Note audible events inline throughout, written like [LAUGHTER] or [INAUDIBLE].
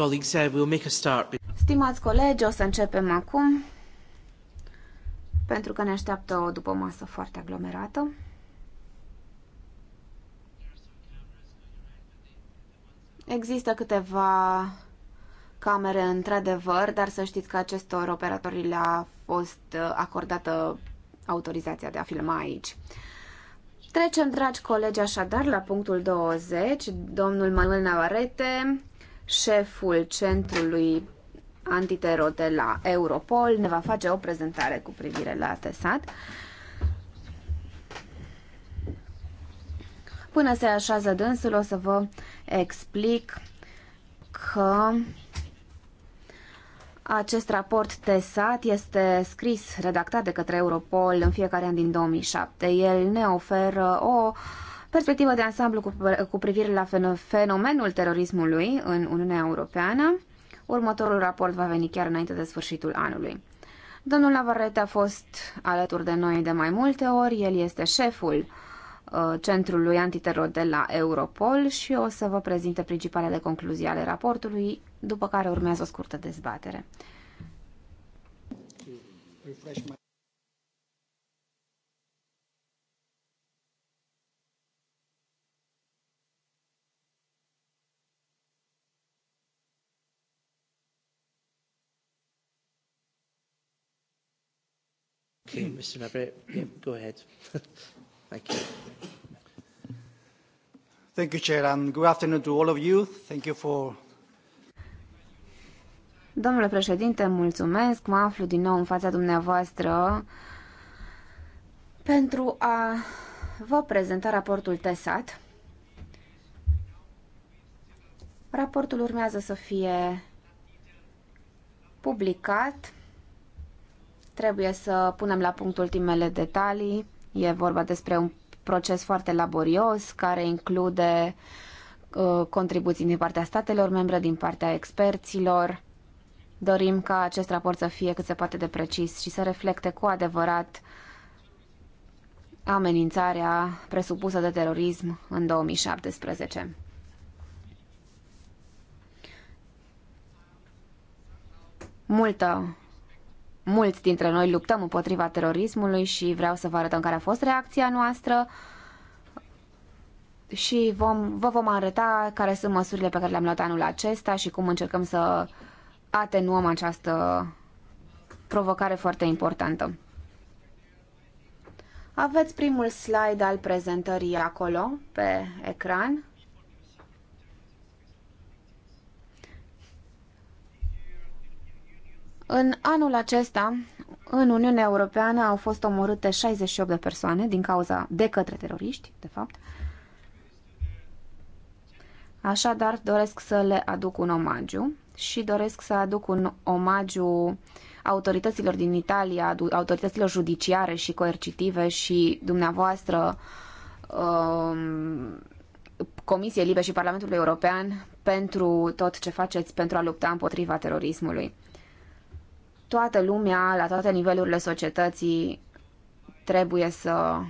Colleagues, uh, we'll make a start. Stimați colegi, o să începem acum, pentru că ne așteaptă o după masă foarte aglomerată. Există câteva camere, într-adevăr, dar să știți că acestor operatorii le-a fost uh, acordată autorizația de a filma aici. Trecem, dragi colegi, așadar la punctul 20. Domnul Manuel Navarrete șeful centrului antitero de la Europol ne va face o prezentare cu privire la TESAT. Până se așează dânsul, o să vă explic că acest raport TESAT este scris, redactat de către Europol în fiecare an din 2007. El ne oferă o uh, perspectivă de ansamblu cu, cu privire la fenomenul terorismului în Uniunea Europeană. Următorul raport va veni chiar înainte de sfârșitul anului. Domnul Navarrete a fost alături de noi de mai multe ori, el este șeful uh, Centrului Antiteror de la Europol și o să vă prezinte principalele concluzii ale raportului, după care urmează o scurtă dezbatere. Refresh my you, Mr. go ahead. [LAUGHS] Thank you. Thank you, Chair, and good afternoon to all of you. Thank you for Domnule președinte, mulțumesc. Mă aflu din nou în fața dumneavoastră pentru a vă prezenta raportul TESAT. Raportul urmează să fie publicat Trebuie să punem la punct ultimele detalii. E vorba despre un proces foarte laborios care include uh, contribuții din partea statelor membre, din partea experților. Dorim ca acest raport să fie cât se poate de precis și să reflecte cu adevărat amenințarea presupusă de terorism în 2017. Multă mulți dintre noi luptăm împotriva terorismului și vreau să vă arătăm care a fost reacția noastră și vom, vă vom arăta care sunt măsurile pe care le-am luat anul acesta și cum încercăm să atenuăm această provocare foarte importantă. Aveți primul slide al prezentării acolo, pe ecran. În anul acesta, în Uniunea Europeană au fost omorâte 68 de persoane din cauza de către teroriști, de fapt. Așadar, doresc să le aduc un omagiu și doresc să aduc un omagiu autorităților din Italia, autorităților judiciare și coercitive și dumneavoastră um, Comisie Libe și Parlamentul European pentru tot ce faceți pentru a lupta împotriva terorismului toată lumea, la toate nivelurile societății, trebuie să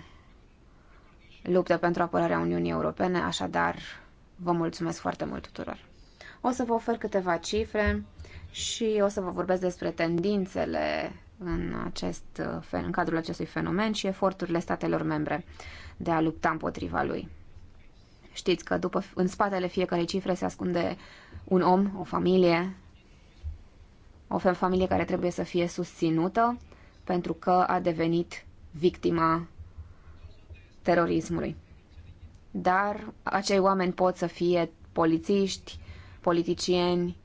lupte pentru apărarea Uniunii Europene, așadar vă mulțumesc foarte mult tuturor. O să vă ofer câteva cifre și o să vă vorbesc despre tendințele în, acest, în cadrul acestui fenomen și eforturile statelor membre de a lupta împotriva lui. Știți că după, în spatele fiecarei cifre se ascunde un om, o familie, o familie care trebuie să fie susținută pentru că a devenit victima terorismului. Dar acei oameni pot să fie polițiști, politicieni,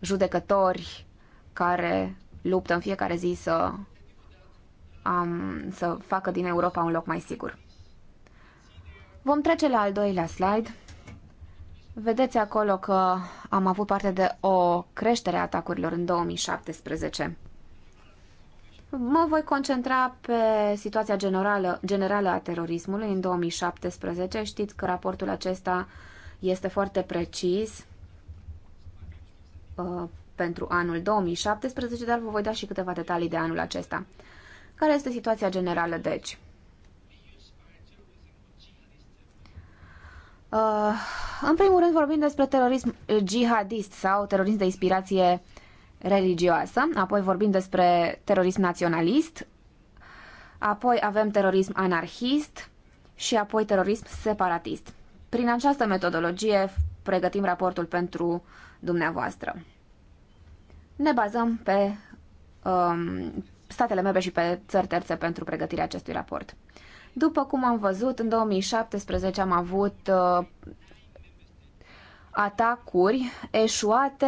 judecători care luptă în fiecare zi să, um, să facă din Europa un loc mai sigur. Vom trece la al doilea slide. Vedeți acolo că am avut parte de o creștere a atacurilor în 2017. Mă voi concentra pe situația generală, generală a terorismului în 2017. Știți că raportul acesta este foarte precis uh, pentru anul 2017, dar vă voi da și câteva detalii de anul acesta. Care este situația generală, deci? Uh, în primul rând vorbim despre terorism jihadist sau terorism de inspirație religioasă, apoi vorbim despre terorism naționalist, apoi avem terorism anarhist și apoi terorism separatist. Prin această metodologie pregătim raportul pentru dumneavoastră. Ne bazăm pe um, statele membre și pe țări terțe pentru pregătirea acestui raport. După cum am văzut, în 2017 am avut uh, atacuri eșuate,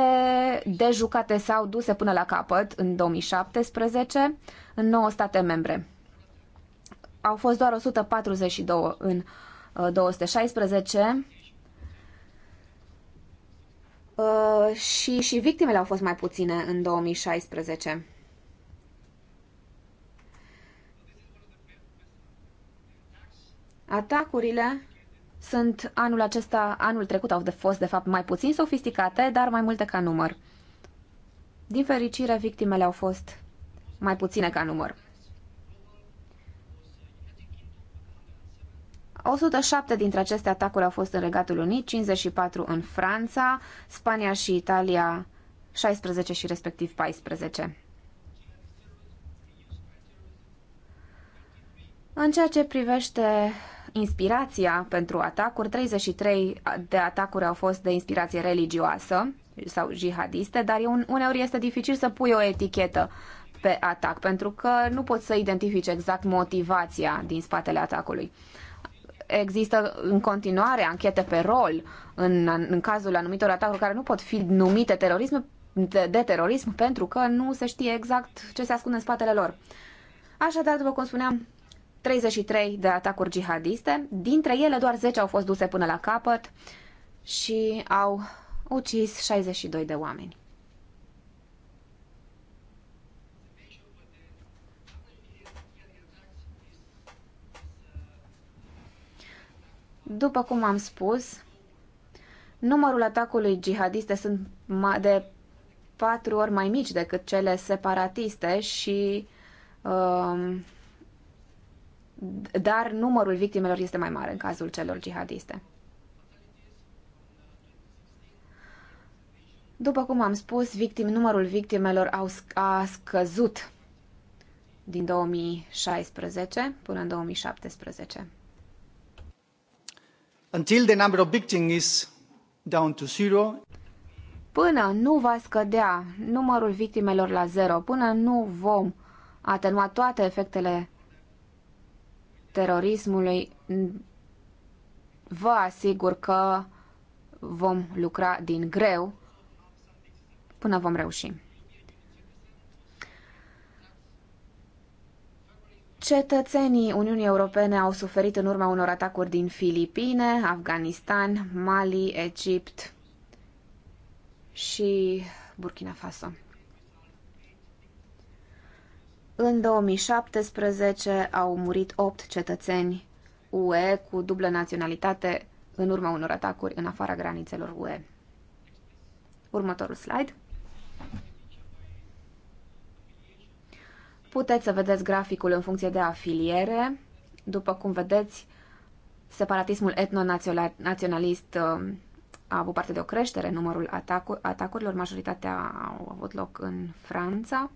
dejucate sau duse până la capăt în 2017 în 9 state membre. Au fost doar 142 în 216 uh, uh, și, și victimele au fost mai puține în 2016. Atacurile sunt anul acesta, anul trecut au de fost de fapt mai puțin sofisticate, dar mai multe ca număr. Din fericire, victimele au fost mai puține ca număr. 107 dintre aceste atacuri au fost în Regatul Unit, 54 în Franța, Spania și Italia 16 și respectiv 14. În ceea ce privește inspirația pentru atacuri, 33 de atacuri au fost de inspirație religioasă sau jihadiste, dar uneori este dificil să pui o etichetă pe atac, pentru că nu poți să identifici exact motivația din spatele atacului. Există în continuare anchete pe rol în, în cazul anumitor atacuri care nu pot fi numite terorism, de, de terorism pentru că nu se știe exact ce se ascunde în spatele lor. Așadar, după cum spuneam, 33 de atacuri jihadiste, dintre ele doar 10 au fost duse până la capăt și au ucis 62 de oameni. După cum am spus, numărul atacului jihadiste sunt de patru ori mai mici decât cele separatiste și uh, dar numărul victimelor este mai mare în cazul celor jihadiste. După cum am spus, victim, numărul victimelor au, a scăzut din 2016 până în 2017. Until the number of victims is down to zero. Până nu va scădea numărul victimelor la zero, până nu vom atenua toate efectele terorismului, vă asigur că vom lucra din greu până vom reuși. Cetățenii Uniunii Europene au suferit în urma unor atacuri din Filipine, Afganistan, Mali, Egipt și Burkina Faso. În 2017 au murit 8 cetățeni UE cu dublă naționalitate în urma unor atacuri în afara granițelor UE. Următorul slide. Puteți să vedeți graficul în funcție de afiliere. După cum vedeți, separatismul etnonaționalist uh, a avut parte de o creștere numărul atacurilor. Majoritatea au avut loc în Franța.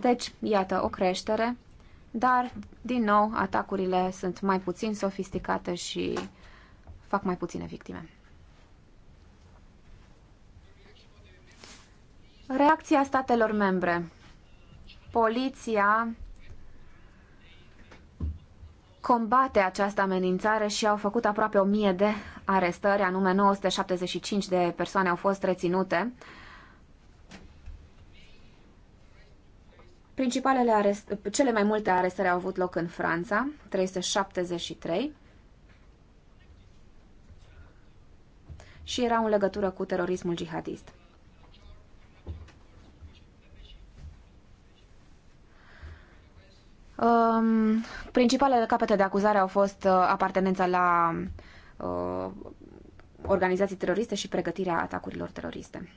Deci, iată, o creștere, dar, din nou, atacurile sunt mai puțin sofisticate și fac mai puține victime. Reacția statelor membre. Poliția combate această amenințare și au făcut aproape mie de arestări, anume 975 de persoane au fost reținute. Principalele arest, cele mai multe arestări au avut loc în Franța, 373, și erau în legătură cu terorismul jihadist. Um, principalele capete de acuzare au fost uh, apartenența la uh, organizații teroriste și pregătirea atacurilor teroriste.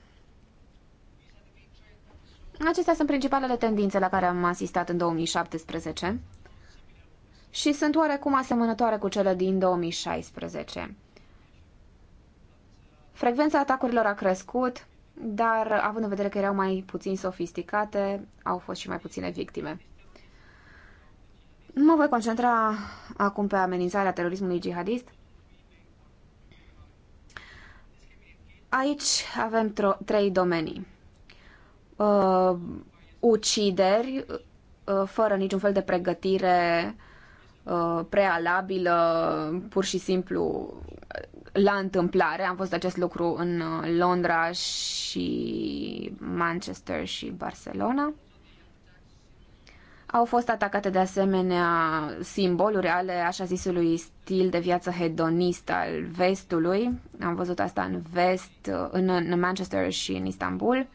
Acestea sunt principalele tendințe la care am asistat în 2017 și sunt oarecum asemănătoare cu cele din 2016. Frecvența atacurilor a crescut, dar având în vedere că erau mai puțin sofisticate, au fost și mai puține victime. Mă voi concentra acum pe amenințarea terorismului jihadist. Aici avem trei domenii uh, ucideri uh, fără niciun fel de pregătire uh, prealabilă, pur și simplu uh, la întâmplare. Am văzut acest lucru în uh, Londra și Manchester și Barcelona. Au fost atacate de asemenea simboluri ale așa zisului stil de viață hedonist al vestului. Am văzut asta în vest, uh, în, în Manchester și în Istanbul.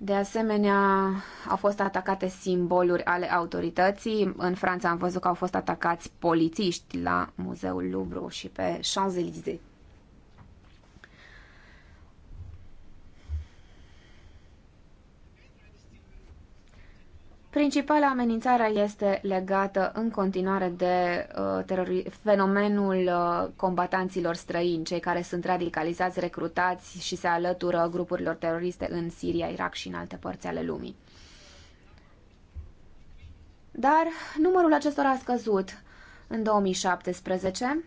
De asemenea, au fost atacate simboluri ale autorității. În Franța am văzut că au fost atacați polițiști la Muzeul Louvre și pe Champs-Élysées. Principala amenințare este legată în continuare de uh, fenomenul uh, combatanților străini, cei care sunt radicalizați, recrutați și se alătură grupurilor teroriste în Siria, Irak și în alte părți ale lumii. Dar numărul acestora a scăzut în 2017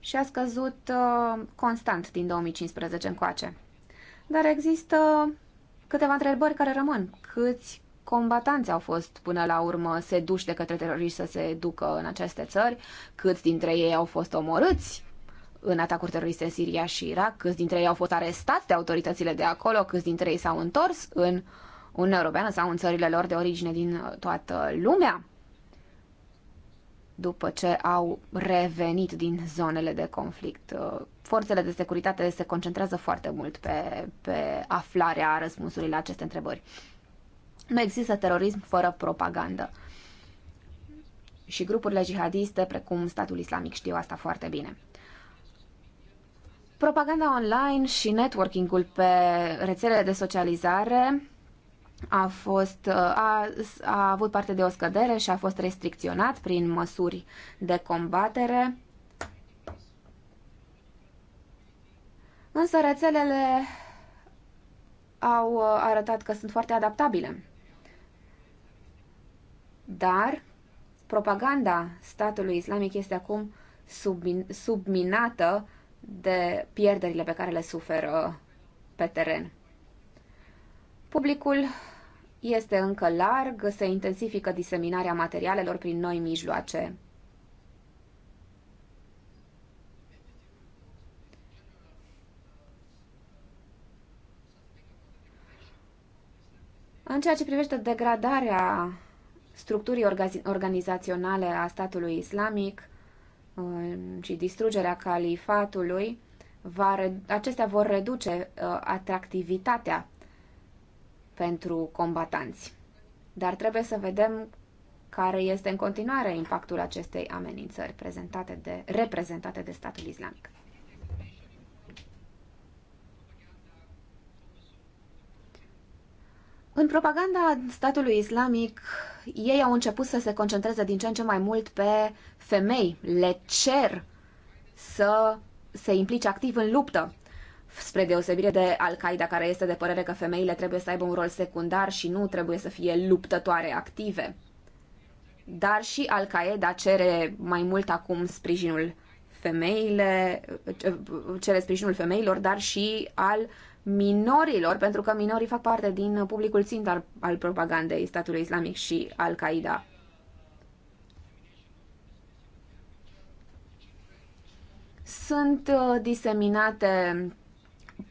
și a scăzut uh, constant din 2015 încoace. Dar există câteva întrebări care rămân câți combatanți au fost până la urmă seduși de către teroriști să se ducă în aceste țări, câți dintre ei au fost omorâți în atacuri teroriste în Siria și Irak, câți dintre ei au fost arestați de autoritățile de acolo, câți dintre ei s-au întors în Uniunea Europeană sau în țările lor de origine din toată lumea după ce au revenit din zonele de conflict. Forțele de securitate se concentrează foarte mult pe, pe aflarea răspunsului la aceste întrebări. Nu există terorism fără propagandă. Și grupurile jihadiste, precum statul islamic, știu asta foarte bine. Propaganda online și networking-ul pe rețelele de socializare a, fost, a, a avut parte de o scădere și a fost restricționat prin măsuri de combatere. Însă rețelele au uh, arătat că sunt foarte adaptabile dar propaganda statului islamic este acum submin- subminată de pierderile pe care le suferă pe teren. Publicul este încă larg, se intensifică diseminarea materialelor prin noi mijloace. În ceea ce privește degradarea structurii organizaționale a statului islamic uh, și distrugerea califatului, va, acestea vor reduce uh, atractivitatea pentru combatanți. Dar trebuie să vedem care este în continuare impactul acestei amenințări prezentate de, reprezentate de statul islamic. În propaganda statului islamic, ei au început să se concentreze din ce în ce mai mult pe femei. Le cer să se implice activ în luptă, spre deosebire de Al-Qaeda, care este de părere că femeile trebuie să aibă un rol secundar și nu trebuie să fie luptătoare active. Dar și Al-Qaeda cere mai mult acum sprijinul femeile, cere sprijinul femeilor, dar și al minorilor, pentru că minorii fac parte din publicul țint al, al propagandei statului islamic și Al-Qaeda. Sunt uh, diseminate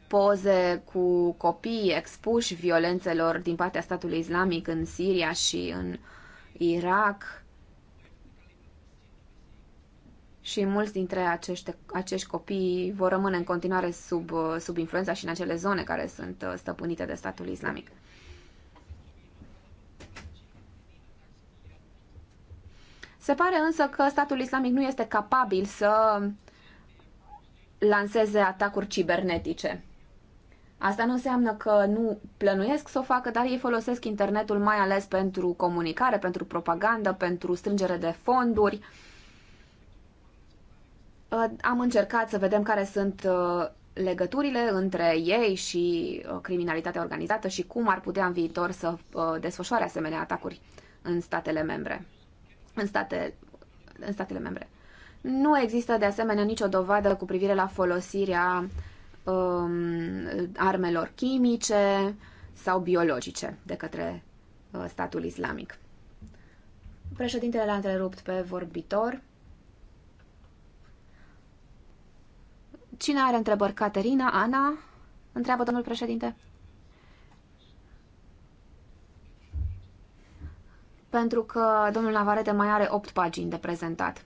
poze cu copii expuși violențelor din partea statului islamic în Siria și în Irak. și mulți dintre acești, acești copii vor rămâne în continuare sub, uh, sub influența și în acele zone care sunt uh, stăpânite de statul islamic. Se pare însă că statul islamic nu este capabil să lanseze atacuri cibernetice. Asta nu înseamnă că nu plănuiesc să o facă, dar ei folosesc internetul mai ales pentru comunicare, pentru propagandă, pentru strângere de fonduri, uh, Uh, am încercat să vedem care sunt uh, legăturile între ei și uh, criminalitatea organizată și cum ar putea în viitor să desfășoare asemenea atacuri în statele membre. În, state, în statele membre. Nu există de asemenea nicio dovadă cu privire la folosirea um, armelor chimice sau biologice de către uh, statul islamic. Președintele l-a întrerupt pe vorbitor. Cine are întrebări? Caterina? Ana? Întreabă domnul președinte. Pentru că domnul Navarete mai are 8 pagini de prezentat.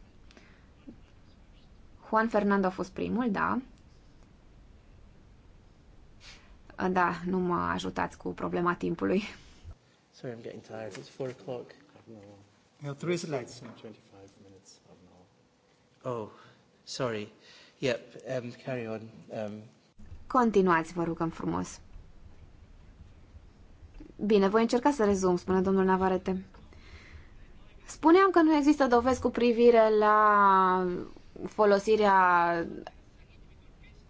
Juan Fernando a fost primul, da. Da, nu mă ajutați cu problema timpului. Sorry, I'm getting tired. It's 4 o'clock. No, three slides. 25 minutes. Oh, sorry. Yep, um, carry on. Um... Continuați, vă rugăm frumos. Bine, voi încerca să rezum, spune domnul Navarete. Spuneam că nu există dovezi cu privire la folosirea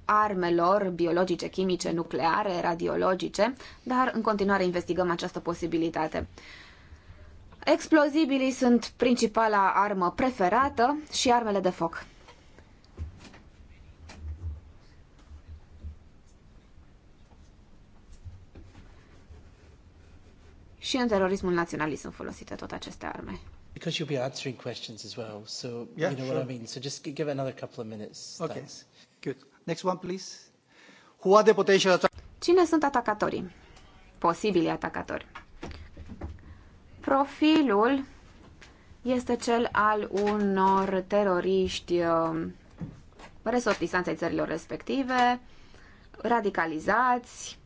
armelor biologice, chimice, nucleare, radiologice, dar în continuare investigăm această posibilitate. Explozibilii sunt principala armă preferată și armele de foc. și în terorismul naționalist sunt folosite tot aceste arme. Because you'll be answering questions as well, so yeah, you know sure. what I mean. So just give it another couple of minutes. Okay. Thanks. Good. Next one, please. Who are the potential Cine sunt atacatorii? Posibili atacatori. Profilul este cel al unor teroriști um, resortisanței țărilor respective, radicalizați,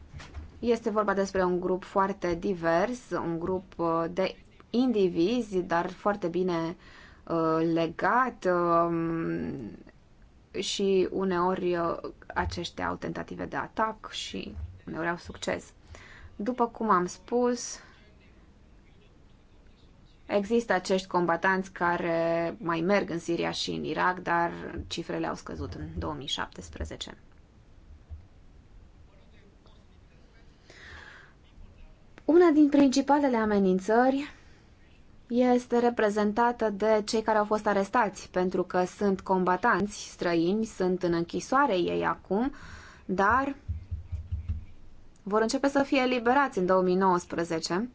este vorba despre un grup foarte divers, un grup uh, de indivizi, dar foarte bine uh, legat um, și uneori uh, aceștia au tentative de atac și uneori au succes. După cum am spus, există acești combatanți care mai merg în Siria și în Irak, dar cifrele au scăzut în 2017. Una din principalele amenințări este reprezentată de cei care au fost arestați, pentru că sunt combatanți străini, sunt în închisoare ei acum, dar vor începe să fie eliberați în 2019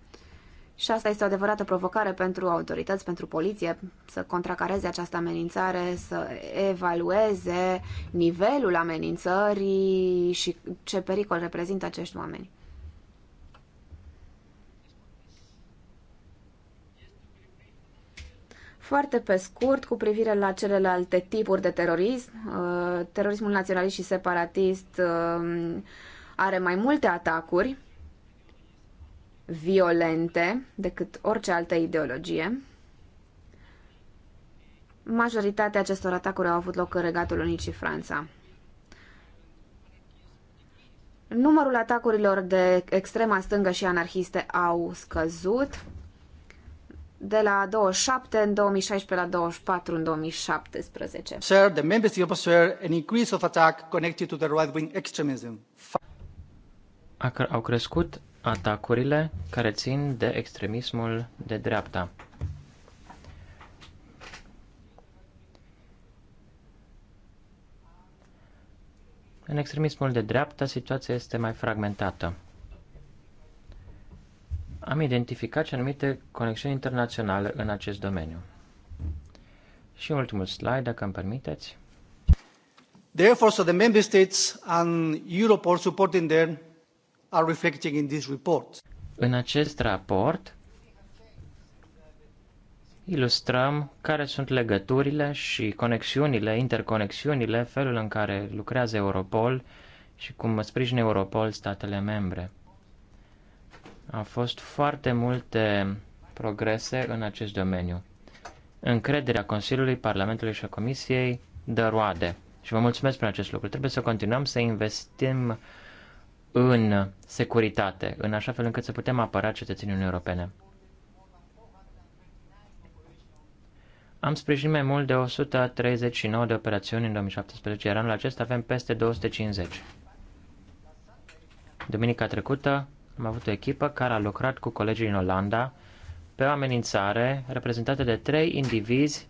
și asta este o adevărată provocare pentru autorități, pentru poliție, să contracareze această amenințare, să evalueze nivelul amenințării și ce pericol reprezintă acești oameni. Foarte pe scurt, cu privire la celelalte tipuri de terorism, uh, terorismul naționalist și separatist um, are mai multe atacuri violente decât orice altă ideologie. Majoritatea acestor atacuri au avut loc în Regatul Unit și Franța. Numărul atacurilor de extrema stângă și anarhiste au scăzut de la 27 în 2016 la 24 în 2017. Sir, the members states observed an increase of attack connected to the right-wing extremism. Au crescut atacurile care țin de extremismul de dreapta. În extremismul de dreapta, situația este mai fragmentată am identificat și anumite conexiuni internaționale în acest domeniu. Și ultimul slide, dacă îmi permiteți. The efforts of the member states and Europol supporting them are reflecting in this report. În acest raport ilustrăm care sunt legăturile și conexiunile, interconexiunile, felul în care lucrează Europol și cum sprijină Europol statele membre. A fost foarte multe progrese în acest domeniu. Încrederea Consiliului, Parlamentului și a Comisiei dă roade. Și vă mulțumesc pentru acest lucru. Trebuie să continuăm să investim în securitate, în așa fel încât să putem apăra cetățenii Uniunii Europene. Am sprijinit mai mult de 139 de operațiuni în 2017, iar anul acesta avem peste 250. Duminica trecută am avut o echipă care a lucrat cu colegii din Olanda pe o amenințare reprezentată de trei indivizi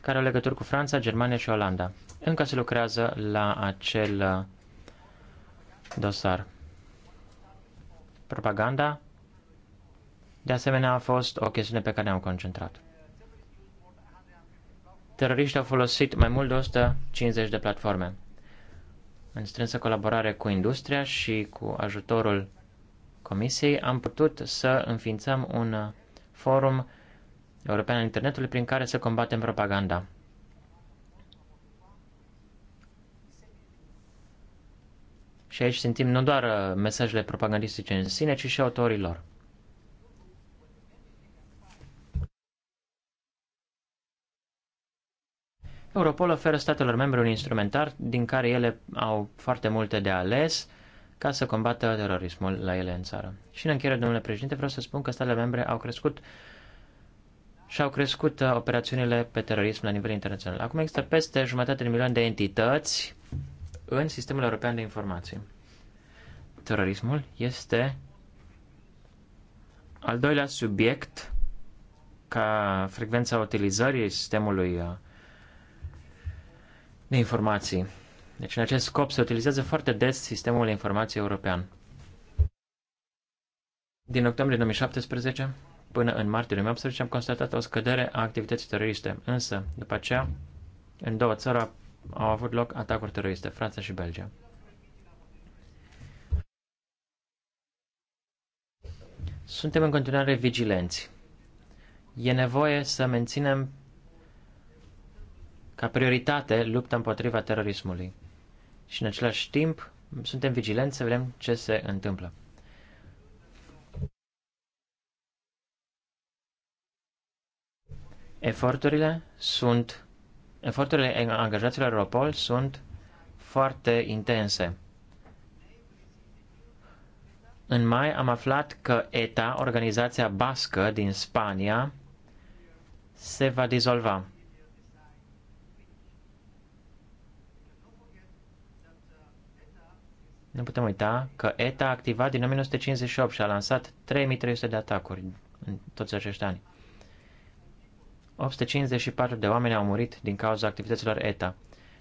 care au legături cu Franța, Germania și Olanda. Încă se lucrează la acel uh, dosar. Propaganda, de asemenea, a fost o chestiune pe care ne-am concentrat. Teroriștii au folosit mai mult de 150 de platforme. În strânsă colaborare cu industria și cu ajutorul Comisiei, am putut să înființăm un forum european al internetului prin care să combatem propaganda. Și aici simțim nu doar mesajele propagandistice în sine, ci și autorii lor. Europol oferă statelor membre un instrumentar din care ele au foarte multe de ales ca să combată terorismul la ele în țară. Și în încheiere, domnule președinte, vreau să spun că statele membre au crescut și-au crescut uh, operațiunile pe terorism la nivel internațional. Acum există peste jumătate de milion de entități în sistemul european de informații. Terorismul este al doilea subiect ca frecvența utilizării sistemului uh, de informații deci, în acest scop, se utilizează foarte des sistemul informației european. Din octombrie 2017 până în martie 2018 am constatat o scădere a activității teroriste, însă, după aceea, în două țări au avut loc atacuri teroriste, Franța și Belgia. Suntem în continuare vigilenți. E nevoie să menținem ca prioritate lupta împotriva terorismului și în același timp suntem vigilenți să vedem ce se întâmplă. Eforturile sunt eforturile angajaților Europol sunt foarte intense. În mai am aflat că ETA, organizația bască din Spania, se va dizolva. Nu putem uita că ETA a activat din 1958 și a lansat 3300 de atacuri în toți acești ani. 854 de oameni au murit din cauza activităților ETA.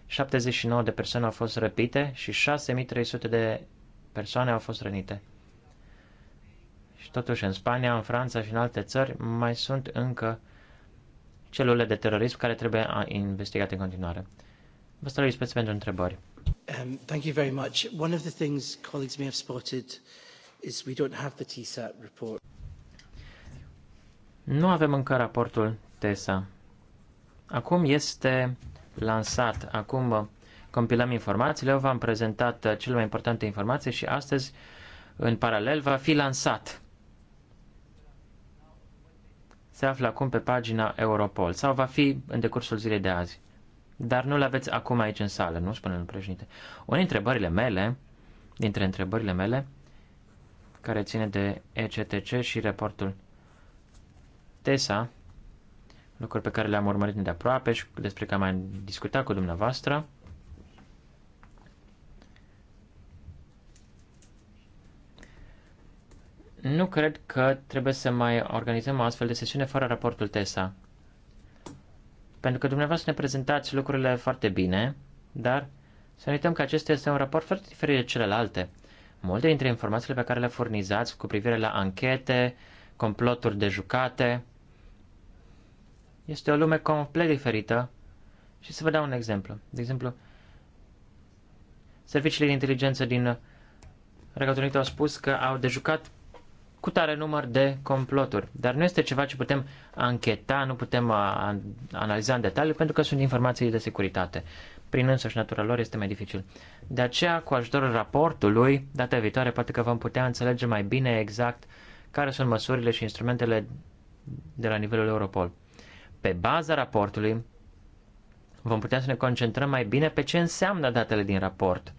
79 de persoane au fost răpite și 6300 de persoane au fost rănite. Și totuși în Spania, în Franța și în alte țări mai sunt încă celule de terorism care trebuie investigate în continuare. Vă străluiți pentru întrebări. Um, thank you very much. One of the things colleagues may have spotted is we don't have the TSAT report. Nu avem încă raportul TESA. Acum este lansat. Acum uh, compilăm informațiile. Eu v-am prezentat uh, cele mai importante informații și astăzi, în paralel, va fi lansat. Se află acum pe pagina Europol sau va fi în decursul zilei de azi dar nu le aveți acum aici în sală, nu? Spune domnul președinte. Una întrebările mele, dintre întrebările mele, care ține de ECTC și raportul TESA, lucruri pe care le-am urmărit de aproape și despre care am mai discutat cu dumneavoastră, nu cred că trebuie să mai organizăm o astfel de sesiune fără raportul TESA. Pentru că dumneavoastră ne prezentați lucrurile foarte bine, dar să nu uităm că acesta este un raport foarte diferit de celelalte. Multe dintre informațiile pe care le furnizați cu privire la anchete, comploturi de jucate, este o lume complet diferită. Și să vă dau un exemplu. De exemplu, serviciile de inteligență din Regatul Unit au spus că au dejucat cu tare număr de comploturi. Dar nu este ceva ce putem ancheta, nu putem analiza în detaliu, pentru că sunt informații de securitate. Prin însăși natura lor este mai dificil. De aceea, cu ajutorul raportului, data viitoare poate că vom putea înțelege mai bine exact care sunt măsurile și instrumentele de la nivelul Europol. Pe baza raportului, vom putea să ne concentrăm mai bine pe ce înseamnă datele din raport.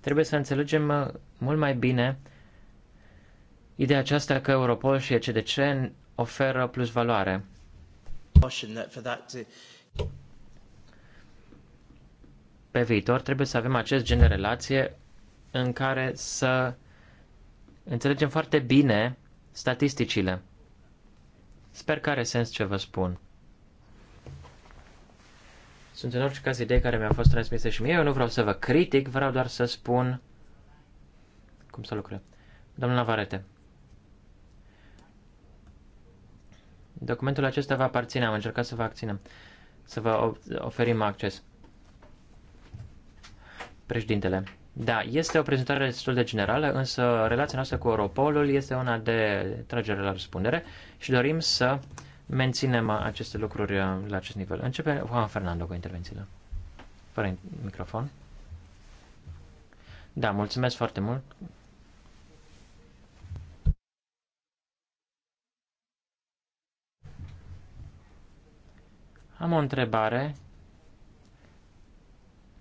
Trebuie să înțelegem mult mai bine Ideea aceasta că Europol și ECDC oferă plus valoare. Pe viitor trebuie să avem acest gen de relație în care să înțelegem foarte bine statisticile. Sper că are sens ce vă spun. Sunt în orice caz idei care mi-au fost transmise și mie. Eu nu vreau să vă critic, vreau doar să spun cum să lucrez. Domnul Navarete. Documentul acesta va aparține, am încercat să vă acținem, să vă oferim acces. Președintele. Da, este o prezentare destul de generală, însă relația noastră cu Europolul este una de tragere la răspundere și dorim să menținem aceste lucruri uh, la acest nivel. Începe Juan Fernando cu intervențiile. Fără microfon. Da, mulțumesc foarte mult Am o întrebare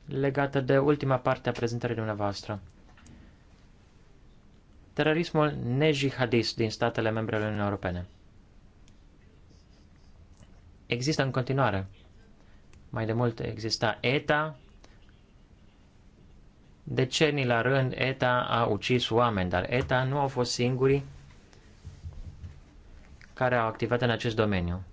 legată de ultima parte a prezentării dumneavoastră. Terorismul nejihadist din statele membre ale Uniunii Europene. Există în continuare. Mai de mult exista ETA. Decenii la rând ETA a ucis oameni, dar ETA nu au fost singurii care au activat în acest domeniu.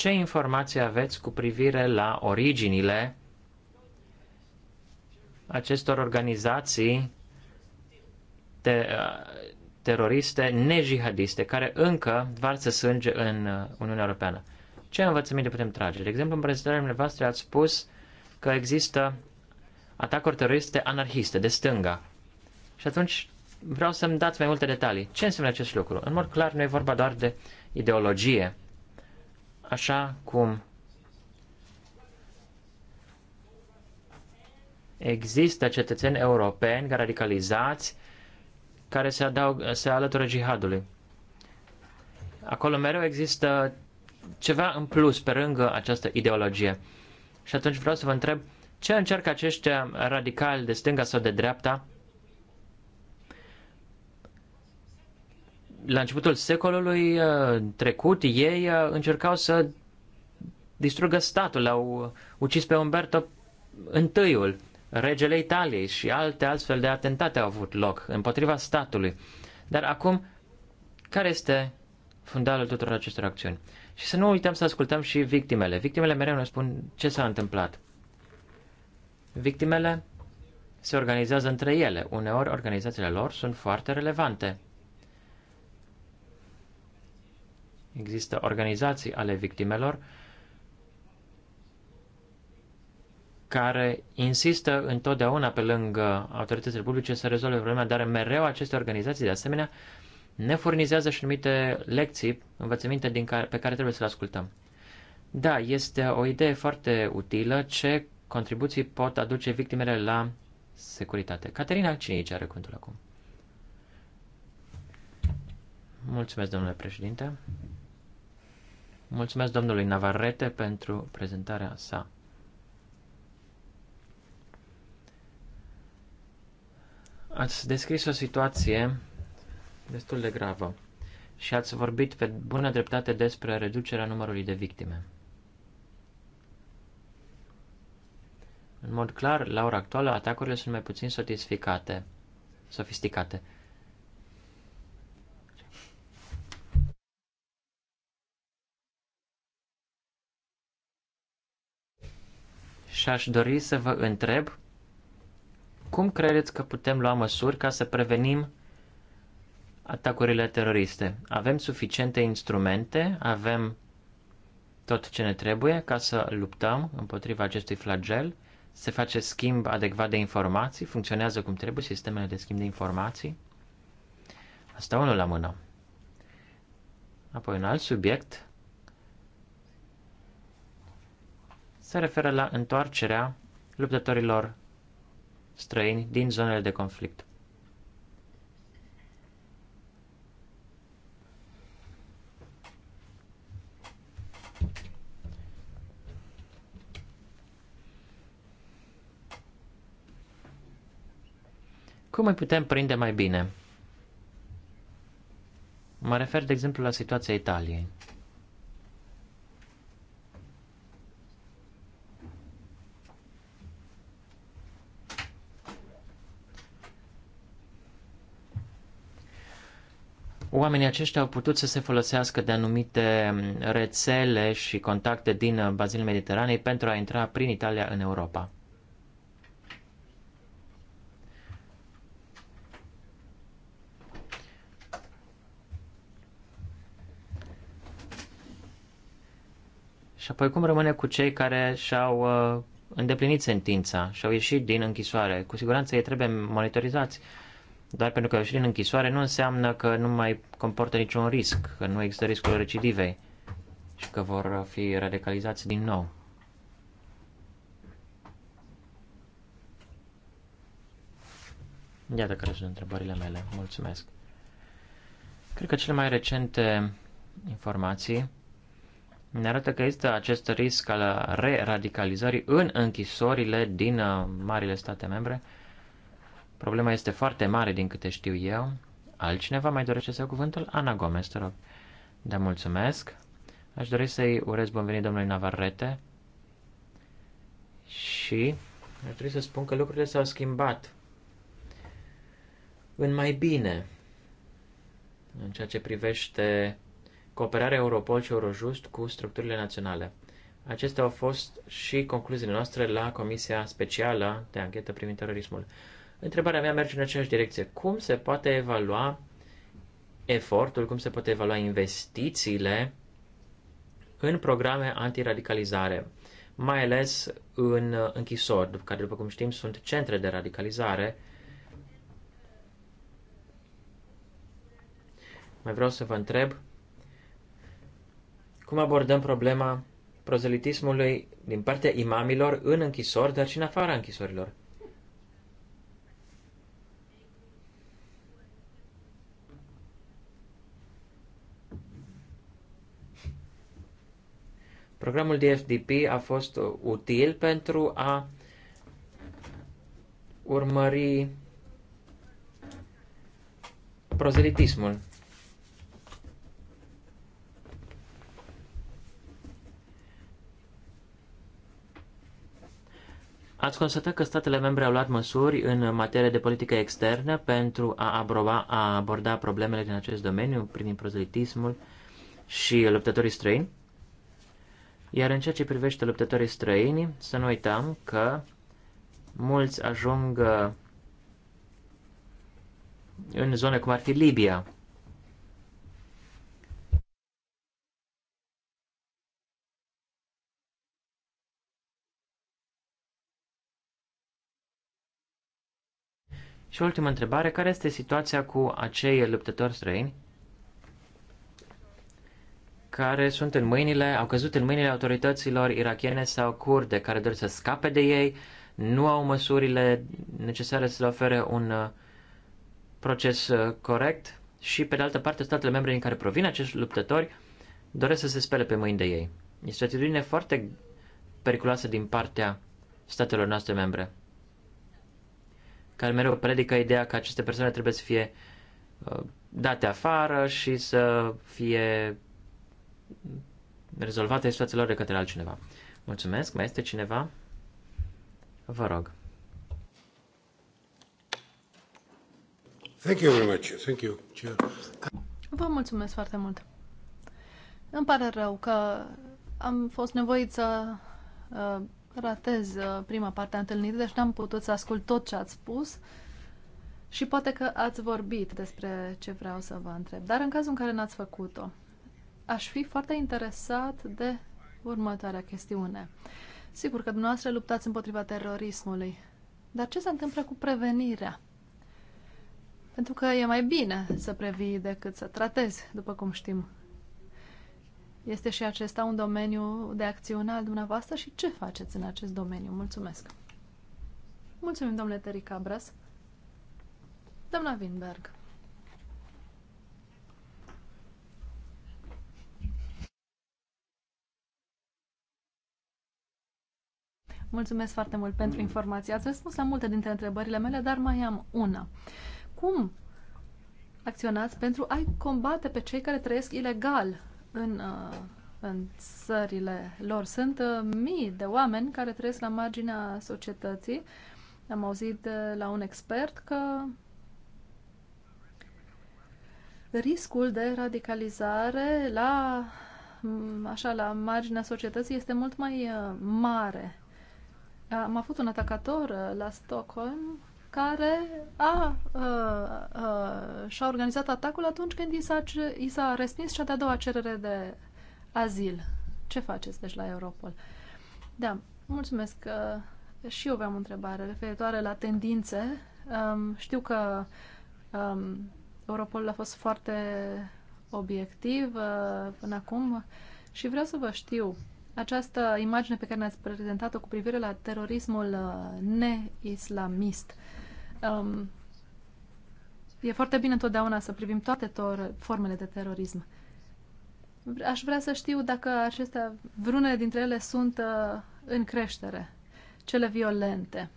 ce informații aveți cu privire la originile acestor organizații te- uh, teroriste nejihadiste care încă varsă sânge în uh, Uniunea Europeană. Ce învățăminte putem trage? De exemplu, în prezentarea dumneavoastră ați spus că există atacuri teroriste anarhiste, de stânga. Și atunci vreau să-mi dați mai multe detalii. Ce înseamnă acest lucru? În mod clar, nu e vorba doar de ideologie așa cum există cetățeni europeni radicalizați care se, adaug, se alătură jihadului. Acolo mereu există ceva în plus pe lângă această ideologie. Și atunci vreau să vă întreb ce încearcă aceștia radicali de stânga sau de dreapta la începutul secolului uh, trecut, ei uh, încercau să distrugă statul. Au ucis pe Umberto I, regele Italiei și alte astfel de atentate au avut loc împotriva statului. Dar acum, care este fundalul tuturor acestor acțiuni? Și să nu uităm să ascultăm și victimele. Victimele mereu ne spun ce s-a întâmplat. Victimele se organizează între ele. Uneori, organizațiile lor sunt foarte relevante. Există organizații ale victimelor care insistă întotdeauna pe lângă autoritățile publice să rezolve problema, dar mereu aceste organizații, de asemenea, ne furnizează și anumite lecții, învățăminte din care, pe care trebuie să le ascultăm. Da, este o idee foarte utilă ce contribuții pot aduce victimele la securitate. Caterina aici are cuvântul acum. Mulțumesc, domnule președinte. Mulțumesc domnului Navarrete pentru prezentarea sa. Ați descris o situație destul de gravă și ați vorbit pe bună dreptate despre reducerea numărului de victime. În mod clar, la ora actuală, atacurile sunt mai puțin sofisticate. sofisticate. și aș dori să vă întreb cum credeți că putem lua măsuri ca să prevenim atacurile teroriste? Avem suficiente instrumente, avem tot ce ne trebuie ca să luptăm împotriva acestui flagel, se face schimb adecvat de informații, funcționează cum trebuie sistemele de schimb de informații. Asta unul la mână. Apoi un alt subiect se referă la întoarcerea luptătorilor străini din zonele de conflict. Cum îi putem prinde mai bine? Mă refer, de exemplu, la situația Italiei. oamenii aceștia au putut să se folosească de anumite rețele și contacte din bazinul Mediteranei pentru a intra prin Italia în Europa. Și apoi cum rămâne cu cei care și-au uh, îndeplinit sentința și-au ieșit din închisoare? Cu siguranță ei trebuie monitorizați. Doar pentru că ești în închisoare nu înseamnă că nu mai comportă niciun risc, că nu există riscul recidivei și că vor fi radicalizați din nou. Iată care sunt întrebările mele. Mulțumesc. Cred că cele mai recente informații ne arată că există acest risc al re-radicalizării în închisorile din uh, marile state membre, Problema este foarte mare din câte știu eu. Altcineva mai dorește să iau cuvântul? Ana Gomez, te rog. Da, mulțumesc. Aș dori să-i urez bun venit domnului Navarrete și ar trebui să spun că lucrurile s-au schimbat în mai bine în ceea ce privește cooperarea Europol și Eurojust cu structurile naționale. Acestea au fost și concluziile noastre la Comisia Specială de Anchetă privind terorismul. Întrebarea mea merge în aceeași direcție. Cum se poate evalua efortul, cum se poate evalua investițiile în programe antiradicalizare, mai ales în închisori, care, după cum știm, sunt centre de radicalizare. Mai vreau să vă întreb cum abordăm problema prozelitismului din partea imamilor în închisori, dar și în afara închisorilor. Programul DFDP a fost util pentru a urmări prozelitismul. Ați constatat că statele membre au luat măsuri în materie de politică externă pentru a, aproba, a aborda problemele din acest domeniu, prin prozelitismul și luptătorii străini? Iar în ceea ce privește luptătorii străini, să nu uităm că mulți ajung uh, în zone cum ar fi Libia. Și ultima întrebare, care este situația cu acei luptători străini care sunt în mâinile, au căzut în mâinile autorităților irakiene sau kurde care doresc să scape de ei, nu au măsurile necesare să le ofere un uh, proces uh, corect și, pe de altă parte, statele membre din care provin acești luptători doresc să se spele pe mâini de ei. Este o atitudine foarte periculoasă din partea statelor noastre membre, care mereu predică ideea că aceste persoane trebuie să fie uh, date afară și să fie rezolvate situațiilor de către altcineva. Mulțumesc. Mai este cineva? Vă rog. Thank you very much. Thank you. Vă mulțumesc foarte mult. Îmi pare rău că am fost nevoit să uh, ratez uh, prima parte a întâlnirii, deci n-am putut să ascult tot ce ați spus și poate că ați vorbit despre ce vreau să vă întreb. Dar în cazul în care n-ați făcut-o, aș fi foarte interesat de următoarea chestiune. Sigur că dumneavoastră luptați împotriva terorismului, dar ce se întâmplă cu prevenirea? Pentru că e mai bine să previi decât să tratezi, după cum știm. Este și acesta un domeniu de acțiune al dumneavoastră și ce faceți în acest domeniu? Mulțumesc! Mulțumim, domnule Teric Abras. Doamna Winberg. Mulțumesc foarte mult pentru informații. Ați răspuns la multe dintre întrebările mele, dar mai am una. Cum acționați pentru a-i combate pe cei care trăiesc ilegal în, uh, în țările lor? Sunt uh, mii de oameni care trăiesc la marginea societății. Am auzit uh, la un expert că riscul de radicalizare la așa la marginea societății este mult mai mare am avut un atacator uh, la Stockholm care a, a, uh, a, uh, și-a organizat atacul atunci când i s-a, i s-a respins cea de-a doua cerere de azil. Ce faceți deci la Europol? Da, mulțumesc. Și eu aveam o întrebare referitoare la tendințe. Um, știu că um, Europol a fost foarte obiectiv până acum și vreau să vă știu această imagine pe care ne-ați prezentat-o cu privire la terorismul uh, neislamist. Um, e foarte bine întotdeauna să privim toate formele de terorism. Aș vrea să știu dacă acestea, vreunele dintre ele sunt uh, în creștere, cele violente.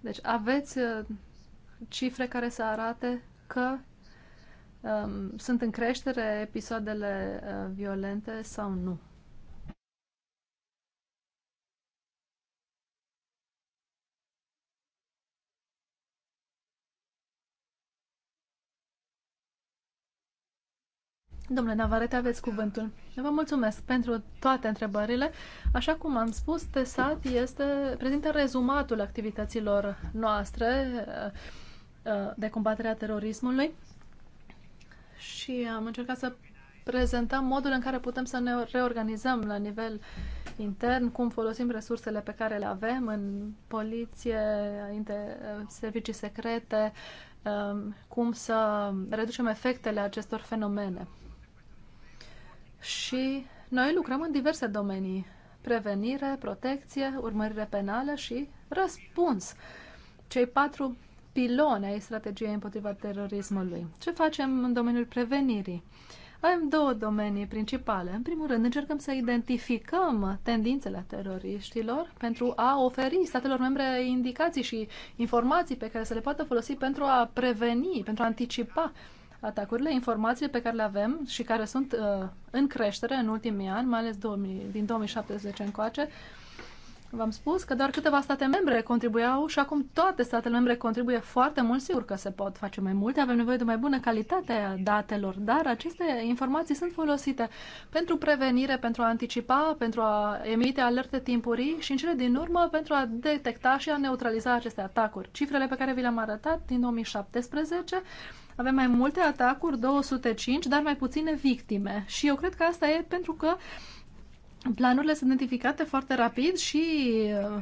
Deci aveți uh, cifre care să arate că um, sunt în creștere episoadele uh, violente sau nu? Domnule Navarete, aveți cuvântul. Vă mulțumesc pentru toate întrebările. Așa cum am spus, TESAT este, prezintă rezumatul activităților noastre uh, uh, de combaterea terorismului și am încercat să prezentăm modul în care putem să ne reorganizăm la nivel intern, cum folosim resursele pe care le avem în poliție, în servicii secrete, um, cum să reducem efectele acestor fenomene și noi lucrăm în diverse domenii. Prevenire, protecție, urmărire penală și răspuns. Cei patru piloni ai strategiei împotriva terorismului. Ce facem în domeniul prevenirii? Avem două domenii principale. În primul rând, încercăm să identificăm tendințele teroriștilor pentru a oferi statelor membre indicații și informații pe care să le poată folosi pentru a preveni, pentru a anticipa uh, atacurile, informațiile pe care le avem și care sunt uh, în creștere în ultimii ani, mai ales 2000, din 2017 încoace, v-am spus că doar câteva state membre contribuiau și acum toate statele membre contribuie foarte mult. Sigur că se pot face mai multe, avem nevoie de mai bună calitate a datelor, dar aceste informații sunt folosite pentru prevenire, pentru a anticipa, pentru a emite alerte timpurii și în cele din urmă pentru a detecta și a neutraliza aceste atacuri. Cifrele pe care vi le-am arătat din 2017 avem mai multe atacuri, 205, dar mai puține victime. Și eu cred că asta e pentru că planurile sunt identificate foarte rapid și uh,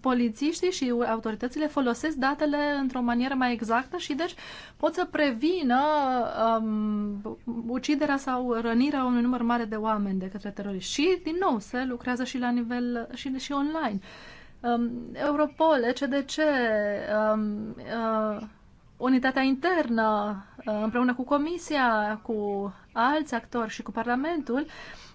polițiștii și autoritățile folosesc datele într-o manieră mai exactă și deci pot să prevină um, uciderea sau rănirea unui număr mare de oameni de către teroriști. Și, din nou, se lucrează și la nivel și, și online. Um, Europol, ECDC, um, uh, unitatea internă, uh, împreună cu Comisia, cu alți actori și cu Parlamentul,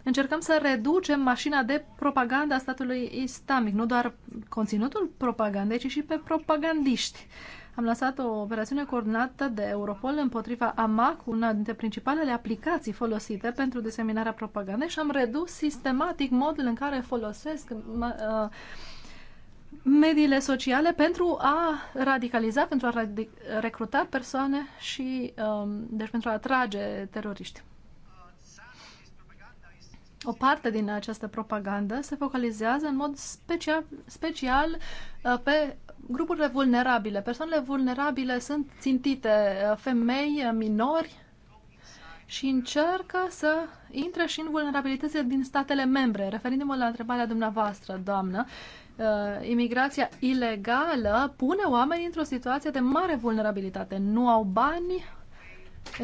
încercăm să reducem mașina de propaganda a statului islamic, nu doar conținutul propagandei, ci și pe propagandiști. Am lansat o operațiune coordonată de Europol împotriva AMAC, una dintre principalele aplicații folosite pentru diseminarea propagandei și am redus sistematic modul în care folosesc uh, mediile sociale pentru a radicaliza, pentru a radic- recruta persoane și um, deci pentru a atrage teroriști. O parte din această propagandă se focalizează în mod special, special uh, pe grupurile vulnerabile. Persoanele vulnerabile sunt țintite uh, femei, uh, minori și încearcă să intre și în vulnerabilitățile din statele membre. Referindu-mă la întrebarea dumneavoastră, doamnă, uh, uh, imigrația ilegală pune oamenii într-o situație de mare vulnerabilitate. Nu au bani,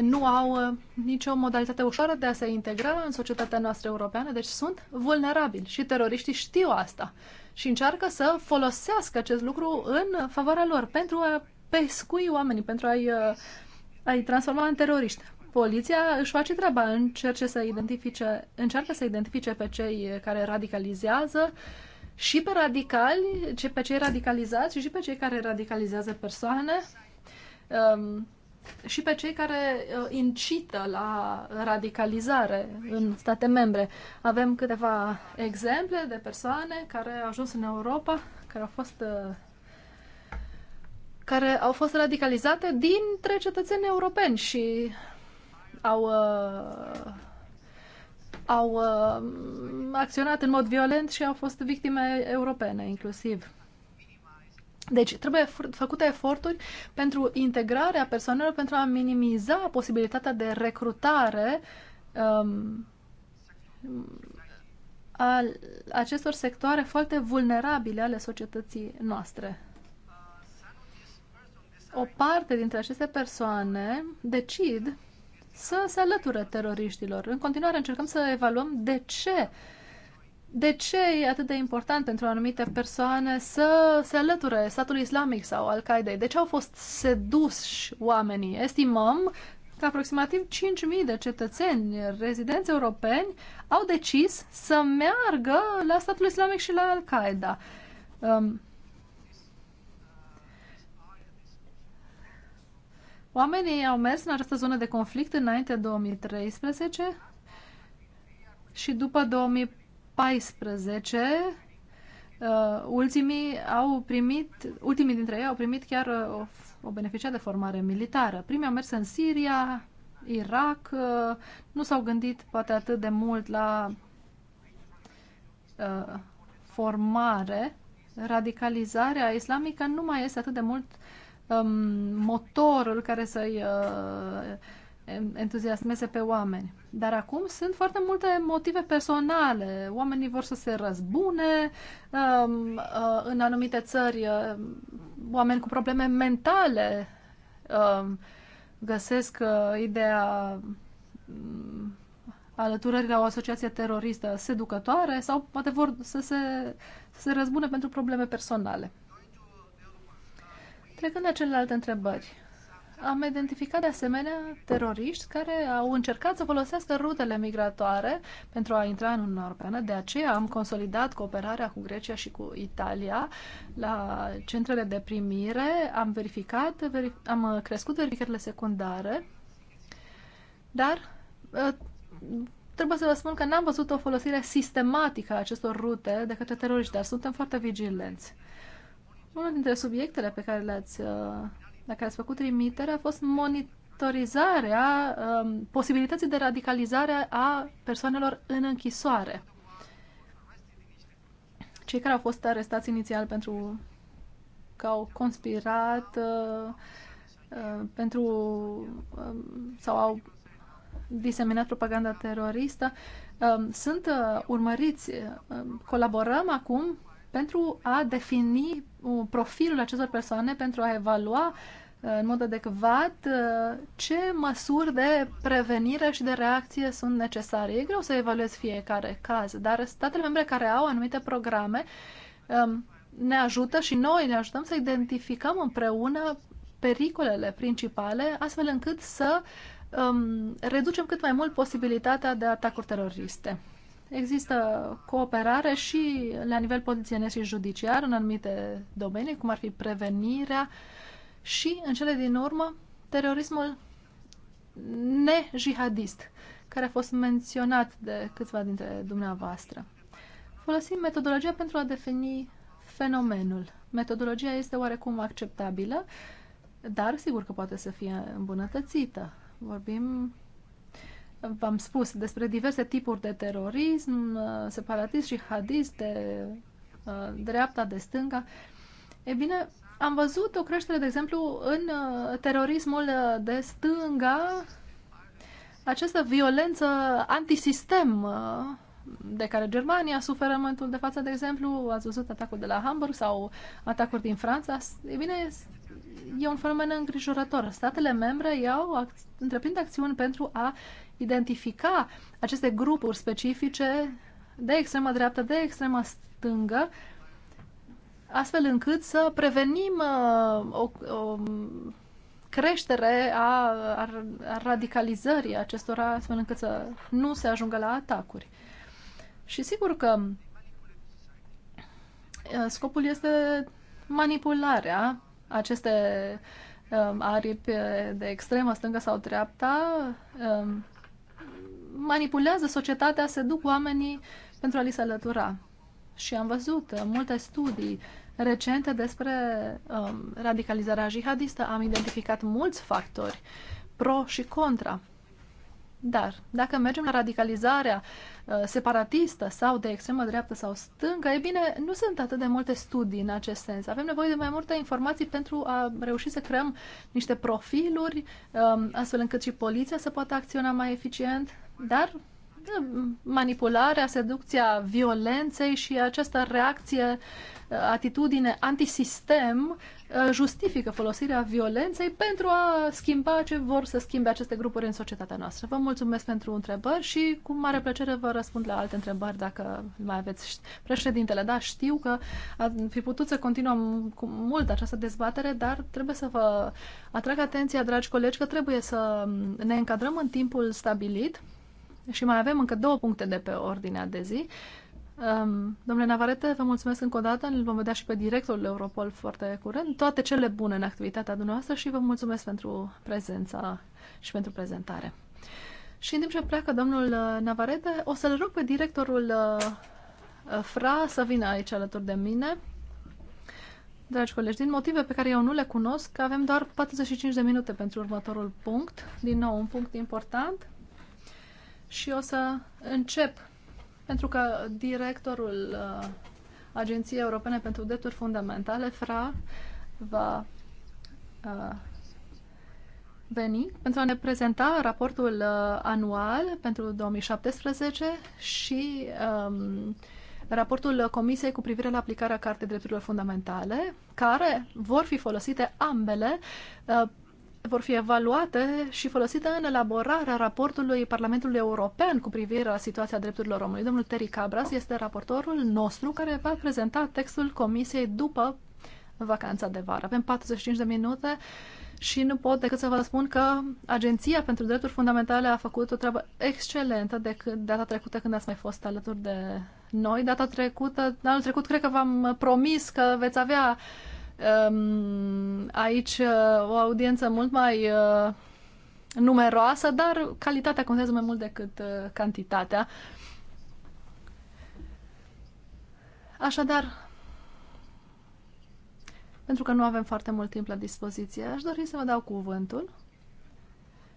nu au uh, nicio modalitate ușoară de a se integra în societatea noastră europeană, deci sunt vulnerabili și teroriștii știu asta și încearcă să folosească acest lucru în favoarea lor pentru a pescui oamenii, pentru a-i, uh, a-i transforma în teroriști. Poliția își face treaba, încerce să identifice, încearcă să identifice pe cei care radicalizează, uh, și pe radicali, ce, pe cei radicalizați și pe cei care radicalizează persoane um, și pe cei care uh, incită la radicalizare în state membre. Avem câteva exemple de persoane care au ajuns în Europa, care au fost uh, care au fost radicalizate dintre cetățeni europeni și au uh, au uh, acționat în mod violent și au fost victime europene inclusiv. Deci trebuie făcute eforturi pentru integrarea persoanelor, pentru a minimiza posibilitatea de recrutare um, a acestor sectoare foarte vulnerabile ale societății noastre. O parte dintre aceste persoane decid să se alăture teroriștilor. În continuare încercăm să evaluăm de ce de ce e atât de important pentru anumite persoane să se alăture statului islamic sau Al-Qaeda? De ce au fost seduși oamenii? Estimăm că aproximativ 5.000 de cetățeni rezidenți europeni au decis să meargă la statul islamic și la Al-Qaeda. Um, Oamenii au mers în această zonă de conflict înainte 2013 și după 2014 uh, ultimii au primit, ultimii dintre ei au primit chiar o, uh, o beneficiat de formare militară. Primii au mers în Siria, Irak, uh, nu s-au gândit poate atât de mult la uh, formare. Radicalizarea islamică nu mai este atât de mult uh, um, motorul care să-i uh, entuziasmeze pe oameni. Dar acum sunt foarte multe motive personale. Oamenii vor să se răzbune um, uh, în anumite țări. Uh, oameni cu probleme mentale um, găsesc uh, ideea um, alăturării la o asociație teroristă seducătoare sau poate vor să se, să se răzbune pentru probleme personale. Plecând la celelalte întrebări, am identificat de asemenea teroriști care au încercat să folosească rutele migratoare pentru a intra în Uniunea Europeană. De aceea am consolidat cooperarea cu Grecia și cu Italia la centrele de primire. Am verificat, verif- am crescut verificările secundare, dar ă, trebuie să vă spun că n-am văzut o folosire sistematică a acestor rute de către teroriști, dar suntem foarte vigilenți. Unul dintre subiectele pe care le-ați, uh, la care ați făcut trimitere a fost monitorizarea um, posibilității de radicalizare a persoanelor în închisoare. Cei care au fost arestați inițial pentru că au conspirat uh, uh, pentru um, sau au diseminat propaganda teroristă, um, sunt uh, urmăriți. Um, colaborăm acum pentru a defini uh, profilul acestor persoane, pentru a evalua uh, în mod adecvat uh, ce măsuri de prevenire și de reacție sunt necesare. E greu să evaluez fiecare caz, dar statele membre care au anumite programe um, ne ajută și noi ne ajutăm să identificăm împreună pericolele principale, astfel încât să um, reducem cât mai mult posibilitatea de atacuri teroriste există cooperare și la nivel polițienesc și judiciar în anumite domenii, cum ar fi prevenirea și, în cele din urmă, terorismul nejihadist, care a fost menționat de câțiva dintre dumneavoastră. Folosim metodologia pentru a defini fenomenul. Metodologia este oarecum acceptabilă, dar sigur că poate să fie îmbunătățită. Vorbim v-am spus, despre diverse tipuri de terorism, uh, separatism și hadis de uh, dreapta, de stânga. E bine, am văzut o creștere, de exemplu, în uh, terorismul de stânga, această violență antisistem de care Germania suferă în momentul de față, de exemplu, ați văzut atacul de la Hamburg sau atacuri din Franța, e bine, e un fenomen îngrijorător. Statele membre iau, întreprind acțiuni pentru a identifica aceste grupuri specifice de extremă dreaptă, de extremă stângă, astfel încât să prevenim uh, o, o creștere a, a, a radicalizării acestora, astfel încât să nu se ajungă la atacuri. Și sigur că uh, scopul este manipularea aceste uh, aripi uh, de extremă, stângă sau dreapta, Uh, manipulează societatea, se duc oamenii pentru a li se alătura. Și am văzut uh, multe studii recente despre um, radicalizarea jihadistă. Am identificat mulți factori pro și contra. Dar dacă mergem la radicalizarea uh, separatistă sau de extremă dreaptă sau stângă, e bine, nu sunt atât de multe studii în acest sens. Avem nevoie de mai multe informații pentru a reuși să creăm niște profiluri, um, astfel încât și poliția să poată acționa mai eficient, dar uh, manipularea, seducția violenței și această reacție atitudine antisistem uh, justifică folosirea violenței pentru a schimba ce vor să schimbe aceste grupuri în societatea noastră. Vă mulțumesc pentru întrebări și cu mare plăcere vă răspund la alte întrebări dacă mai aveți președintele. Da, știu că ar fi putut să continuăm cu mult această dezbatere, dar trebuie să vă atrag atenția, dragi colegi, că trebuie să ne încadrăm în timpul stabilit și mai avem încă două puncte de pe ordinea de zi. Um, domnule Navarete, vă mulțumesc încă o dată, îl vom vedea și pe directorul Europol foarte curând. Toate cele bune în activitatea dumneavoastră și vă mulțumesc pentru prezența și pentru prezentare. Și în timp ce pleacă domnul uh, Navarete, o să-l rog pe directorul uh, uh, Fra să vină aici alături de mine. Dragi colegi, din motive pe care eu nu le cunosc, avem doar 45 de minute pentru următorul punct. Din nou, un punct important. Și o să încep pentru că directorul uh, Agenției Europene pentru Drepturi Fundamentale, FRA, va uh, veni pentru a ne prezenta raportul uh, anual pentru 2017 și um, raportul Comisiei cu privire la aplicarea Cartei Drepturilor Fundamentale, care vor fi folosite ambele uh, vor fi evaluate și folosite în elaborarea raportului Parlamentului European cu privire la situația drepturilor omului. Domnul Terry Cabras este raportorul nostru care va prezenta textul Comisiei după vacanța de vară. Avem 45 de minute și nu pot decât să vă spun că Agenția pentru Drepturi Fundamentale a făcut o treabă excelentă de data trecută când ați mai fost alături de noi. Data trecută, anul trecut, cred că v-am promis că veți avea aici uh, o audiență mult mai uh, numeroasă, dar calitatea contează mai mult decât uh, cantitatea. Așadar, pentru că nu avem foarte mult timp la dispoziție, aș dori să vă dau cuvântul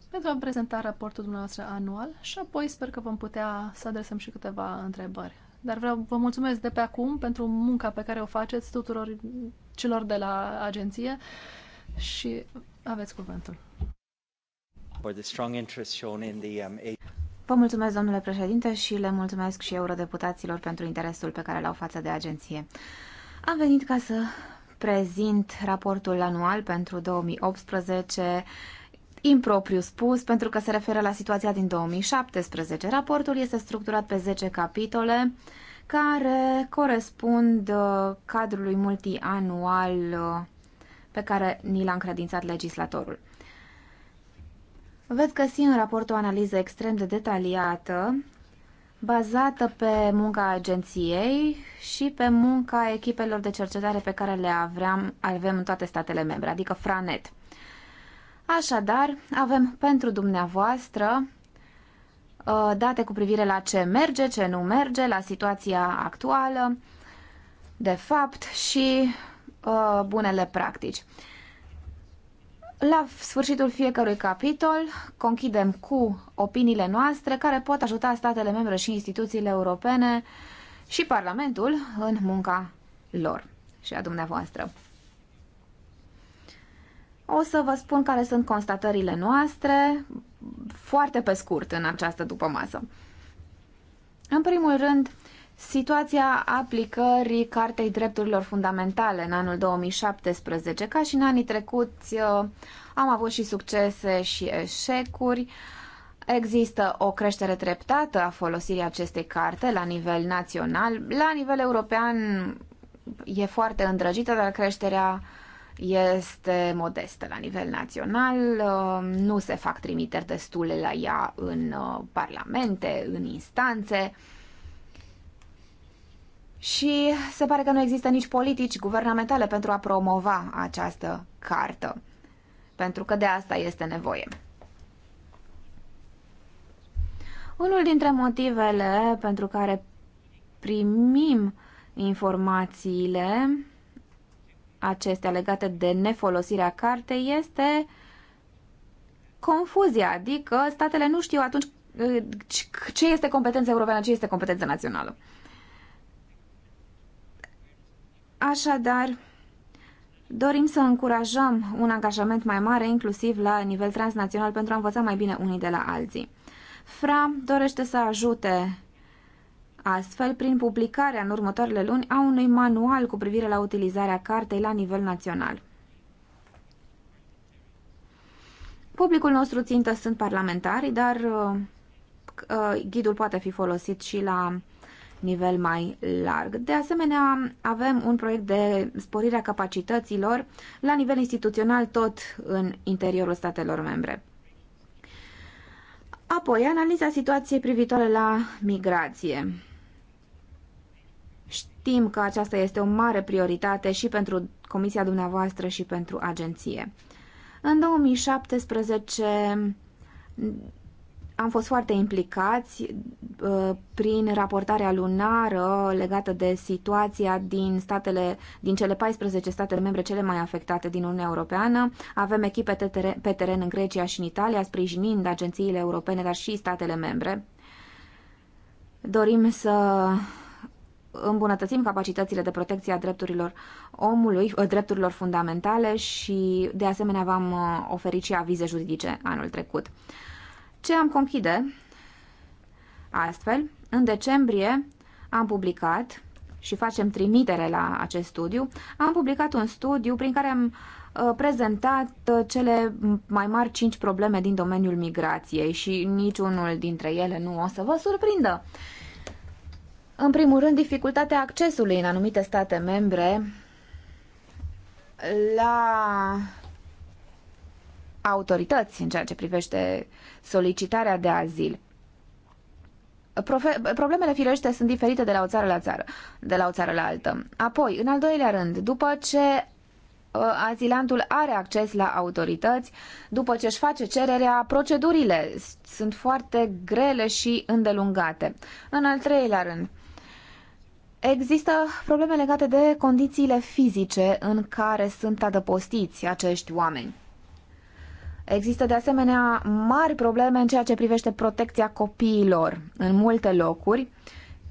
pentru a prezenta raportul dumneavoastră anual și apoi sper că vom putea să adresăm și câteva întrebări. Dar vreau vă mulțumesc de pe acum pentru munca pe care o faceți tuturor celor de la agenție și aveți cuvântul. Um, Vă mulțumesc, domnule președinte, și le mulțumesc și eurodeputaților pentru interesul pe care l-au față de agenție. Am venit ca să prezint raportul anual pentru 2018, impropriu spus, pentru că se referă la situația din 2017. Raportul este structurat pe 10 capitole, care corespund uh, cadrului multianual uh, pe care ni l-a încredințat legislatorul. Veți găsi în raport o analiză extrem de detaliată, bazată pe munca agenției și pe munca echipelor de cercetare pe care le aveam, avem în toate statele membre, adică FRANET. Așadar, avem pentru dumneavoastră Uh, date cu privire la ce merge, ce nu merge, la situația actuală, de fapt, și uh, bunele practici. La sfârșitul fiecărui capitol, conchidem cu opiniile noastre care pot ajuta statele membre și instituțiile europene și Parlamentul în munca lor și a dumneavoastră. O să vă spun care sunt constatările noastre, foarte pe scurt în această dupămasă. În primul rând, situația aplicării Cartei Drepturilor Fundamentale în anul 2017. Ca și în anii trecuți, uh, am avut și succese și eșecuri. Există o creștere treptată a folosirii acestei carte la nivel național. La nivel european e foarte îndrăgită, dar creșterea uh, este modestă la nivel național, um, nu se fac trimiteri destule la ea în uh, parlamente, în instanțe și se pare că nu există nici politici guvernamentale pentru a promova această cartă, pentru că de asta este nevoie. Unul dintre motivele pentru care primim informațiile acestea legate de nefolosirea cartei este confuzia, adică statele nu știu atunci uh, ce este competența europeană, ce este competența națională. Așadar, dorim să încurajăm un angajament mai mare, inclusiv la nivel transnațional, pentru a învăța mai bine unii de la alții. FRA dorește să ajute astfel prin publicarea în următoarele luni a unui manual cu privire la utilizarea cartei la nivel național. Publicul nostru țintă sunt parlamentari, dar uh, uh, ghidul poate fi folosit și la nivel mai larg. De asemenea, avem un proiect de sporire a capacităților la nivel instituțional, tot în interiorul statelor membre. Apoi, analiza situației privitoare la migrație. Știm că aceasta este o mare prioritate și pentru comisia dumneavoastră și pentru agenție. În 2017 am fost foarte implicați uh, prin raportarea lunară legată de situația din statele, din cele 14 state membre cele mai afectate din Uniunea Europeană. Avem echipe pe teren, pe teren în Grecia și în Italia, sprijinind agențiile europene, dar și statele membre. Dorim să îmbunătățim capacitățile de protecție a drepturilor omului, ă, drepturilor fundamentale și de asemenea v-am ă, oferit și avize juridice anul trecut. Ce am conchide? Astfel, în decembrie am publicat și facem trimitere la acest studiu, am publicat un studiu prin care am ă, prezentat cele mai mari cinci probleme din domeniul migrației și niciunul dintre ele nu o să vă surprindă. În primul rând, dificultatea accesului în anumite state membre la autorități în ceea ce privește solicitarea de azil. Profe problemele firește sunt diferite de la o țară la țară, de la o țară la altă. Apoi, în al doilea rând, după ce ă, azilantul are acces la autorități, după ce își face cererea, procedurile sunt foarte grele și îndelungate. În al treilea rând, Există probleme legate de condițiile fizice în care sunt adăpostiți acești oameni. Există de asemenea mari probleme în ceea ce privește protecția copiilor în multe locuri,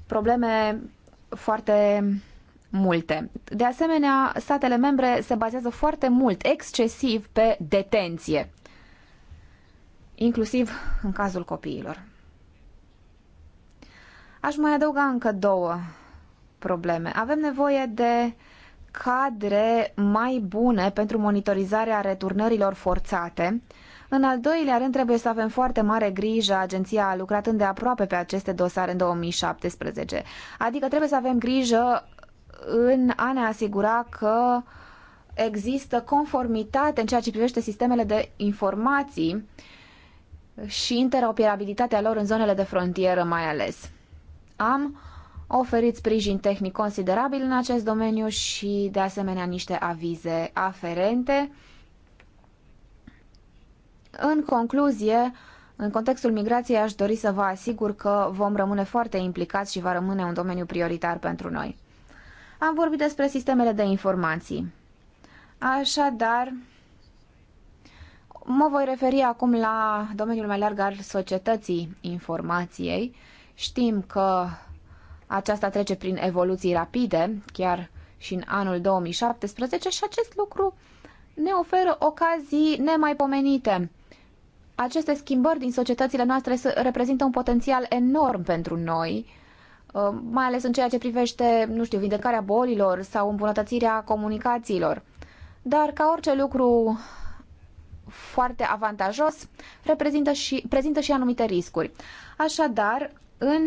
probleme foarte multe. De asemenea, statele membre se bazează foarte mult, excesiv, pe detenție, inclusiv în cazul copiilor. Aș mai adăuga încă două probleme. Avem nevoie de cadre mai bune pentru monitorizarea returnărilor forțate. În al doilea rând, trebuie să avem foarte mare grijă. Agenția a lucrat îndeaproape pe aceste dosare în 2017. Adică trebuie să avem grijă în a ne asigura că există conformitate în ceea ce privește sistemele de informații și interoperabilitatea lor în zonele de frontieră mai ales. Am a oferit sprijin tehnic considerabil în acest domeniu și, de asemenea, niște avize aferente. În concluzie, în contextul migrației aș dori să vă asigur că vom rămâne foarte implicați și va rămâne un domeniu prioritar pentru noi. Am vorbit despre sistemele de informații. Așadar, mă voi referi acum la domeniul mai larg al societății informației. Știm că aceasta trece prin evoluții rapide, chiar și în anul 2017 și acest lucru ne oferă ocazii nemaipomenite. Aceste schimbări din societățile noastre reprezintă un potențial enorm pentru noi, uh, mai ales în ceea ce privește, nu știu, vindecarea bolilor sau îmbunătățirea comunicațiilor. Dar ca orice lucru foarte avantajos, reprezintă și, prezintă și anumite riscuri. Așadar, în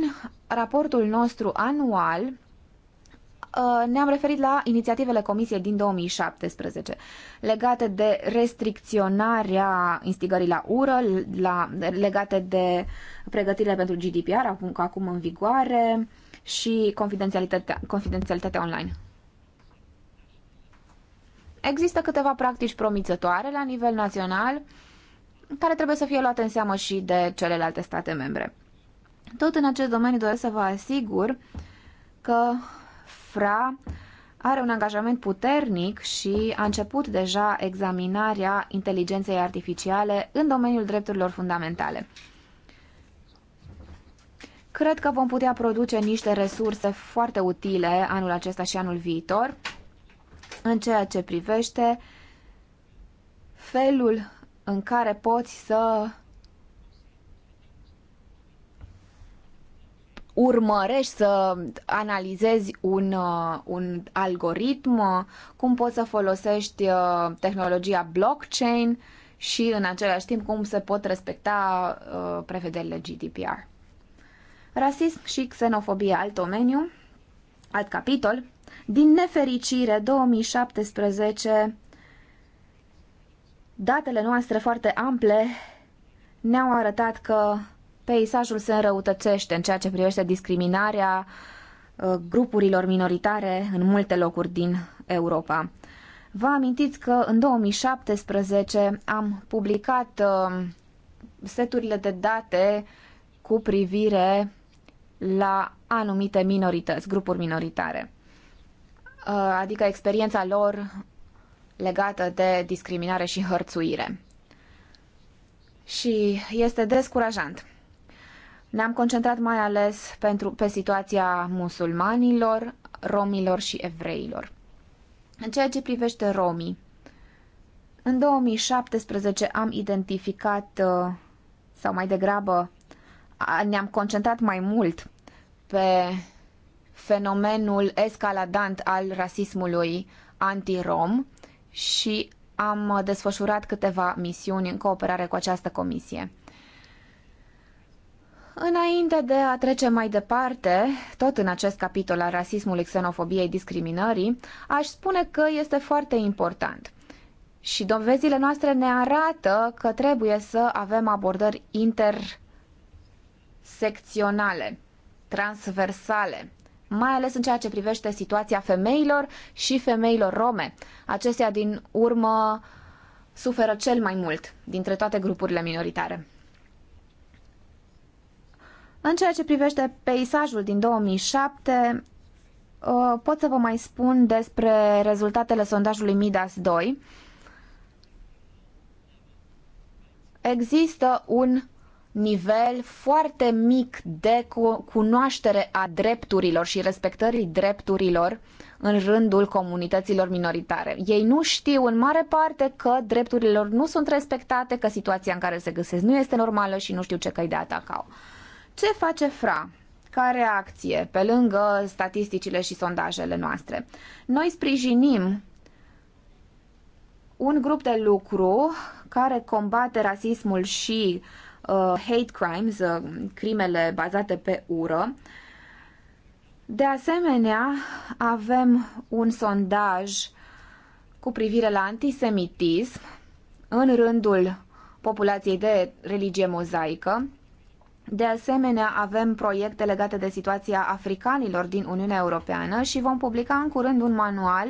raportul nostru anual uh, ne-am referit la inițiativele Comisiei din 2017 legate de restricționarea instigării la ură, la, legate de pregătirile pentru GDPR, acum, acum în vigoare, și confidențialitatea, confidențialitatea online. Există câteva practici promițătoare la nivel național care trebuie să fie luate în seamă și de celelalte state membre. Tot în acest domeniu doresc să vă asigur că FRA are un angajament puternic și a început deja examinarea inteligenței artificiale în domeniul drepturilor fundamentale. Cred că vom putea produce niște resurse foarte utile anul acesta și anul viitor în ceea ce privește felul în care poți să urmărești, să analizezi un, uh, un algoritm, uh, cum poți să folosești uh, tehnologia blockchain și în același timp cum se pot respecta prevederile GDPR. Rasism și xenofobie, alt domeniu, alt capitol. Din nefericire, 2017, datele noastre foarte ample ne-au arătat că peisajul se înrăutățește în ceea ce privește discriminarea uh, grupurilor minoritare în multe locuri din Europa. Vă amintiți că în 2017 am publicat uh, seturile de date cu privire la anumite minorități, grupuri minoritare, uh, adică experiența lor legată de discriminare și hărțuire. Și este descurajant ne-am concentrat mai ales pentru, pe situația musulmanilor, romilor și evreilor. În ceea ce privește romii, în 2017 am identificat, uh, sau mai degrabă, ne-am concentrat mai mult pe fenomenul escaladant al rasismului antirom și am desfășurat câteva misiuni în cooperare cu această comisie. Înainte de a trece mai departe, tot în acest capitol al rasismului, xenofobiei, discriminării, aș spune că este foarte important. Și dovezile noastre ne arată că trebuie să avem abordări intersecționale, transversale, mai ales în ceea ce privește situația femeilor și femeilor rome. Acestea din urmă suferă cel mai mult dintre toate grupurile minoritare. În ceea ce privește peisajul din 2007, uh, pot să vă mai spun despre rezultatele sondajului Midas 2. Există un nivel foarte mic de cunoaștere a drepturilor și respectării drepturilor în rândul comunităților minoritare. Ei nu știu în mare parte că drepturile lor nu sunt respectate, că situația în care se găsesc nu este normală și nu știu ce căi de atacau. Ce face FRA? ca reacție pe lângă statisticile și sondajele noastre. Noi sprijinim un grup de lucru care combate rasismul și uh, hate crimes, uh, crimele bazate pe ură. De asemenea, avem un sondaj cu privire la antisemitism în rândul populației de religie mozaică, de asemenea, avem proiecte legate de situația africanilor din Uniunea Europeană și vom publica în curând un manual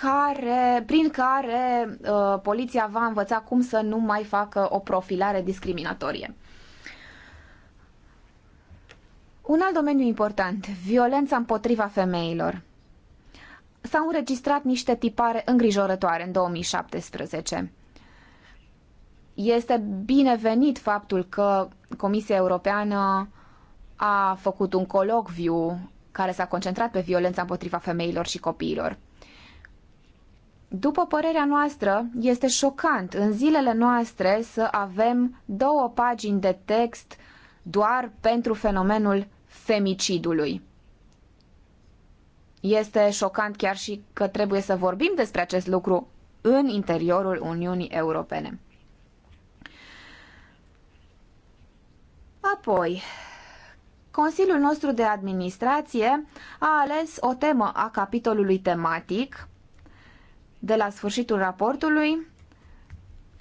care, prin care uh, poliția va învăța cum să nu mai facă o profilare discriminatorie. Un alt domeniu important, violența împotriva femeilor. S-au înregistrat niște tipare îngrijorătoare în 2017. Este binevenit faptul că Comisia Europeană a făcut un colocviu care s-a concentrat pe violența împotriva femeilor și copiilor. După părerea noastră, este șocant în zilele noastre să avem două pagini de text doar pentru fenomenul femicidului. Este șocant chiar și că trebuie să vorbim despre acest lucru în interiorul Uniunii Europene. Apoi, Consiliul nostru de administrație a ales o temă a capitolului tematic de la sfârșitul raportului,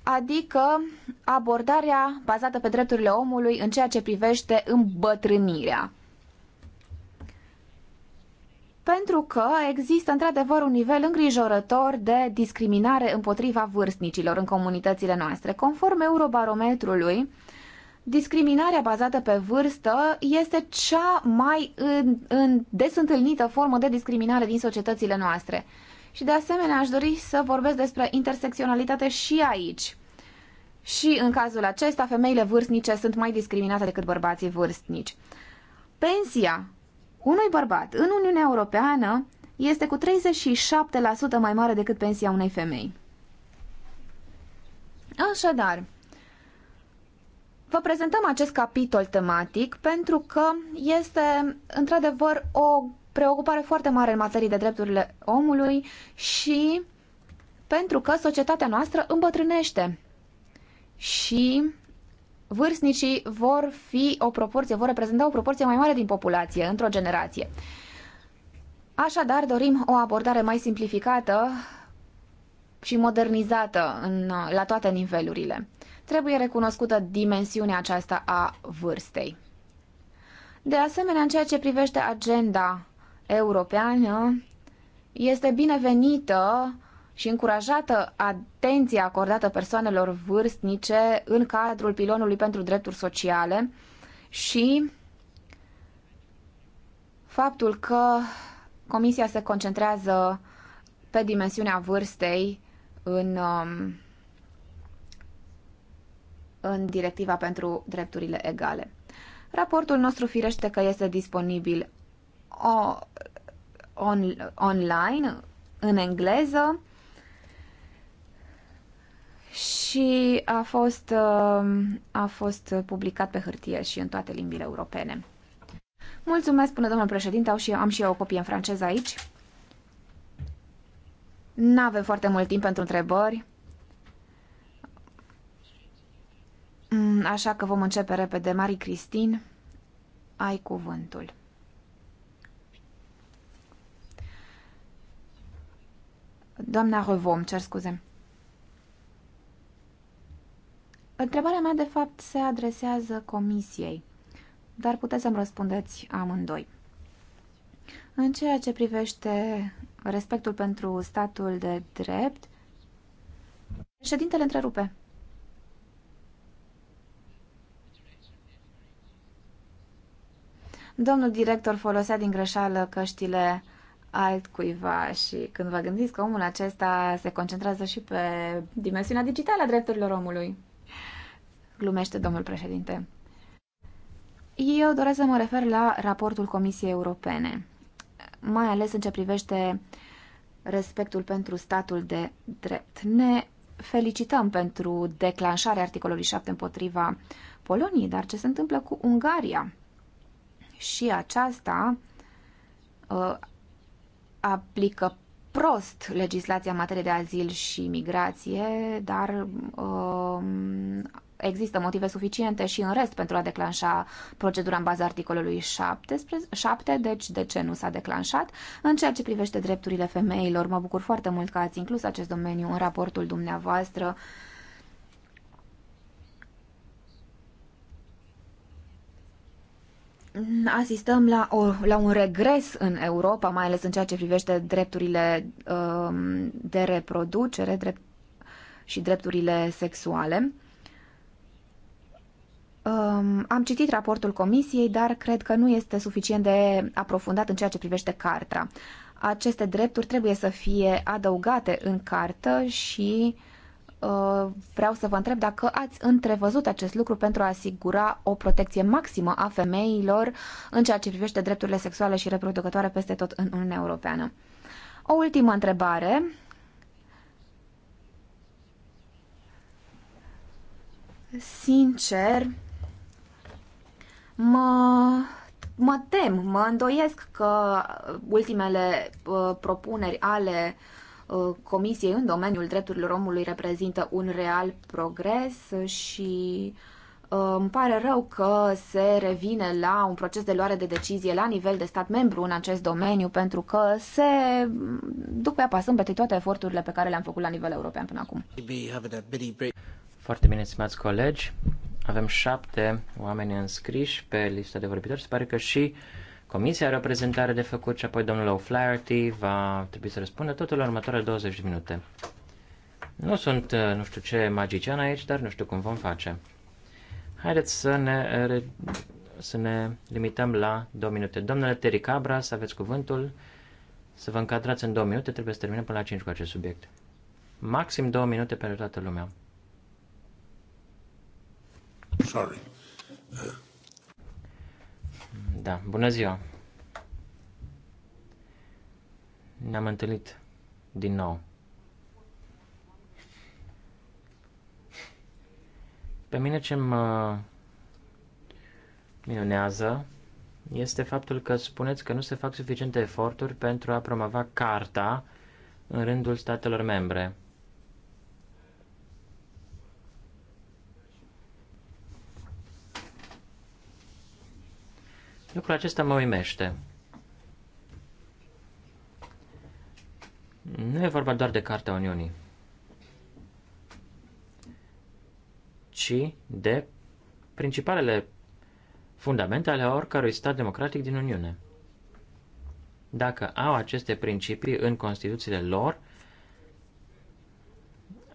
adică abordarea bazată pe drepturile omului în ceea ce privește îmbătrânirea. Pentru că există într-adevăr un nivel îngrijorător de discriminare împotriva vârstnicilor în comunitățile noastre. Conform Eurobarometrului, Discriminarea bazată pe vârstă este cea mai în, în des întâlnită formă de discriminare din societățile noastre. Și de asemenea aș dori să vorbesc despre intersecționalitate și aici. Și în cazul acesta, femeile vârstnice sunt mai discriminate decât bărbații vârstnici. Pensia unui bărbat în Uniunea Europeană este cu 37% mai mare decât pensia unei femei. Așadar, Vă prezentăm acest capitol tematic pentru că este într-adevăr o preocupare foarte mare în materie de drepturile omului și pentru că societatea noastră îmbătrânește și vârstnicii vor fi o proporție, vor reprezenta o proporție mai mare din populație într-o generație. Așadar, dorim o abordare mai simplificată și modernizată în, la toate nivelurile. Trebuie recunoscută dimensiunea aceasta a vârstei. De asemenea, în ceea ce privește agenda europeană, este binevenită și încurajată atenția acordată persoanelor vârstnice în cadrul pilonului pentru drepturi sociale și faptul că Comisia se concentrează pe dimensiunea vârstei în, um, în directiva pentru drepturile egale. Raportul nostru firește că este disponibil o, on, online, în engleză și a fost, um, a fost publicat pe hârtie și în toate limbile europene. Mulțumesc, până domnul președinte, au și, am și eu o copie în franceză aici. Nu avem foarte mult timp pentru întrebări. Mm, așa că vom începe repede. Mari Cristin, ai cuvântul. Doamna Revom, cer scuze. Întrebarea mea, de fapt, se adresează comisiei, dar puteți să-mi răspundeți amândoi. În ceea ce privește respectul pentru statul de drept. Președintele întrerupe. Domnul director folosea din greșeală căștile altcuiva și când vă gândiți că omul acesta se concentrează și pe dimensiunea digitală a drepturilor omului, glumește domnul președinte. Eu doresc să mă refer la raportul Comisiei Europene mai ales în ce privește respectul pentru statul de drept. Ne felicităm pentru declanșarea articolului 7 împotriva Poloniei, dar ce se întâmplă cu Ungaria? Și aceasta uh, aplică prost legislația în materie de azil și migrație, dar uh, există motive suficiente și în rest pentru a declanșa procedura în baza articolului 7, deci de ce nu s-a declanșat. În ceea ce privește drepturile femeilor, mă bucur foarte mult că ați inclus acest domeniu în raportul dumneavoastră. asistăm la, o, la un regres în Europa, mai ales în ceea ce privește drepturile uh, de reproducere drept, și drepturile sexuale. Um, am citit raportul comisiei, dar cred că nu este suficient de aprofundat în ceea ce privește carta. Aceste drepturi trebuie să fie adăugate în cartă și uh, vreau să vă întreb dacă ați întrevăzut acest lucru pentru a asigura o protecție maximă a femeilor în ceea ce privește drepturile sexuale și reproducătoare peste tot în Uniunea Europeană. O ultimă întrebare sincer, Mă, mă tem, mă îndoiesc că ultimele uh, propuneri ale uh, Comisiei în domeniul drepturilor omului reprezintă un real progres și uh, îmi pare rău că se revine la un proces de luare de decizie la nivel de stat membru în acest domeniu, pentru că se duc pe apa sâmbete toate eforturile pe care le-am făcut la nivel european până acum. Foarte bine, stimați colegi. Avem șapte oameni înscriși pe lista de vorbitori. Se pare că și comisia are o prezentare de făcut și apoi domnul O'Flaherty va trebui să răspundă totul în următoarele 20 de minute. Nu sunt uh, nu știu ce magician aici, dar nu știu cum vom face. Haideți să ne, să ne limităm la două minute. Domnule Terry Cabra, să aveți cuvântul, să vă încadrați în două minute, trebuie să terminăm până la 5 cu acest subiect. Maxim două minute pentru toată lumea. Sorry. Da, bună ziua. Ne-am întâlnit din nou. Pe mine ce mă minunează este faptul că spuneți că nu se fac suficiente eforturi pentru a promova carta în rândul statelor membre. Lucrul acesta mă uimește. Nu e vorba doar de Cartea Uniunii, ci de principalele fundamente ale oricărui stat democratic din Uniune. Dacă au aceste principii în Constituțiile lor,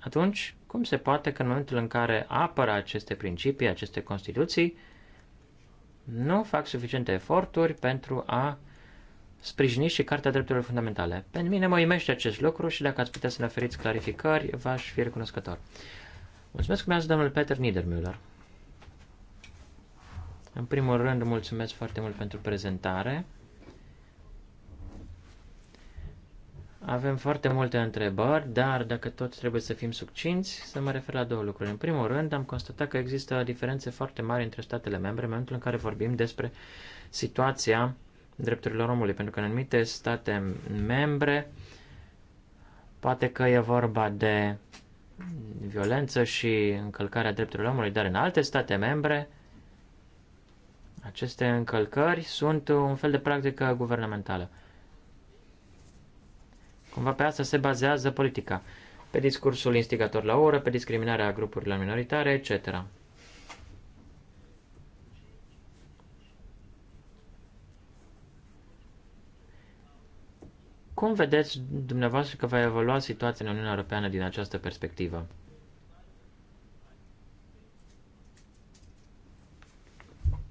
atunci cum se poate că în momentul în care apără aceste principii, aceste Constituții, nu fac suficiente eforturi pentru a sprijini și Cartea Drepturilor Fundamentale. Pe mine mă imește acest lucru și dacă ați putea să ne oferiți clarificări, v-aș fi recunoscător. Mulțumesc că mi domnul Peter Niedermüller. În primul rând, mulțumesc foarte mult pentru prezentare. Avem foarte multe întrebări, dar dacă tot trebuie să fim succinți, să mă refer la două lucruri. În primul rând, am constatat că există diferențe foarte mari între statele membre în momentul în care vorbim despre situația drepturilor omului, pentru că în anumite state membre poate că e vorba de violență și încălcarea drepturilor omului, dar în alte state membre aceste încălcări sunt un fel de practică guvernamentală. Cumva pe asta se bazează politica. Pe discursul instigator la oră, pe discriminarea grupurilor minoritare, etc. Cum vedeți dumneavoastră că va evolua situația în Uniunea Europeană din această perspectivă?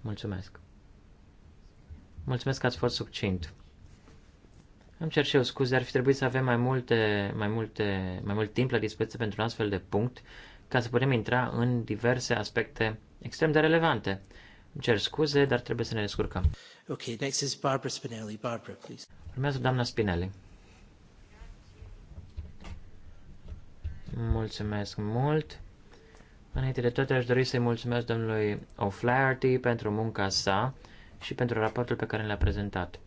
Mulțumesc. Mulțumesc că ați fost succint. Îmi cer și eu scuze, ar fi trebuit să avem mai, multe, mai, multe, mai mult timp la dispoziție pentru un astfel de punct ca să putem intra în diverse aspecte extrem de relevante. Îmi cer scuze, dar trebuie să ne descurcăm. Ok, next is Barbara Spinelli. Barbara, please. Urmează doamna Spinelli. Mulțumesc mult. Înainte de toate, aș dori să-i mulțumesc domnului O'Flaherty pentru munca sa și pentru raportul pe care l-a prezentat.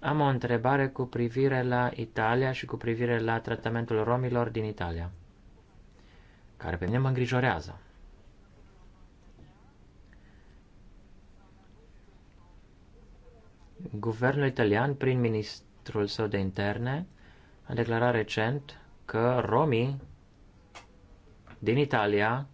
Am o întrebare cu privire la Italia și cu privire la tratamentul romilor din Italia, care pe mine mă îngrijorează. Guvernul italian, prin ministrul său de interne, a declarat recent că romii din Italia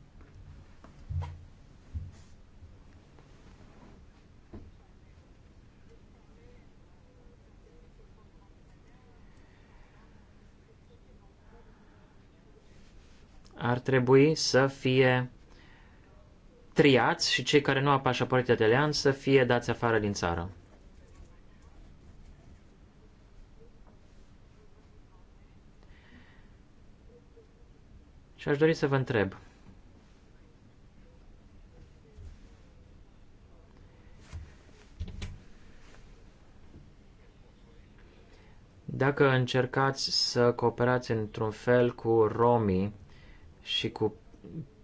ar trebui să fie triați și cei care nu au pașaport italian să fie dați afară din țară. Și aș dori să vă întreb. Dacă încercați să cooperați într-un fel cu romii și cu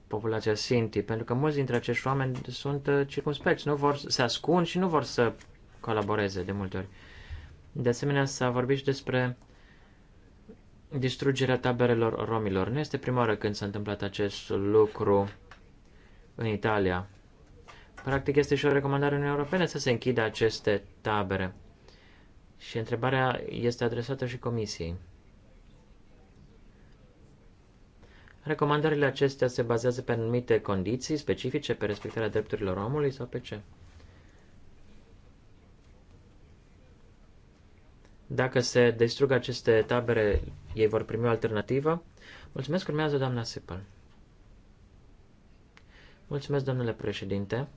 populația Sinti, pentru că mulți dintre acești oameni sunt uh, circumspecți, nu vor să se ascund și nu vor să colaboreze de multe ori. De asemenea, s-a vorbit și despre distrugerea taberelor romilor. Nu este prima oară când s-a întâmplat acest lucru în Italia. Practic este și o recomandare în Europene să se închidă aceste tabere. Și întrebarea este adresată și Comisiei. Recomandările acestea se bazează pe anumite condiții specifice, pe respectarea drepturilor omului sau pe ce? Dacă se distrug aceste tabere, ei vor primi o alternativă? Mulțumesc, urmează doamna Sipal. Mulțumesc, domnule președinte.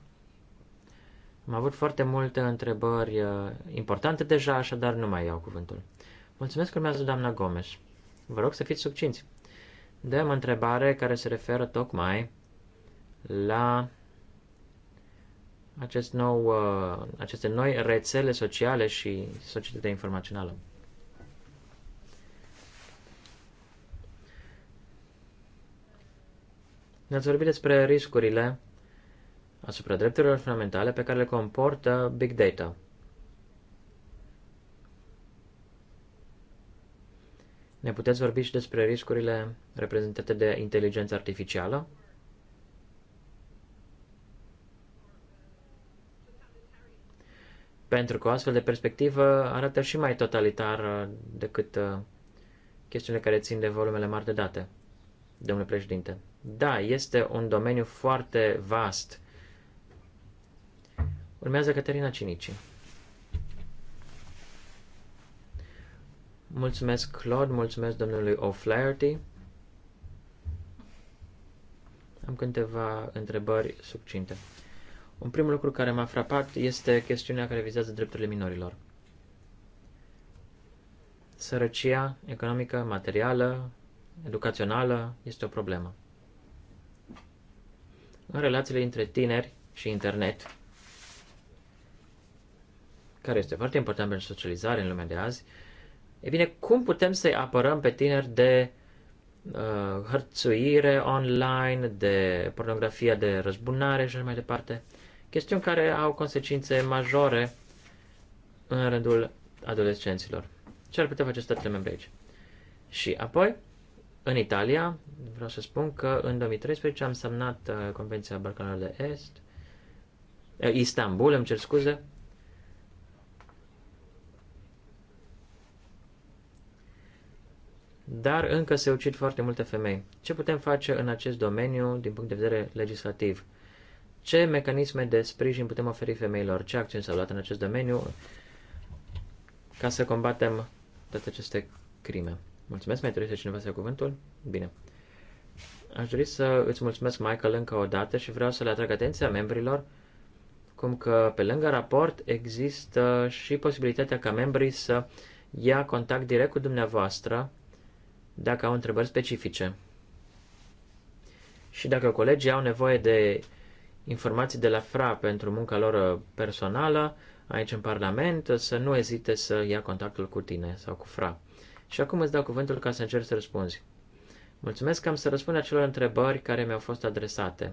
Am avut foarte multe întrebări uh, importante deja, așadar nu mai iau cuvântul. Mulțumesc, urmează doamna Gomes. Vă rog să fiți succinți dăm întrebare care se referă tocmai la acest nou, uh, aceste noi rețele sociale și societatea informațională. Ne-ați vorbit despre riscurile asupra drepturilor fundamentale pe care le comportă big data – Ne puteți vorbi și despre riscurile reprezentate de inteligență artificială? Pentru că o astfel de perspectivă arată și mai totalitar uh, decât uh, chestiunile care țin de volumele mari de date, domnule președinte. Da, este un domeniu foarte vast. Urmează Caterina Cinici. Mulțumesc, Claude, mulțumesc domnului O'Flaherty. Am câteva întrebări succinte. Un primul lucru care m-a frapat este chestiunea care vizează drepturile minorilor. Sărăcia economică, materială, educațională este o problemă. În relațiile între tineri și internet, care este foarte important pentru socializare în lumea de azi, E bine, cum putem să-i apărăm pe tineri de uh, hărțuire online, de pornografia de răzbunare și așa mai departe? Chestiuni care au consecințe majore în rândul adolescenților. Ce ar putea face statele membre aici? Și apoi, în Italia, vreau să spun că în 2013 am semnat uh, Convenția Balcanilor de Est, uh, Istanbul, îmi cer scuze, dar încă se ucid foarte multe femei. Ce putem face în acest domeniu din punct de vedere legislativ? Ce mecanisme de sprijin putem oferi femeilor? Ce acțiuni s-au luat în acest domeniu ca să combatem toate aceste crime? Mulțumesc, mai trebuie să cineva să ia cuvântul? Bine. Aș dori să îți mulțumesc, Michael, încă o dată și vreau să le atrag atenția membrilor cum că pe lângă raport există și posibilitatea ca membrii să ia contact direct cu dumneavoastră dacă au întrebări specifice. Și dacă colegii au nevoie de informații de la FRA pentru munca lor personală aici în Parlament, să nu ezite să ia contactul cu tine sau cu FRA. Și acum îți dau cuvântul ca să încerci să răspunzi. Mulțumesc că am să răspund acelor întrebări care mi-au fost adresate.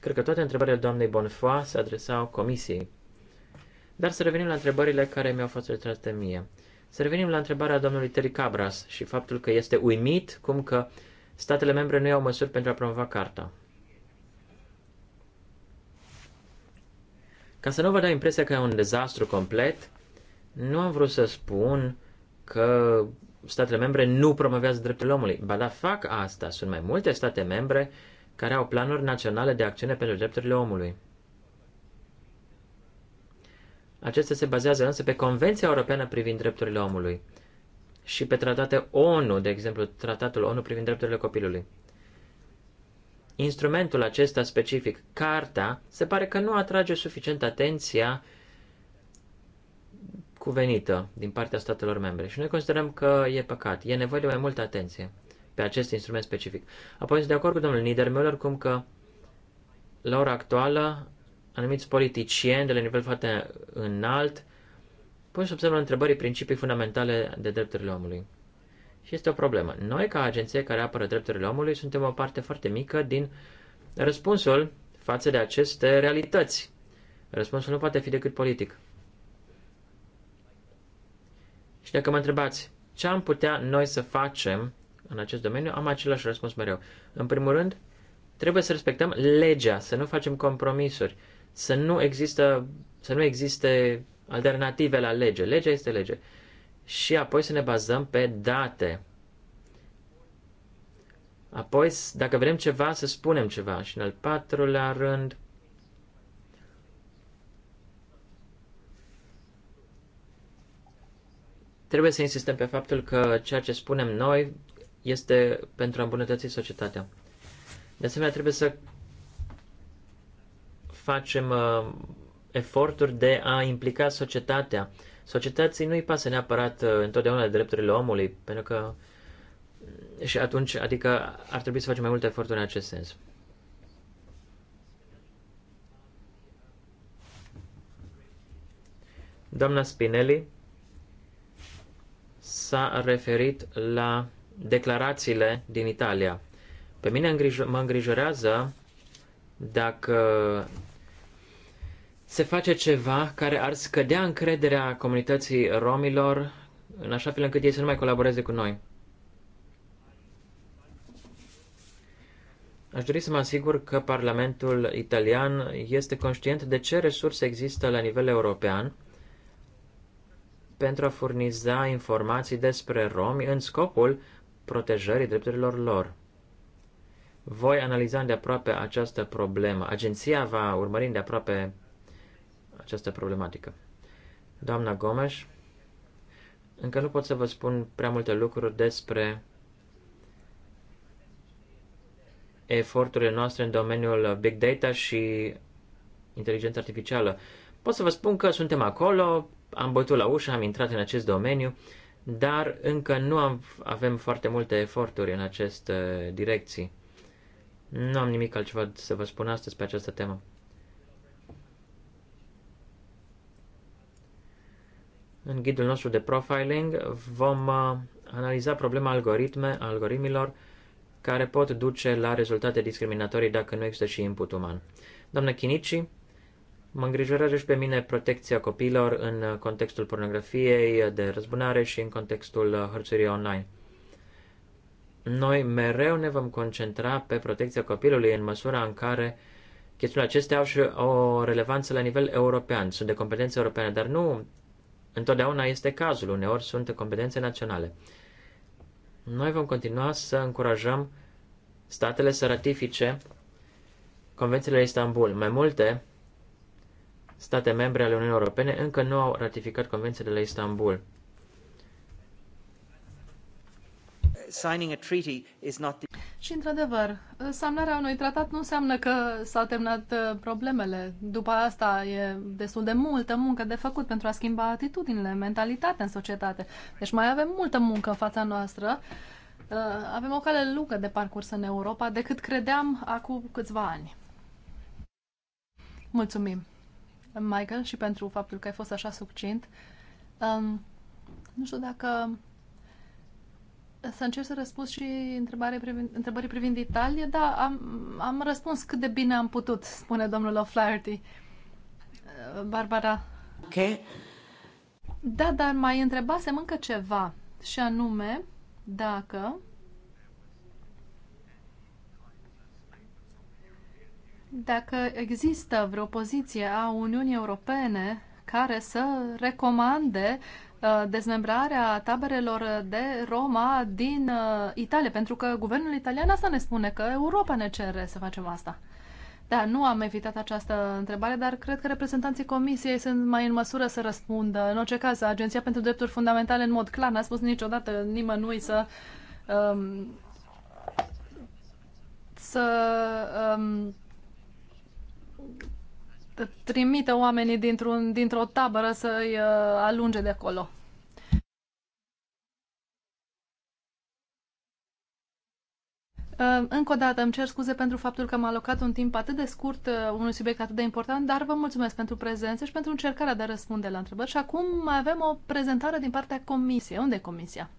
Cred că toate întrebările doamnei Bonfoa se adresau comisiei. Dar să revenim la întrebările care mi-au fost adresate mie. Să revenim la întrebarea domnului Terry Cabras și faptul că este uimit cum că statele membre nu iau măsuri pentru a promova carta. Ca să nu vă dau impresia că e un dezastru complet, nu am vrut să spun că statele membre nu promovează drepturile omului. Ba da, fac asta. Sunt mai multe state membre care au planuri naționale de acțiune pentru drepturile omului. Acestea se bazează însă pe Convenția Europeană privind drepturile omului și pe tratate ONU, de exemplu, tratatul ONU privind drepturile copilului. Instrumentul acesta specific, carta, se pare că nu atrage suficient atenția cuvenită din partea statelor membre și noi considerăm că e păcat, e nevoie de mai multă atenție pe acest instrument specific. Apoi sunt de acord cu domnul Niedermüller cum că la ora actuală anumiți politicieni de la nivel foarte înalt pun sub semnul întrebării principii fundamentale de drepturile omului. Și este o problemă. Noi, ca agenție care apără drepturile omului, suntem o parte foarte mică din răspunsul față de aceste realități. Răspunsul nu poate fi decât politic. Și dacă mă întrebați ce am putea noi să facem în acest domeniu, am același răspuns mereu. În primul rând, trebuie să respectăm legea, să nu facem compromisuri să nu, există, să nu existe alternative la lege. Legea este lege. Și apoi să ne bazăm pe date. Apoi, dacă vrem ceva, să spunem ceva. Și în al patrulea rând, trebuie să insistăm pe faptul că ceea ce spunem noi este pentru a îmbunătăți societatea. De asemenea, trebuie să facem uh, eforturi de a implica societatea. Societății nu-i pasă neapărat uh, întotdeauna de drepturile omului, pentru că și atunci, adică ar trebui să facem mai multe eforturi în acest sens. Doamna Spinelli s-a referit la declarațiile din Italia. Pe mine îngrijo- mă îngrijorează dacă se face ceva care ar scădea încrederea comunității romilor în așa fel încât ei să nu mai colaboreze cu noi. Aș dori să mă asigur că Parlamentul italian este conștient de ce resurse există la nivel european pentru a furniza informații despre romi în scopul protejării drepturilor lor. Voi analiza de aproape această problemă. Agenția va urmări de aproape această problematică. Doamna Gomes, încă nu pot să vă spun prea multe lucruri despre eforturile noastre în domeniul Big Data și inteligența artificială. Pot să vă spun că suntem acolo, am bătut la ușă, am intrat în acest domeniu, dar încă nu am, avem foarte multe eforturi în aceste direcții. Nu am nimic altceva să vă spun astăzi pe această temă. În ghidul nostru de profiling vom uh, analiza problema algoritme, algoritmilor care pot duce la rezultate discriminatorii dacă nu există și input uman. Doamna Chinici, mă îngrijorează și pe mine protecția copiilor în contextul pornografiei de răzbunare și în contextul hărțurii online. Noi mereu ne vom concentra pe protecția copilului în măsura în care chestiunile acestea au și o relevanță la nivel european, sunt de competență europeană, dar nu Întotdeauna este cazul, uneori sunt competențe naționale. Noi vom continua să încurajăm statele să ratifice Convențiile Istanbul. Mai multe state membre ale Uniunii Europene încă nu au ratificat Convențiile Istanbul. signing a treaty is not the... Și într-adevăr, semnarea unui tratat nu înseamnă că s-au terminat uh, problemele. După asta e destul de multă muncă de făcut pentru a schimba atitudinile, mentalitatea în societate. Deci mai avem multă muncă în fața noastră. Uh, avem o cale lungă de parcurs în Europa decât credeam acum câțiva ani. Mulțumim, Michael, și pentru faptul că ai fost așa succint. Um, nu știu dacă să încerc să răspund și întrebare privind, întrebării privind Italia. Da, am, am răspuns cât de bine am putut, spune domnul O'Flaherty. Uh, Barbara. Ok. Da, dar mai întrebasem încă ceva și anume dacă dacă există vreo poziție a Uniunii Europene care să recomande Uh, dezmembrarea taberelor de Roma din uh, Italia, pentru că guvernul italian asta ne spune, că Europa ne cere să facem asta. Da, nu am evitat această întrebare, dar cred că reprezentanții Comisiei sunt mai în măsură să răspundă. În orice caz, Agenția pentru Drepturi Fundamentale, în mod clar, n-a spus niciodată nimănui să um, să um, trimită oamenii dintr-un, dintr-o tabără să-i uh, alunge de acolo. Uh, încă o dată îmi cer scuze pentru faptul că am alocat un timp atât de scurt uh, unui subiect atât de important, dar vă mulțumesc pentru prezență și pentru încercarea de a răspunde la întrebări. Și acum mai avem o prezentare din partea comisiei. Unde e comisia?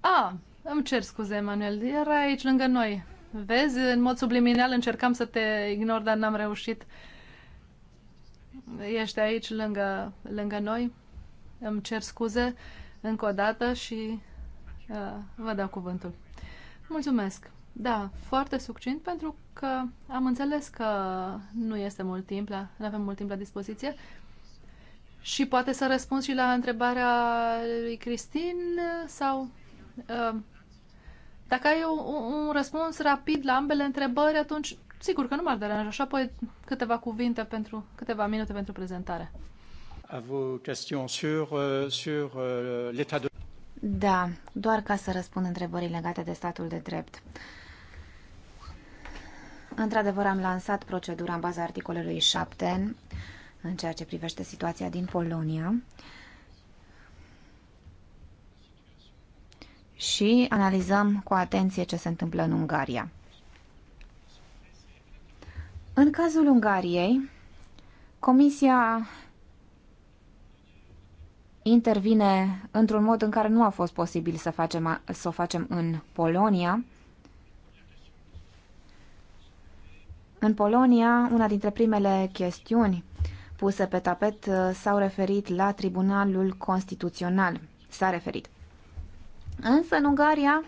A, îmi cer scuze, Emanuel, era aici lângă noi. Vezi, în mod subliminal încercam să te ignor, dar n-am reușit. Uh, ești aici lângă, lângă noi. Îmi cer scuze încă o dată și uh, vă dau cuvântul. Mulțumesc! Da, foarte succint pentru că am înțeles că nu este mult timp, la, nu avem mult timp la dispoziție. Și poate să răspund și la întrebarea lui Cristin sau uh, dacă ai un, un răspuns rapid la ambele întrebări, atunci Sigur că nu m-ar deranja. Și apoi câteva cuvinte pentru, câteva minute pentru prezentare. A vos questions sur, euh, sur euh, l'état de... Da, doar ca să răspund întrebării legate de statul de drept. Într-adevăr, am lansat procedura în baza articolului 7 în ceea ce privește situația din Polonia și analizăm cu atenție ce se întâmplă în Ungaria. În cazul Ungariei, Comisia intervine într-un mod în care nu a fost posibil să, facem, să o facem în Polonia. În Polonia, una dintre primele chestiuni puse pe tapet uh, s-au referit la Tribunalul Constituțional. S-a referit. Însă, în Ungaria,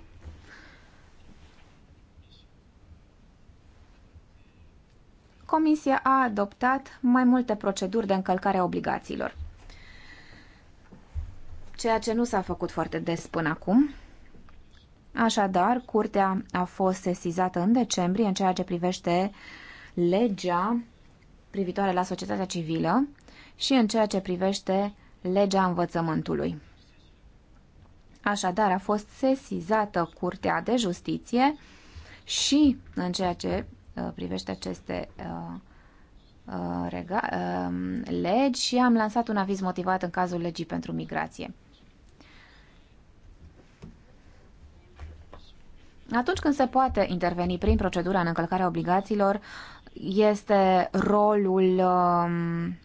Comisia a adoptat mai multe proceduri de încălcare a obligațiilor, ceea ce nu s-a făcut foarte des până acum. Așadar, curtea a fost sesizată în decembrie în ceea ce privește legea privitoare la societatea civilă și în ceea ce privește legea învățământului. Așadar, a fost sesizată Curtea de Justiție și în ceea ce Uh, privește aceste uh, uh, legi și am lansat un aviz motivat în cazul legii pentru migrație. Atunci când se poate interveni prin procedura în încălcarea obligațiilor, este rolul um,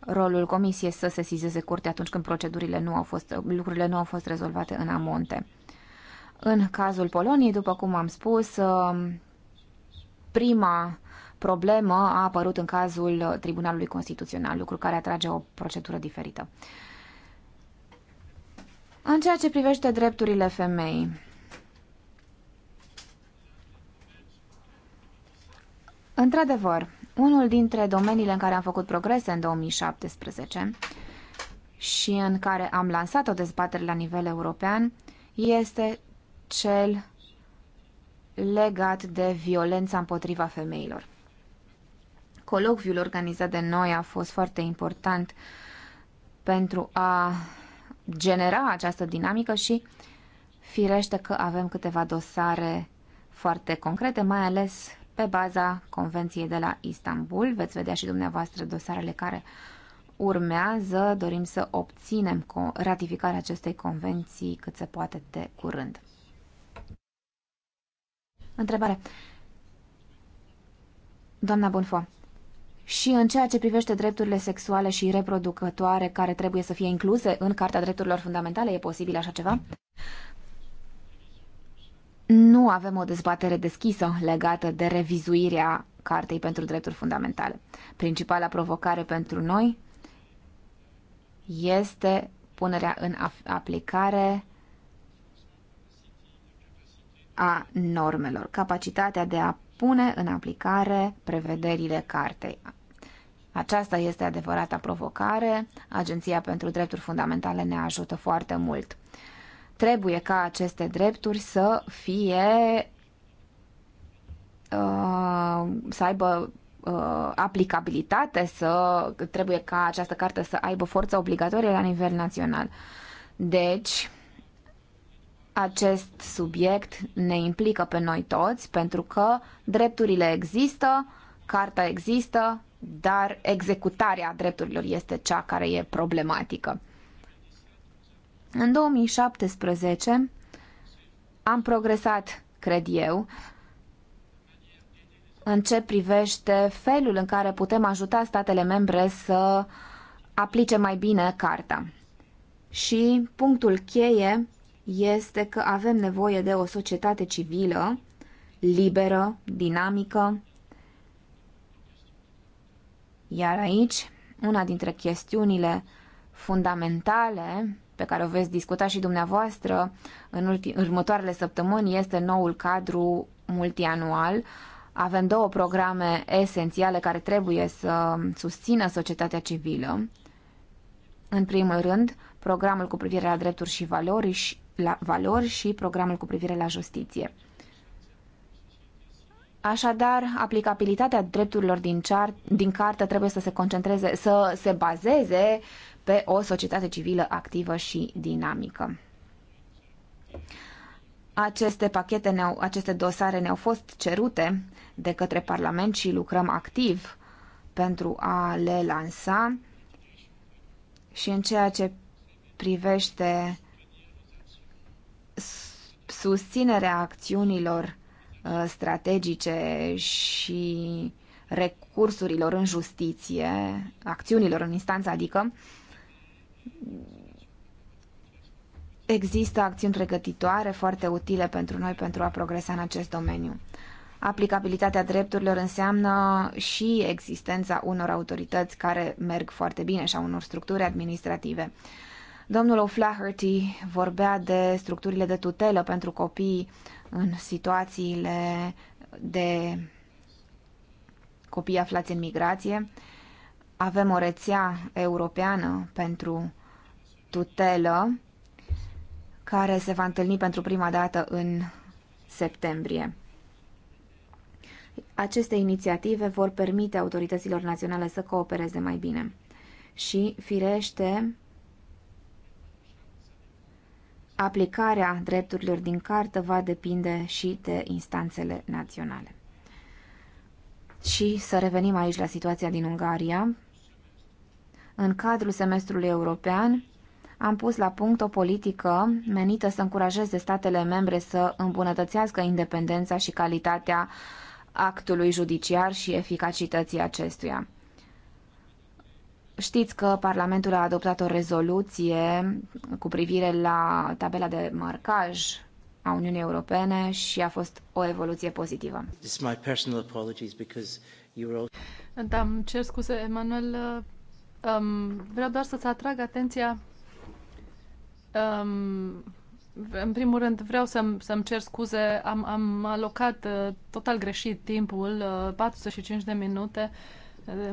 rolul comisiei să se sesizeze curtea atunci când procedurile nu au fost, lucrurile nu au fost rezolvate în amonte. În cazul Poloniei, după cum am spus, um, prima problemă a apărut în cazul Tribunalului Constituțional, lucru care atrage o procedură diferită. În ceea ce privește drepturile femei, într-adevăr, unul dintre domeniile în care am făcut progrese în 2017 și în care am lansat o dezbatere la nivel european este cel legat de violența împotriva femeilor. Colocviul organizat de noi a fost foarte important pentru a genera această dinamică și firește că avem câteva dosare foarte concrete, mai ales pe baza Convenției de la Istanbul. Veți vedea și dumneavoastră dosarele care urmează. Dorim să obținem ratificarea acestei convenții cât se poate de curând. Întrebare. Doamna Bunfo, și în ceea ce privește drepturile sexuale și reproducătoare care trebuie să fie incluse în Carta Drepturilor Fundamentale, e posibil așa ceva? Nu avem o dezbatere deschisă legată de revizuirea Cartei pentru Drepturi Fundamentale. Principala provocare pentru noi este punerea în aplicare a normelor, capacitatea de a pune în aplicare prevederile cartei. Aceasta este adevărata provocare. Agenția pentru Drepturi Fundamentale ne ajută foarte mult. Trebuie ca aceste drepturi să fie uh, să aibă uh, aplicabilitate, să trebuie ca această carte să aibă forță obligatorie la nivel național. Deci, acest subiect ne implică pe noi toți, pentru că drepturile există, carta există, dar executarea drepturilor este cea care e problematică. În 2017 am progresat, cred eu, în ce privește felul în care putem ajuta statele membre să aplice mai bine carta. Și punctul cheie este că avem nevoie de o societate civilă, liberă, dinamică. Iar aici, una dintre chestiunile fundamentale pe care o veți discuta și dumneavoastră în următoarele săptămâni este noul cadru multianual. Avem două programe esențiale care trebuie să susțină societatea civilă. În primul rând, programul cu privire la drepturi și valori și, la valori și programul cu privire la justiție. Așadar, aplicabilitatea drepturilor din, char- din carte trebuie să se concentreze, să se bazeze pe o societate civilă activă și dinamică. Aceste pachete, ne-au, aceste dosare ne-au fost cerute de către Parlament și lucrăm activ pentru a le lansa. Și în ceea ce privește susținerea acțiunilor uh, strategice și recursurilor în justiție, acțiunilor în instanță, adică există acțiuni pregătitoare foarte utile pentru noi pentru a progresa în acest domeniu. Aplicabilitatea drepturilor înseamnă și existența unor autorități care merg foarte bine și a unor structuri administrative. Uh, Domnul O'Flaherty vorbea de structurile de tutelă pentru copii în situațiile de copii aflați în migrație. Avem o rețea europeană pentru tutelă care se va întâlni pentru prima dată în septembrie. Aceste inițiative vor permite autorităților naționale să coopereze mai bine și, firește, aplicarea drepturilor din cartă va depinde și de instanțele naționale. Și să revenim aici la situația din Ungaria. În cadrul semestrului european am pus la punct o politică menită să încurajeze statele membre să îmbunătățească independența și calitatea actului judiciar și eficacității acestuia. Știți că Parlamentul a adoptat o rezoluție cu privire la tabela de marcaj a Uniunii Europene și a fost o evoluție pozitivă. Da, îmi cer scuze, Emanuel. Um, vreau doar să-ți atrag atenția. Um, în primul rând, vreau să-mi, să-mi cer scuze. Am, am alocat uh, total greșit timpul, uh, 45 de minute. Uh,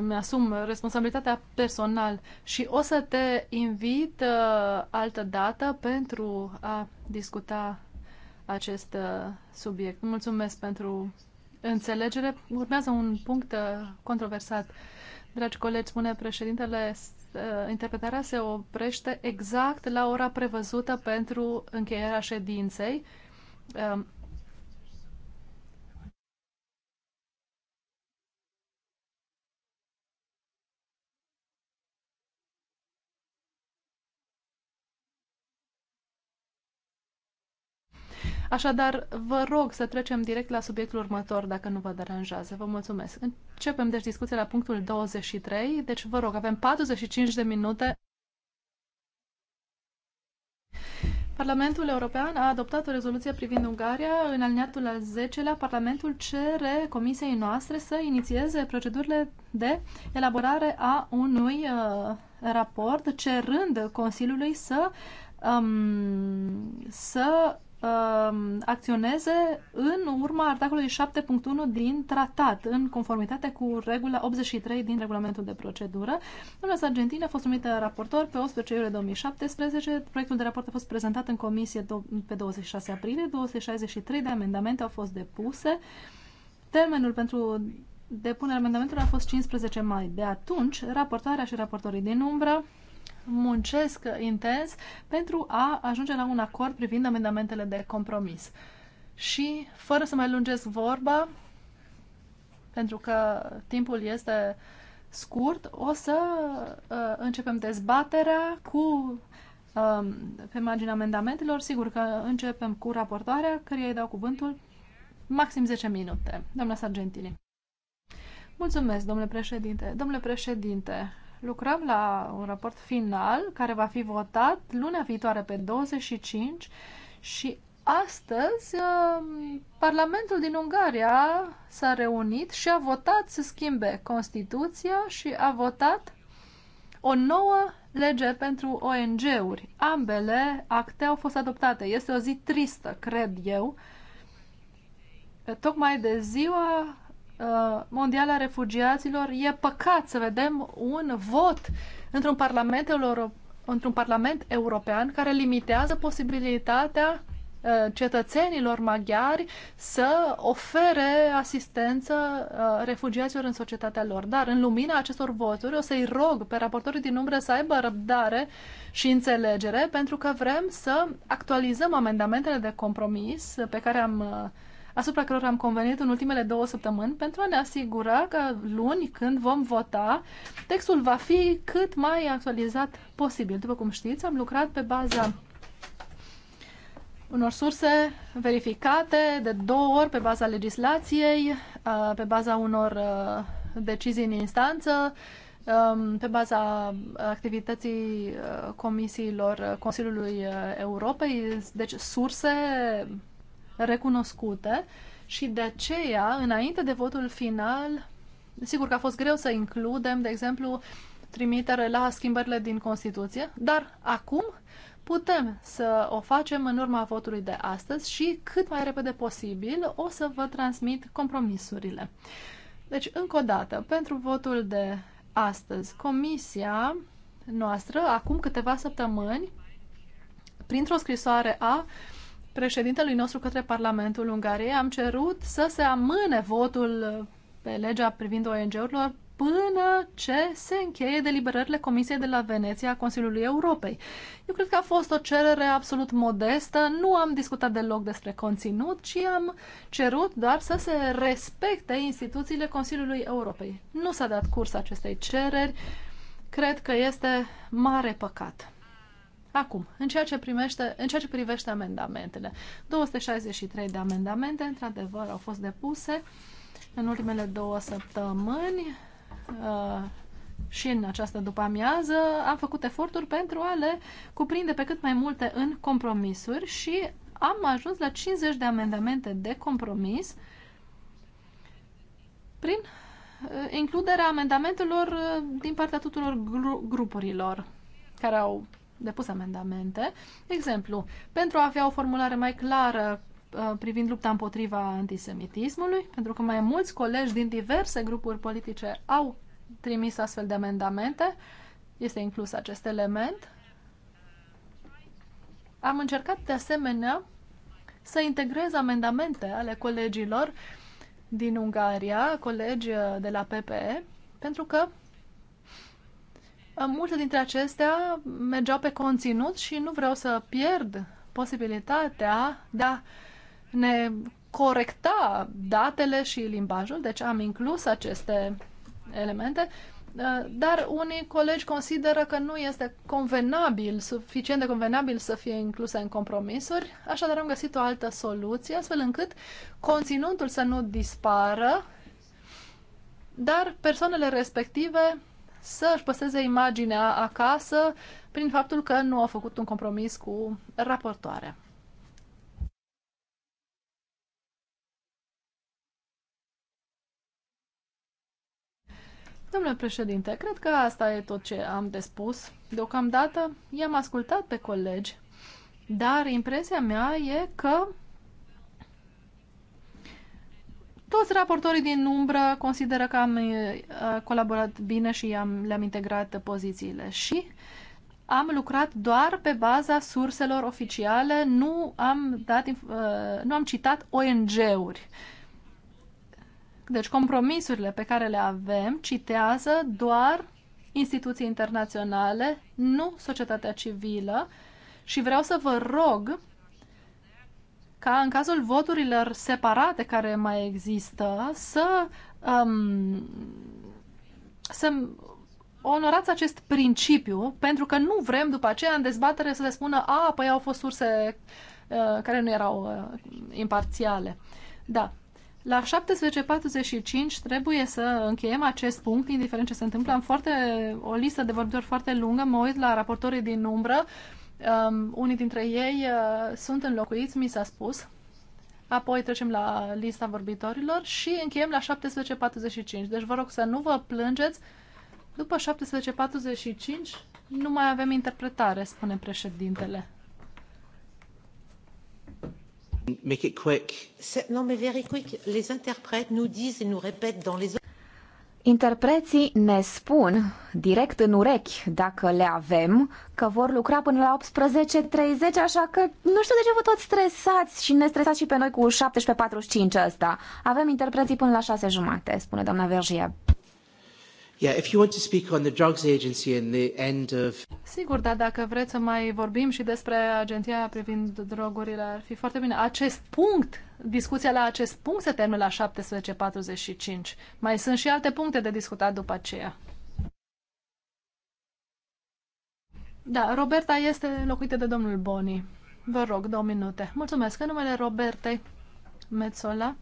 mi-asum responsabilitatea personal și o să te invit uh, altă dată pentru a discuta acest uh, subiect. Mulțumesc pentru înțelegere. Urmează un punct uh, controversat. Dragi colegi, spune președintele, uh, interpretarea se oprește exact la ora prevăzută pentru încheierea ședinței. Um, Așadar, vă rog să trecem direct la subiectul următor, dacă nu vă deranjează. Vă mulțumesc. Începem, deci, discuția la punctul 23. Deci, vă rog, avem 45 de minute. Parlamentul European a adoptat o rezoluție privind Ungaria. În alineatul al 10-lea, Parlamentul cere Comisiei noastre să inițieze procedurile de elaborare a unui uh, raport, cerând Consiliului să, um, să Um, acționeze în urma articolului 7.1 din tratat, în conformitate cu regula 83 din regulamentul de procedură. Domnul Sargentina a fost numită raportor pe 11 iulie 2017. Proiectul de raport a fost prezentat în comisie pe 26 aprilie. 263 de amendamente au fost depuse. Termenul pentru depunerea amendamentelor a fost 15 mai. De atunci, raportarea și raportorii din umbră muncesc intens pentru a ajunge la un acord privind amendamentele de compromis. Și, fără să mai lungesc vorba, pentru că timpul este scurt, o să uh, începem dezbaterea cu uh, pe marginea amendamentelor. Sigur că începem cu raportoarea, căreia îi dau cuvântul maxim 10 minute. Doamna Sargentini. Mulțumesc, domnule președinte. Domnule președinte, lucrăm la un raport final care va fi votat lunea viitoare pe 25 și astăzi um, Parlamentul din Ungaria s-a reunit și a votat să schimbe Constituția și a votat o nouă lege pentru ONG-uri. Ambele acte au fost adoptate. Este o zi tristă, cred eu, tocmai de ziua Uh, Mondială a Refugiaților, e păcat să vedem un vot într-un parlament, euro, într-un parlament european care limitează posibilitatea uh, cetățenilor maghiari să ofere asistență uh, refugiaților în societatea lor. Dar în lumina acestor voturi o să-i rog pe raportorii din umbră să aibă răbdare și înțelegere pentru că vrem să actualizăm amendamentele de compromis pe care am asupra cărora am convenit în ultimele două săptămâni pentru a ne asigura că luni, când vom vota, textul va fi cât mai actualizat posibil. După cum știți, am lucrat pe baza unor surse verificate de două ori pe baza legislației, pe baza unor decizii în instanță, pe baza activității comisiilor Consiliului Europei, deci surse recunoscute și de aceea, înainte de votul final, sigur că a fost greu să includem, de exemplu, trimitere la schimbările din Constituție, dar acum putem să o facem în urma votului de astăzi și cât mai repede posibil o să vă transmit compromisurile. Deci, încă o dată, pentru votul de astăzi, Comisia noastră, acum câteva săptămâni, printr-o scrisoare a uh, președintelui nostru către Parlamentul Ungariei, am cerut să se amâne votul uh, pe legea privind ONG-urilor până ce se încheie deliberările Comisiei de la Veneția a Consiliului Europei. Eu cred că a fost o cerere absolut modestă, nu am discutat deloc despre conținut, ci am cerut doar să se respecte instituțiile Consiliului Europei. Nu s-a dat curs acestei cereri, cred că este mare păcat. Acum, în ceea, ce primește, în ceea ce privește amendamentele, 263 de amendamente, într-adevăr, au fost depuse în ultimele două săptămâni uh, și în această după-amiază. Am făcut eforturi pentru a le cuprinde pe cât mai multe în compromisuri și am ajuns la 50 de amendamente de compromis prin uh, includerea amendamentelor uh, din partea tuturor gru grupurilor care au depus amendamente. Exemplu, pentru a avea o formulare mai clară uh, privind lupta împotriva antisemitismului, pentru că mai mulți colegi din diverse grupuri politice au trimis astfel de amendamente, este inclus acest element. Am încercat de asemenea să integrez amendamente ale colegilor din Ungaria, colegi uh, de la PPE, pentru că Multe dintre acestea mergeau pe conținut și nu vreau să pierd posibilitatea de a ne corecta datele și limbajul, deci am inclus aceste elemente, dar unii colegi consideră că nu este convenabil, suficient de convenabil să fie incluse în compromisuri, așadar am găsit o altă soluție, astfel încât conținutul să nu dispară, dar persoanele respective să își păseze imaginea acasă prin faptul că nu a făcut un compromis cu raportoarea. Domnule președinte, cred că asta e tot ce am de spus. Deocamdată i-am ascultat pe colegi, dar impresia mea e că toți raportorii din umbră consideră că am uh, colaborat bine și am, le-am integrat pozițiile și am lucrat doar pe baza surselor oficiale, nu am, dat, uh, nu am citat ONG-uri. Deci compromisurile pe care le avem citează doar instituții internaționale, nu societatea civilă și vreau să vă rog ca în cazul voturilor separate care mai există să, um, să onorați acest principiu, pentru că nu vrem după aceea în dezbatere să le spună a, păi au fost surse uh, care nu erau uh, imparțiale. Da. La 17.45 trebuie să încheiem acest punct, indiferent ce se întâmplă. Am foarte, o listă de vorbitori foarte lungă, mă uit la raportorii din umbră. Uh, Um, unii dintre ei uh, sunt înlocuiți, mi s-a spus. Apoi trecem la lista vorbitorilor și încheiem la 17.45. Deci vă rog să nu vă plângeți. După 17.45 nu mai avem interpretare, spune președintele. Make it quick. Non, mais very quick. Les interprètes nous disent et nous répètent dans les Interpreții ne spun direct în urechi, dacă le avem, că vor lucra până la 18.30, așa că nu știu de ce vă toți stresați și ne stresați și pe noi cu 17.45 ăsta. Avem interpreții până la 6.30, jumate, spune doamna Vergie. Yeah, if you want to speak on the drugs agency and the end of... Sigur, dar dacă vreți să mai vorbim și despre agenția privind drogurile, ar fi foarte bine. Acest punct, discuția la acest punct se termină la 17.45. Mai sunt și alte puncte de discutat după aceea. Da, Roberta este locuită de domnul Boni. Vă rog, două minute. Mulțumesc. În numele Robertei Metzola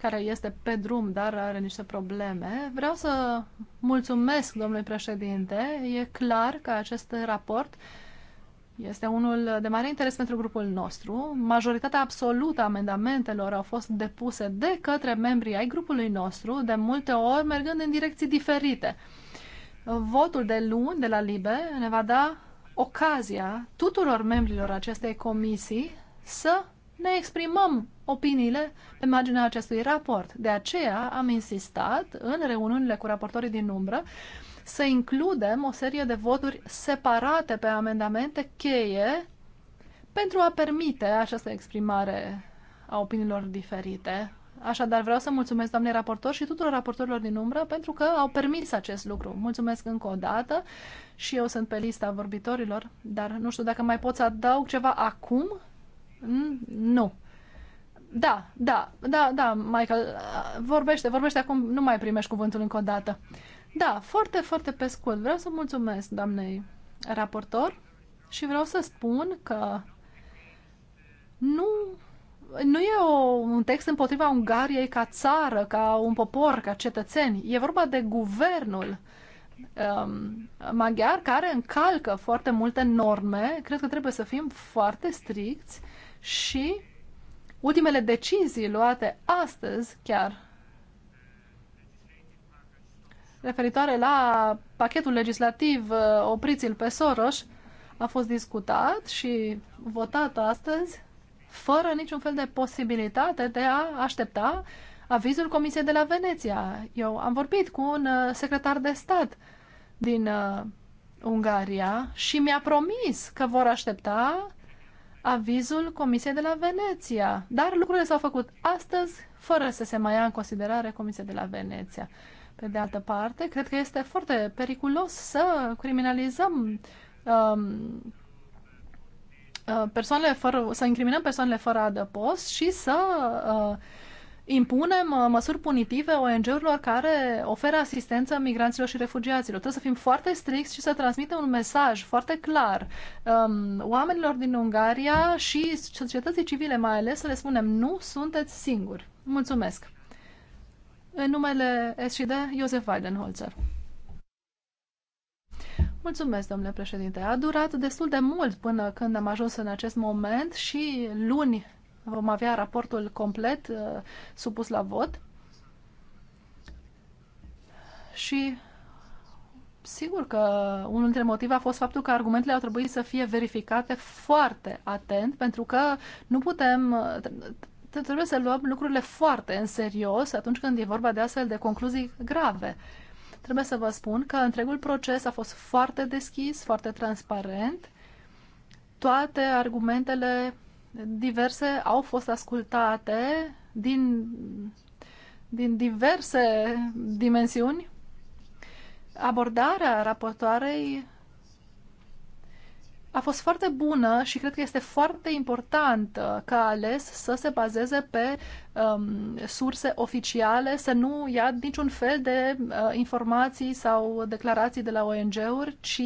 care este pe drum, dar are niște probleme. Vreau să mulțumesc, domnului președinte. E clar că acest raport este unul de mare interes pentru grupul nostru. Majoritatea absolută a amendamentelor au fost depuse de către membrii ai grupului nostru, de multe ori mergând în direcții diferite. Votul de luni de la LIBE ne va da ocazia tuturor membrilor acestei comisii să ne exprimăm opiniile pe marginea acestui raport. De aceea am insistat în reuniunile cu raportorii din umbră să includem o serie de voturi separate pe amendamente cheie pentru a permite această exprimare a opiniilor diferite. Așadar, vreau să mulțumesc doamnei raportor și tuturor raportorilor din umbră pentru că au permis acest lucru. Mulțumesc încă o dată și eu sunt pe lista vorbitorilor, dar nu știu dacă mai pot să adaug ceva acum. Nu. Da, da, da, da, Michael, uh, vorbește, vorbește acum, nu mai primești cuvântul încă o dată. Da, foarte, foarte pe scurt. Vreau să mulțumesc doamnei raportor și vreau să spun că nu, nu e o, un text împotriva Ungariei ca țară, ca un popor, ca cetățeni. E vorba de guvernul um, maghiar care încalcă foarte multe norme. Cred că trebuie să fim foarte stricți și ultimele decizii luate astăzi chiar referitoare la pachetul legislativ uh, Opriți-l pe Soros a fost discutat și votat astăzi fără niciun fel de posibilitate de a aștepta avizul Comisiei de la Veneția. Eu am vorbit cu un uh, secretar de stat din uh, Ungaria și mi-a promis că vor aștepta avizul Comisiei de la Veneția. Dar lucrurile s-au făcut astăzi, fără să se mai ia în considerare Comisia de la Veneția. Pe de altă parte, cred că este foarte periculos să criminalizăm um, uh, persoanele fără, să incriminăm persoanele fără adăpost și să uh, impunem uh, măsuri punitive ONG-urilor care oferă asistență migranților și refugiaților. Trebuie să fim foarte stricți și să transmitem un mesaj foarte clar um, oamenilor din Ungaria și societății civile mai ales să le spunem nu sunteți singuri. Mulțumesc! În numele SCD, Iosef Weidenholzer. Mulțumesc, domnule președinte. A durat destul de mult până când am ajuns în acest moment și luni Vom avea raportul complet uh, supus la vot și sigur că unul dintre motive a fost faptul că argumentele au trebuit să fie verificate foarte atent, pentru că nu putem, uh, trebuie să luăm lucrurile foarte în serios atunci când e vorba de astfel de concluzii grave. Trebuie să vă spun că întregul proces a fost foarte deschis, foarte transparent. Toate argumentele diverse au fost ascultate din, din diverse dimensiuni. Abordarea raportoarei a fost foarte bună și cred că este foarte important ca ales să se bazeze pe um, surse oficiale, să nu ia niciun fel de uh, informații sau declarații de la ONG-uri, ci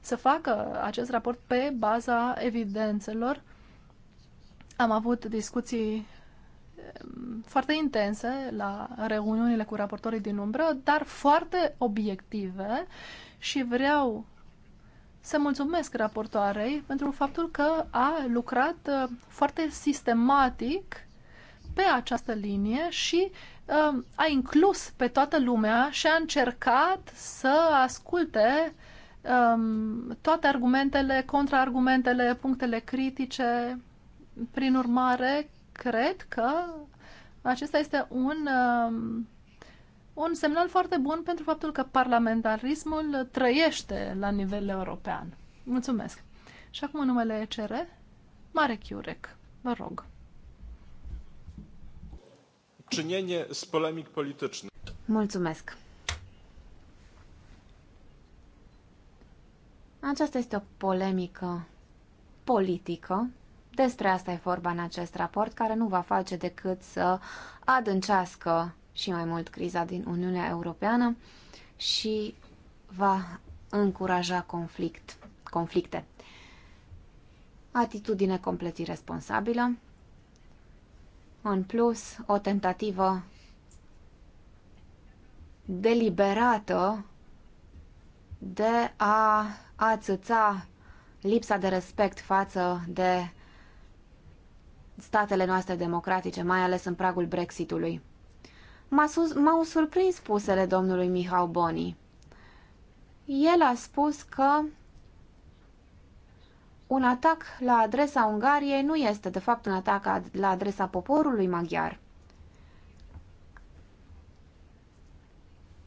să facă acest raport pe baza evidențelor am avut discuții foarte intense la reuniunile cu raportorii din umbră, dar foarte obiective și vreau să mulțumesc raportoarei pentru faptul că a lucrat eh, foarte sistematic pe această linie și eh, a inclus pe toată lumea și a încercat să asculte toate argumentele, contraargumentele, punctele critice prin urmare, cred că acesta este un, um, un semnal foarte bun pentru faptul că parlamentarismul trăiește la nivel european. Mulțumesc! Și acum numele ECR, Marek Jurek. Vă rog. Czynienie z polemik politycznych. Mulțumesc. Aceasta este o polemică politică despre asta e vorba în acest raport, care nu va face decât să adâncească și mai mult criza din Uniunea Europeană și va încuraja conflict, conflicte. Atitudine complet irresponsabilă. În plus, o tentativă deliberată de a ațăța lipsa de respect față de statele noastre democratice, mai ales în pragul Brexitului. M-au surprins spusele domnului Mihau Boni. El a spus că un atac la adresa Ungariei nu este, de fapt, un atac la adresa poporului maghiar.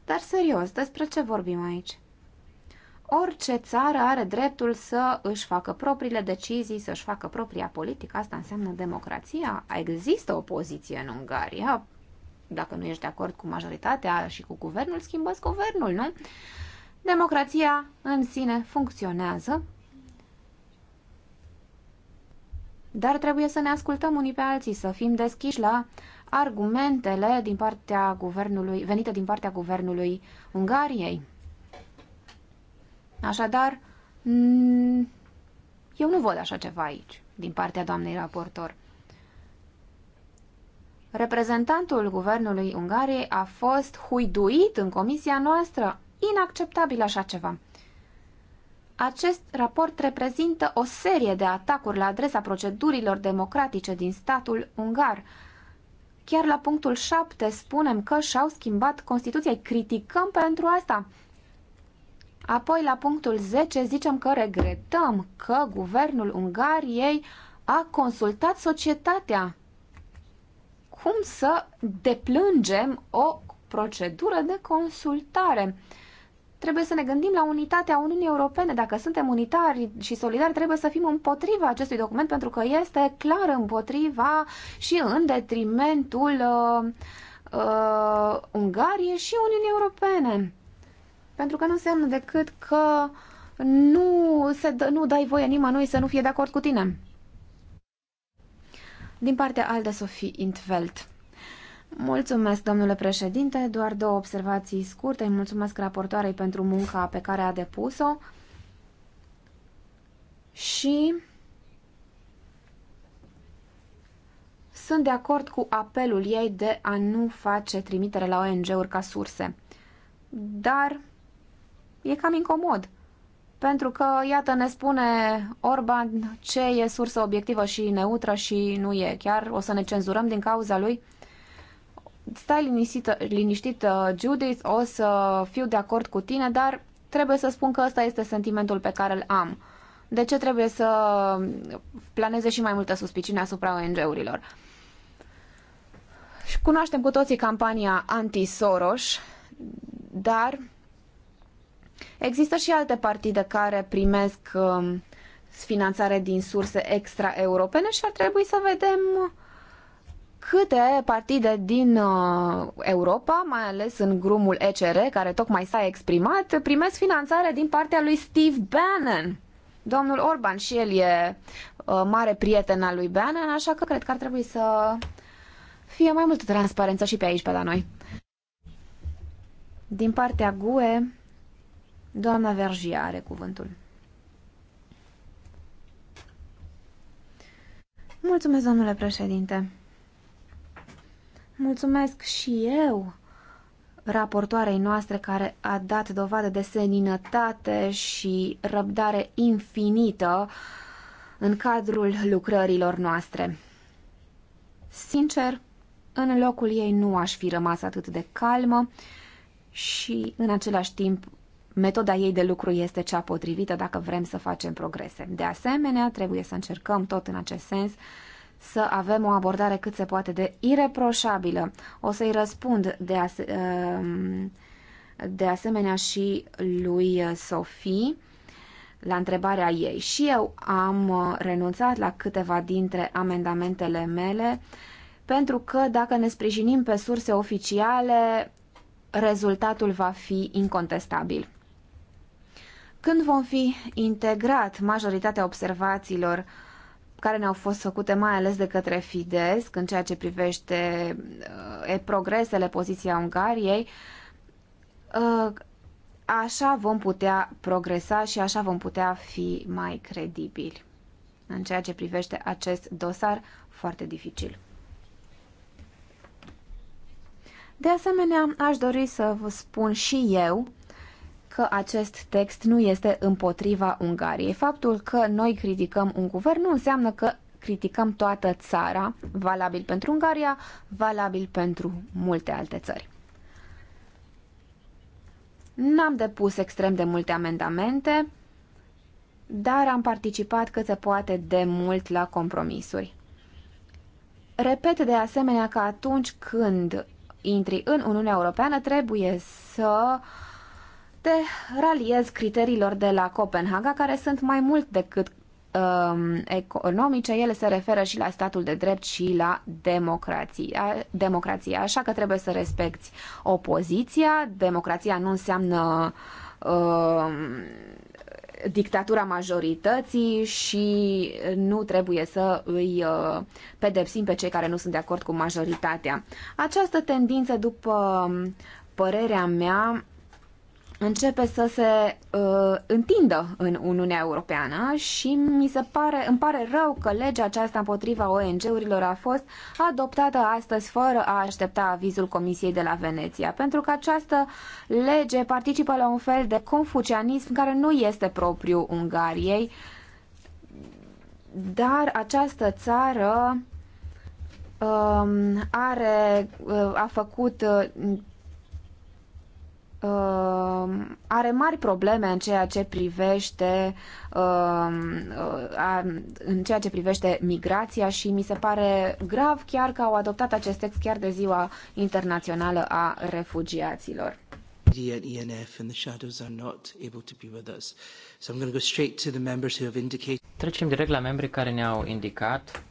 Dar serios, despre ce vorbim aici? orice țară are dreptul să își facă propriile decizii, să își facă propria politică. Asta înseamnă democrația. Există opoziție în Ungaria. Dacă nu ești de acord cu majoritatea și cu guvernul, schimbați guvernul, nu? Democrația în sine funcționează, dar trebuie să ne ascultăm unii pe alții, să fim deschiși la argumentele din partea guvernului, venite din partea guvernului Ungariei. Așadar, eu nu văd așa ceva aici, din partea doamnei raportor. Reprezentantul guvernului Ungariei a fost huiduit în comisia noastră. Inacceptabil așa ceva. Acest raport reprezintă o serie de atacuri la adresa procedurilor democratice din statul ungar. Chiar la punctul 7 spunem că și-au schimbat Constituția. criticăm pentru asta. Apoi, la punctul 10, zicem că regretăm că guvernul Ungariei a consultat societatea. Cum să deplângem o procedură de consultare? Trebuie să ne gândim la unitatea Uniunii Europene. Dacă suntem unitari și solidari, trebuie să fim împotriva acestui document, pentru că este clar împotriva și în detrimentul uh, uh, Ungariei și Uniunii Europene. Pentru că nu înseamnă decât că nu, se dă, nu dai voie nimănui să nu fie de acord cu tine. Din partea alde, Sofie Intveld. Mulțumesc, domnule președinte. Doar două observații scurte. Îi mulțumesc raportoarei pentru munca pe care a depus-o. Și sunt de acord cu apelul ei de a nu face trimitere la ONG-uri ca surse. Dar e cam incomod. Pentru că, iată, ne spune Orban ce e sursă obiectivă și neutră și nu e. Chiar o să ne cenzurăm din cauza lui. Stai liniștită, liniștită uh, Judith, o să fiu de acord cu tine, dar trebuie să spun că ăsta este sentimentul pe care îl am. De ce trebuie să planeze și mai multă suspiciune asupra ONG-urilor? Cunoaștem cu toții campania anti-Soros, dar Există și alte partide care primesc um, finanțare din surse extra europene și ar trebui să vedem câte partide din uh, Europa, mai ales în grumul ECR, care tocmai s-a exprimat, primesc finanțare din partea lui Steve Bannon. Domnul Orban și el e uh, mare prieten al lui Bannon, așa că cred că ar trebui să fie mai multă transparență și pe aici, pe la noi. Din partea GUE, Doamna Vergia are cuvântul. Mulțumesc, domnule președinte. Mulțumesc și eu raportoarei noastre care a dat dovadă de seninătate și răbdare infinită în cadrul lucrărilor noastre. Sincer, în locul ei nu aș fi rămas atât de calmă și, în același timp, metoda ei de lucru este cea potrivită dacă vrem să facem progrese. De asemenea, trebuie să încercăm tot în acest sens să avem o abordare cât se poate de ireproșabilă. O să-i răspund de, ase- ehm, de asemenea și lui Sofie la întrebarea ei. Și eu am uh, renunțat la câteva dintre amendamentele mele pentru că dacă ne sprijinim pe surse oficiale, rezultatul va fi incontestabil. Când vom fi integrat majoritatea observațiilor care ne-au fost făcute mai ales de către Fidesz în ceea ce privește uh, progresele poziția Ungariei, uh, așa vom putea progresa și așa vom putea fi mai credibili în ceea ce privește acest dosar foarte dificil. De asemenea, aș dori să vă spun și eu că acest text nu este împotriva Ungariei. Faptul că noi criticăm un guvern nu înseamnă că criticăm toată țara, valabil pentru Ungaria, valabil pentru multe alte țări. N-am depus extrem de multe amendamente, dar am participat cât se poate de mult la compromisuri. Repet de asemenea că atunci când intri în Uniunea Europeană trebuie să uh, te raliez criteriilor de la Copenhaga, care sunt mai mult decât um, economice, ele se referă și la statul de drept și la democrație, democrație. Așa că trebuie să respecti opoziția. Democrația nu înseamnă uh, dictatura majorității și nu trebuie să îi uh, pedepsim pe cei care nu sunt de acord cu majoritatea. Această tendință, după părerea mea, începe să se uh, întindă în Uniunea Europeană și mi se pare, îmi pare rău că legea aceasta împotriva ONG-urilor a fost adoptată astăzi fără a aștepta avizul Comisiei de la Veneția, pentru că această lege participă la un fel de confucianism care nu este propriu Ungariei, dar această țară um, are, uh, a făcut uh, Uh, are mari probleme în ceea ce privește uh, uh, în ceea ce privește migrația și mi se pare grav chiar că au adoptat acest text chiar de ziua internațională a refugiaților. Trecem direct la membrii care ne-au indicat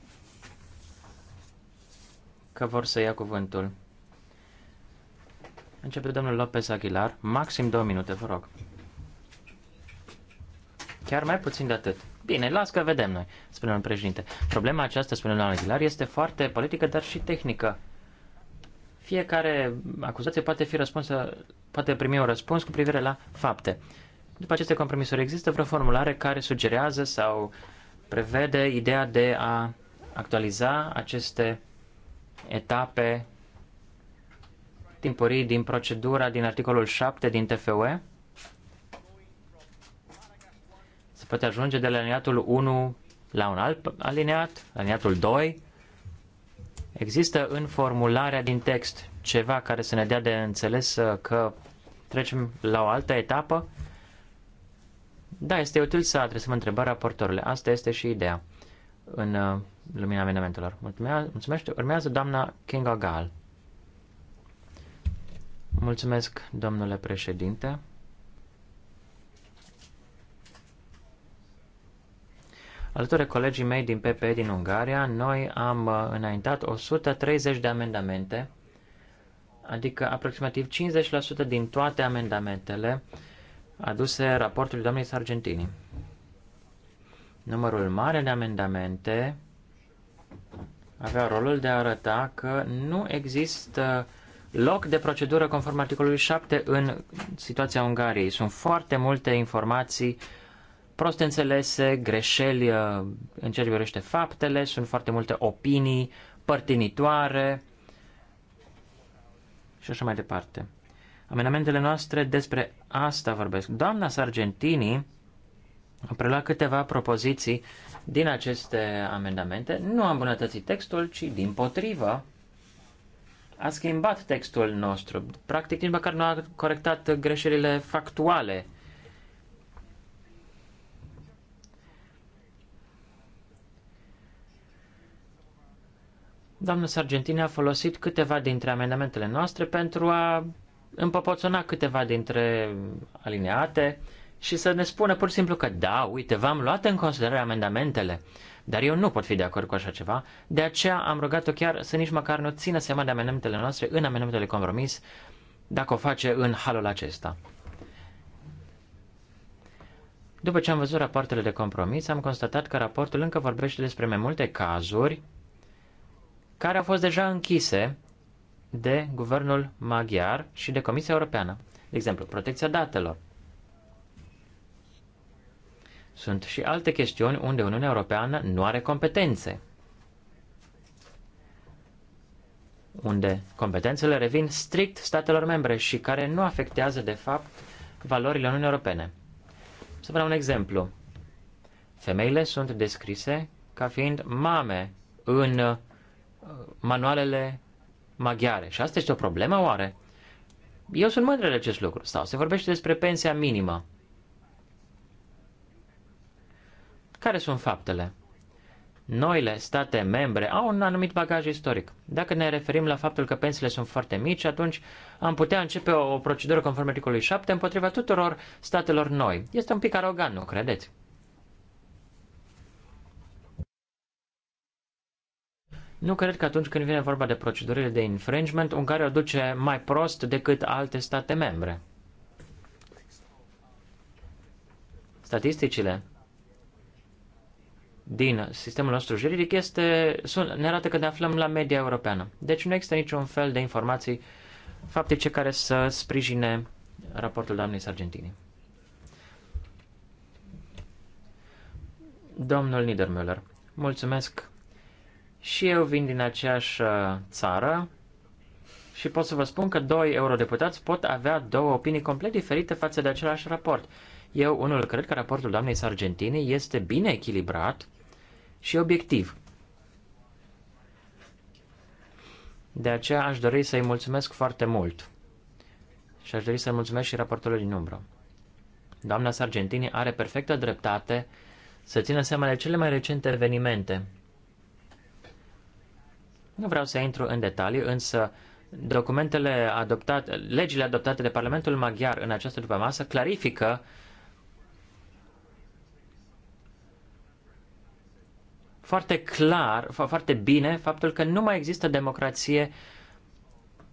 că vor să ia cuvântul. Începe domnul Lopez Aguilar. Maxim două minute, vă rog. Chiar mai puțin de atât. Bine, las că vedem noi, spune un președinte. Problema aceasta, spune domnul Aguilar, este foarte politică, dar și tehnică. Fiecare acuzație poate, fi răspunsă, poate primi un răspuns cu privire la fapte. După aceste compromisuri există vreo formulare care sugerează sau prevede ideea de a actualiza aceste etape timpurii din procedura din articolul 7 din TFUE. Se poate ajunge de la alineatul 1 la un alt alineat, alineatul 2. Există în formularea din text ceva care să ne dea de înțeles uh, că trecem la o altă etapă? Da, este util să adresăm întrebarea raportorului. Asta este și ideea în uh, lumina amendamentelor. Mulțumesc. Urmează doamna Kinga Gal. Mulțumesc, domnule președinte. Alături de colegii mei din PP din Ungaria, noi am uh, înaintat 130 de amendamente, adică aproximativ 50% din toate amendamentele aduse raportului domnului Sargentini. Numărul mare de amendamente avea rolul de a arăta că nu există loc de procedură conform articolului 7 în situația Ungariei. Sunt foarte multe informații prost înțelese, greșeli uh, în ce privește faptele, sunt foarte multe opinii părtinitoare și așa mai departe. Amendamentele noastre despre asta vorbesc. Doamna Sargentini a preluat câteva propoziții din aceste amendamente. Nu am îmbunătățit textul, ci din potrivă a schimbat textul nostru. Practic, nici măcar nu a corectat greșelile factuale. Doamna Sargentini a folosit câteva dintre amendamentele noastre pentru a împăpoțona câteva dintre alineate și să ne spună pur și simplu că da, uite, v-am luat în considerare amendamentele. Dar eu nu pot fi de acord cu așa ceva, de aceea am rugat-o chiar să nici măcar nu țină seama de amenamentele noastre în amenamentele compromis, dacă o face în halul acesta. După ce am văzut rapoartele de compromis, am constatat că raportul încă vorbește despre mai multe cazuri care au fost deja închise de guvernul maghiar și de Comisia Europeană. De exemplu, protecția datelor, sunt și alte chestiuni unde Uniunea Europeană nu are competențe. Unde competențele revin strict statelor membre și care nu afectează, de fapt, valorile Uniunii Europene. Să vă dau un exemplu. Femeile sunt descrise ca fiind mame în uh, manualele maghiare. Și asta este o problemă, oare? Eu sunt mândră de acest lucru. Sau se vorbește despre pensia minimă. Care sunt faptele? Noile state membre au un anumit bagaj istoric. Dacă ne referim la faptul că pensiile sunt foarte mici, atunci am putea începe o procedură conform articolului 7 împotriva tuturor statelor noi. Este un pic arogan, nu credeți? Nu cred că atunci când vine vorba de procedurile de infringement, Ungaria o duce mai prost decât alte state membre. Statisticile din sistemul nostru juridic este, sunt, ne arată că ne aflăm la media europeană. Deci nu există niciun fel de informații faptice care să sprijine raportul doamnei Sargentini. Domnul Niedermüller, mulțumesc. Și eu vin din aceeași uh, țară și pot să vă spun că doi eurodeputați pot avea două opinii complet diferite față de același raport. Eu, unul, cred că raportul doamnei Sargentini este bine echilibrat și obiectiv. De aceea aș dori să-i mulțumesc foarte mult și aș dori să-i mulțumesc și raportorului din umbră. Doamna Sargentini are perfectă dreptate să țină seama de cele mai recente evenimente. Nu vreau să intru în detalii, însă documentele adoptate, legile adoptate de Parlamentul Maghiar în această masă clarifică uh, foarte clar, foarte bine faptul că nu mai există democrație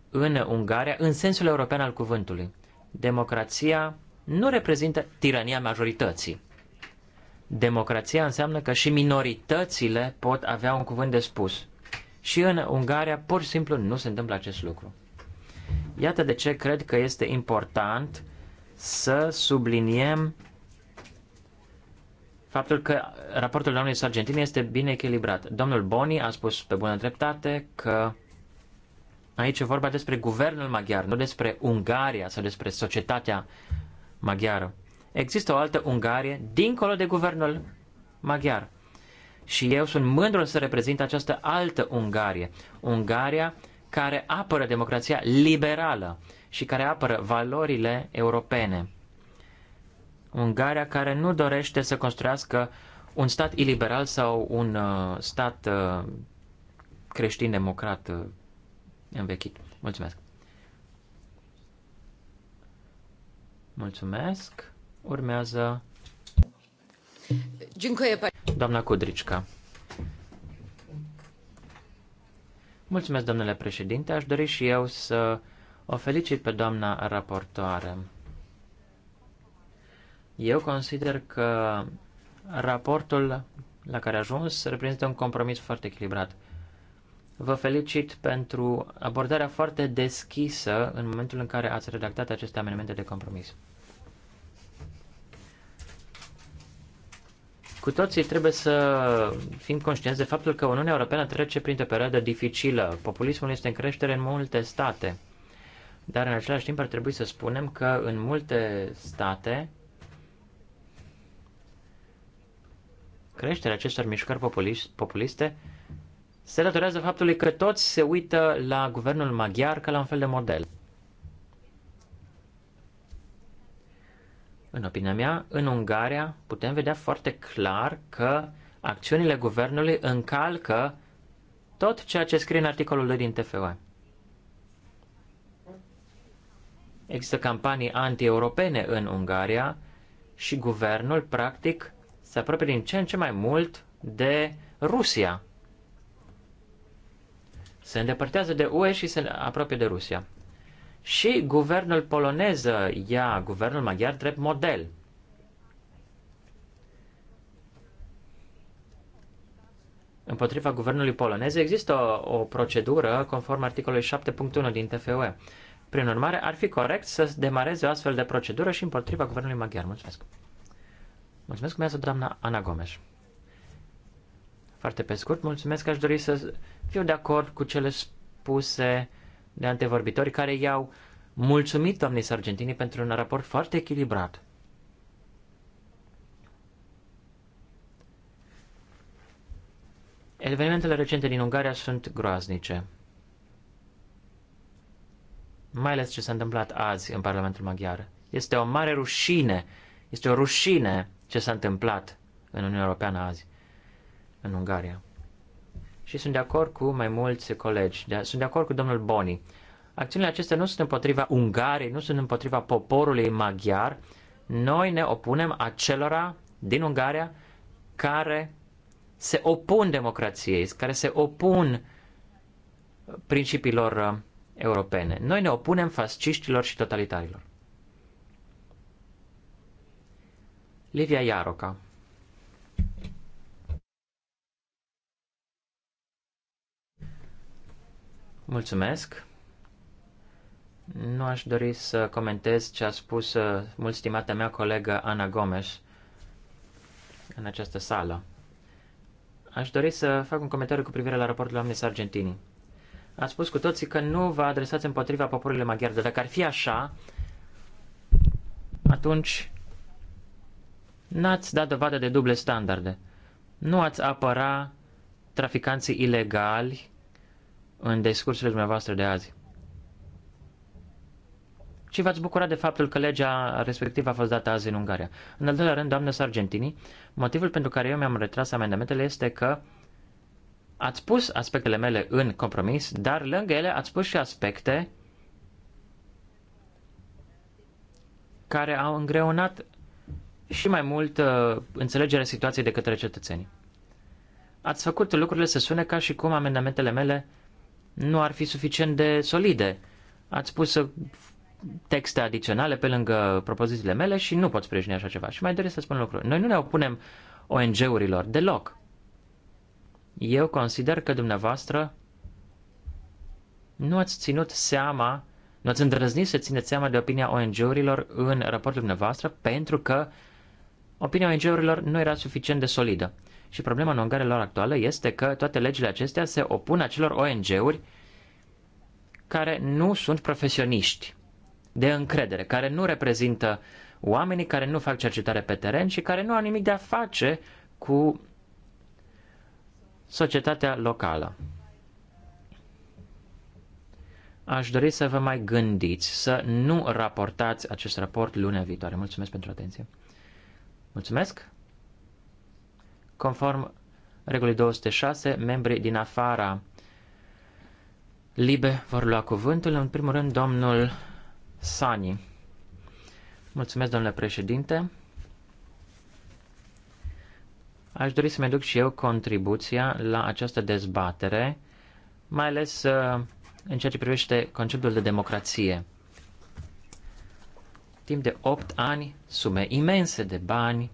în Ungaria, în sensul european al cuvântului. Democrația nu reprezintă tirania majorității. Democrația înseamnă că și minoritățile pot avea un cuvânt de spus. Și în Ungaria pur și simplu nu se întâmplă acest lucru. Iată de ce cred că este important să subliniem faptul că raportul doamnei Sargentini este bine echilibrat. Domnul Boni a spus pe bună dreptate că aici e vorba despre guvernul maghiar, nu despre Ungaria sau despre societatea maghiară. Există o altă Ungarie dincolo de guvernul maghiar. Și eu sunt mândru să reprezint această altă Ungarie. Ungaria care apără democrația liberală și care apără valorile europene. Ungaria care nu dorește să construiască un stat iliberal sau un uh, stat uh, creștin-democrat uh, învechit. Mulțumesc! Mulțumesc! Urmează doamna Cudricica. Mulțumesc, domnule președinte. Aș dori și eu să o felicit pe doamna raportoare. Eu consider că raportul la care a ajuns reprezintă un compromis foarte echilibrat. Vă felicit pentru abordarea foarte deschisă în momentul în care ați redactat aceste amendamente de compromis. Cu toții trebuie să fim conștienți de faptul că Uniunea Europeană trece printr-o perioadă dificilă. Populismul este în creștere în multe state. Dar în același timp ar trebui să spunem că în multe state Creșterea acestor mișcări populiste se datorează faptului că toți se uită la guvernul maghiar ca la un fel de model. În opinia mea, în Ungaria putem vedea foarte clar că acțiunile guvernului încalcă tot ceea ce scrie în articolul 2 din TFO. Există campanii anti-europene în Ungaria și guvernul, practic, se apropie din ce în ce mai mult de Rusia. Se îndepărtează de UE și se apropie de Rusia. Și guvernul polonez ia guvernul maghiar drept model. Împotriva guvernului polonez există o, o procedură conform articolului 7.1 din TFUE. Prin urmare, ar fi corect să demareze o astfel de procedură și împotriva guvernului maghiar. Mulțumesc! Mulțumesc, urmează doamna Ana Gomes. Foarte pe scurt, mulțumesc că aș dori să fiu de acord cu cele spuse de antevorbitori care i-au mulțumit doamnei Sargentini pentru un raport foarte echilibrat. Evenimentele recente din Ungaria sunt groaznice. Mai ales ce s-a întâmplat azi în Parlamentul Maghiar. Este o mare rușine. Este o rușine ce s-a întâmplat în Uniunea Europeană azi, în Ungaria. Și sunt de acord cu mai mulți colegi, de, sunt de acord cu domnul Boni. Acțiunile acestea nu sunt împotriva Ungariei, nu sunt împotriva poporului maghiar. Noi ne opunem acelora din Ungaria care se opun democrației, care se opun principiilor uh, europene. Noi ne opunem fasciștilor și totalitarilor. Livia Iaroca. Mulțumesc. Nu aș dori să comentez ce a spus uh, mult stimată mea colegă Ana Gomes în această sală. Aș dori să fac un comentariu cu privire la raportul doamnei Argentini. A spus cu toții că nu vă adresați împotriva poporului maghiar, dar dacă ar fi așa, atunci N-ați dat dovadă de duble standarde. Nu ați apăra traficanții ilegali în discursurile dumneavoastră de azi. Și v-ați bucurat de faptul că legea respectivă a fost dată azi în Ungaria. În al doilea rând, doamnă Sargentini, motivul pentru care eu mi-am retras amendamentele este că ați pus aspectele mele în compromis, dar lângă ele ați pus și aspecte care au îngreunat și mai mult uh, înțelegerea situației de către cetățeni. Ați făcut lucrurile să sune ca și cum amendamentele mele nu ar fi suficient de solide. Ați pus texte adiționale pe lângă propozițiile mele și nu pot sprijini așa ceva. Și mai doresc să spun lucruri. Noi nu ne opunem ONG-urilor deloc. Eu consider că dumneavoastră nu ați ținut seama, nu ați îndrăznit să țineți seama de opinia ONG-urilor în raportul dumneavoastră pentru că uh, opinia ONG-urilor nu era suficient de solidă. Și problema în Ungaria lor actuală este că toate legile acestea se opun acelor ONG-uri care nu sunt profesioniști de încredere, care nu reprezintă oamenii, care nu fac cercetare pe teren și care nu au nimic de a face cu societatea locală. Aș dori să vă mai gândiți, să nu raportați acest raport luna viitoare. Mulțumesc pentru atenție! Mulțumesc! Conform regulii 206, membrii din afara libe vor lua cuvântul. În primul rând, domnul Sani. Mulțumesc, domnule președinte. Aș dori să-mi duc și eu contribuția la această dezbatere, mai ales uh, în ceea ce privește conceptul de democrație timp de 8 ani, sume imense de bani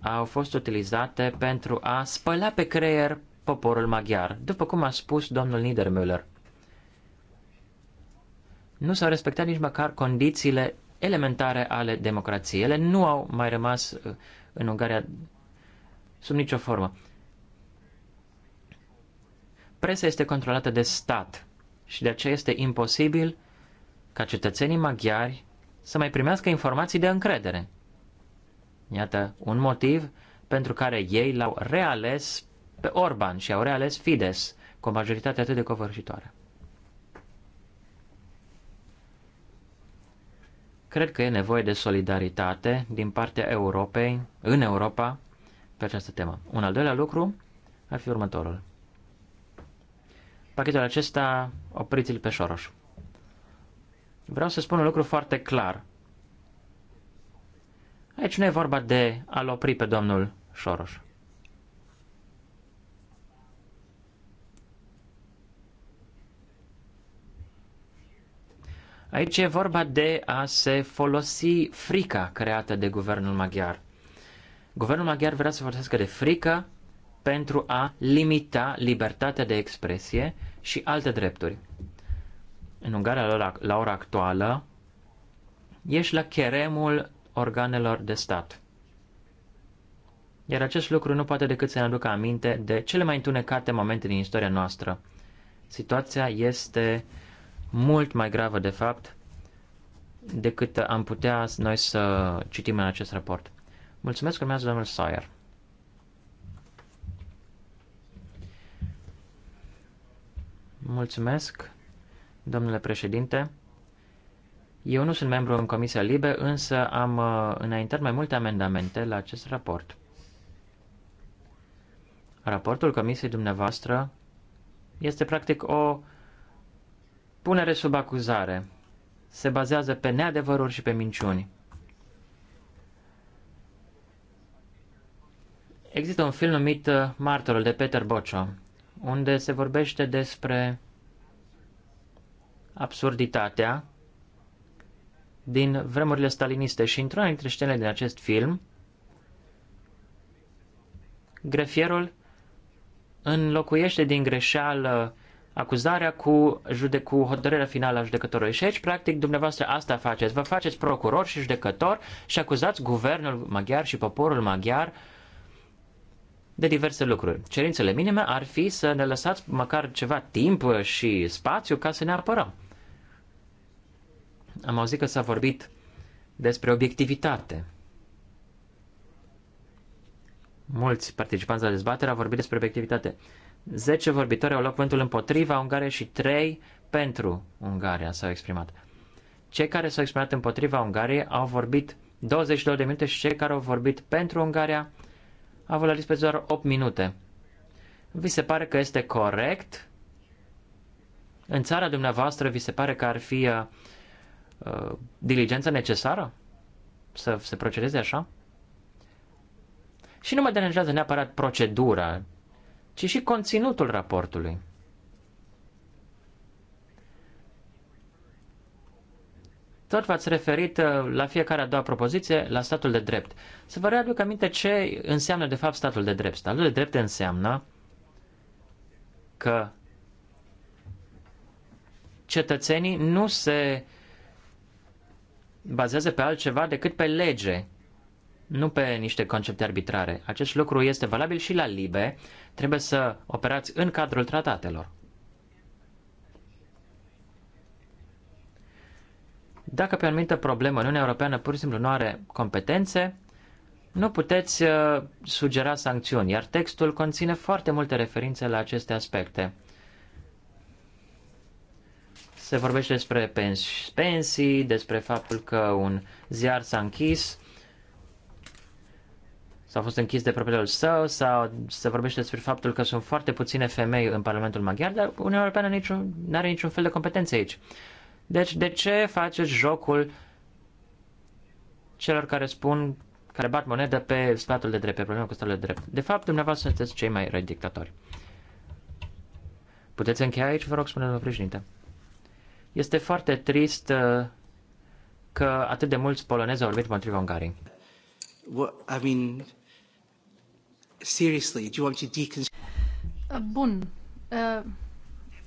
au fost utilizate pentru a spăla pe creier poporul maghiar, după cum a spus domnul Niedermüller. Nu s-au respectat nici măcar condițiile elementare ale democrației. Ele nu au mai rămas uh, în Ungaria sub nicio formă. Presa este controlată de stat și de aceea este imposibil ca cetățenii maghiari să mai primească informații de încredere. Iată un motiv pentru care ei l-au reales pe Orban și au reales Fides cu o majoritate atât de covârșitoare. Cred că e nevoie de solidaritate din partea Europei, în Europa, pe această temă. Un al doilea lucru ar fi următorul. Pachetul acesta, opriți-l pe Soros. Vreau să spun un lucru foarte clar. Aici nu e vorba de a-l opri pe domnul Soros. Aici e vorba de a se folosi frica creată de guvernul maghiar. Guvernul maghiar vrea să folosească de frică pentru a limita libertatea de expresie și alte drepturi în Ungaria la, la ora actuală, ești la cheremul organelor de stat. Iar acest lucru nu poate decât să ne aducă aminte de cele mai întunecate momente din istoria noastră. Situația este mult mai gravă, de fapt, decât am putea noi să citim în acest raport. Mulțumesc, urmează domnul Sawyer. Mulțumesc. Domnule președinte, eu nu sunt membru în Comisia Libe, însă am uh, înaintat mai multe amendamente la acest raport. Raportul Comisiei dumneavoastră este practic o punere sub acuzare. Se bazează pe neadevăruri și pe minciuni. Există un film numit uh, Martorul de Peter Bocio, unde se vorbește despre absurditatea din vremurile staliniste și într-una dintre scenele din acest film, grefierul înlocuiește din greșeală acuzarea cu, jude- cu hotărârea finală a judecătorului. Și aici, practic, dumneavoastră asta faceți. Vă faceți procuror și judecător și acuzați guvernul maghiar și poporul maghiar de diverse lucruri. Cerințele minime ar fi să ne lăsați măcar ceva timp și spațiu ca să ne apărăm am auzit că s-a vorbit despre obiectivitate. Mulți participanți la dezbatere au vorbit despre obiectivitate. 10 vorbitori au luat cuvântul împotriva Ungariei și 3 pentru Ungaria s-au exprimat. Cei care s-au exprimat împotriva Ungariei au vorbit 22 de minute și cei care au vorbit pentru Ungaria au vorbit pe doar 8 minute. Vi se pare că este corect? În țara dumneavoastră vi se pare că ar fi uh, Uh, diligență necesară să se procedeze așa? Și nu mă deranjează neapărat procedura, ci și conținutul raportului. Tot v-ați referit uh, la fiecare a doua propoziție, la statul de drept. Să vă readuc aminte ce înseamnă de fapt statul de drept. Statul de drept înseamnă că cetățenii nu se bazează pe altceva decât pe lege, nu pe niște concepte arbitrare. Acest lucru este valabil și la LIBE, trebuie să operați în cadrul tratatelor. Dacă pe o anumită problemă Uniunea Europeană pur și simplu nu are competențe, nu puteți uh, sugera sancțiuni, iar textul conține foarte multe referințe la aceste aspecte se vorbește despre pensii, despre faptul că un ziar s-a închis, s-a fost închis de proprietarul său, sau se vorbește despre faptul că sunt foarte puține femei în Parlamentul Maghiar, dar Uniunea Europeană niciun, nu are niciun fel de competență aici. Deci, de ce faceți jocul celor care spun, care bat monedă pe statul de drept, pe problema cu statul de drept? De fapt, dumneavoastră sunteți cei mai redictatori. dictatori. Puteți încheia aici, vă rog, spune domnul președinte. Este foarte trist uh, că atât de mulți polonezi au vorbit împotriva Ungariei. I mean, seriously, do you want to deconstruct? Uh, bun. Uh,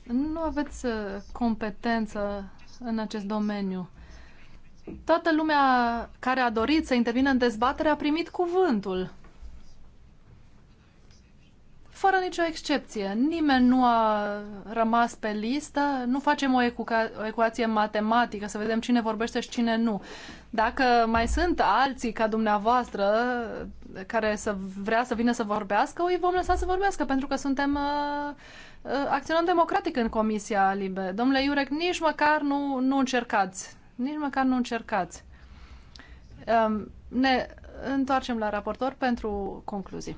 nu aveți competență în acest domeniu. Toată lumea care a dorit să intervină în dezbatere a primit cuvântul fără nicio excepție. Nimeni nu a rămas pe listă, nu facem o, ecu- o ecuație matematică să vedem cine vorbește și cine nu. Dacă mai sunt alții ca dumneavoastră care să vrea să vină să vorbească, îi vom lăsa să vorbească pentru că suntem uh, uh acționăm democratic în Comisia Libe. Domnule Iurec, nici măcar nu, nu încercați. Nici măcar nu încercați. Um, ne întoarcem la raportor pentru concluzii.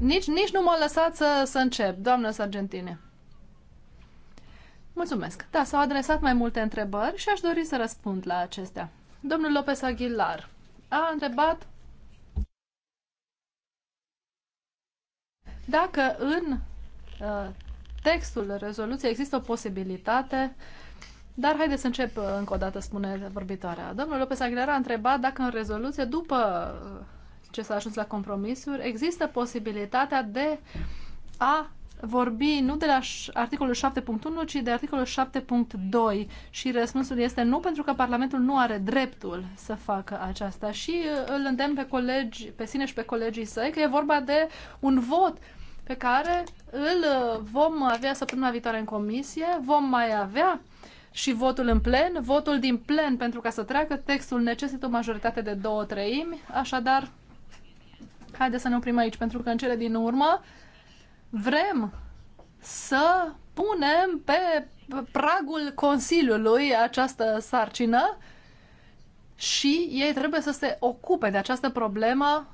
Nici, nici nu m-a lăsat să, să încep, doamnă Sargentine. Mulțumesc. Da, s-au adresat mai multe întrebări și aș dori să răspund la acestea. Domnul Lopez Aguilar a întrebat dacă în uh, textul rezoluției există o posibilitate, dar haideți să încep uh, încă o dată, spune vorbitoarea. Domnul Lopez Aguilar a întrebat dacă în rezoluție, după uh, ce s-a ajuns la compromisuri, există posibilitatea de a vorbi nu de la articolul 7.1, ci de articolul 7.2 și răspunsul este nu pentru că Parlamentul nu are dreptul să facă aceasta și uh, îl îndemn pe, colegi, pe sine și pe colegii săi că e vorba de un vot pe care îl uh, vom avea săptămâna viitoare în comisie, vom mai avea și votul în plen, votul din plen pentru ca să treacă textul necesită o majoritate de două treimi, așadar haide să ne oprim aici, pentru că în cele din urmă vrem să punem pe pragul Consiliului această sarcină și ei trebuie să se ocupe de această problemă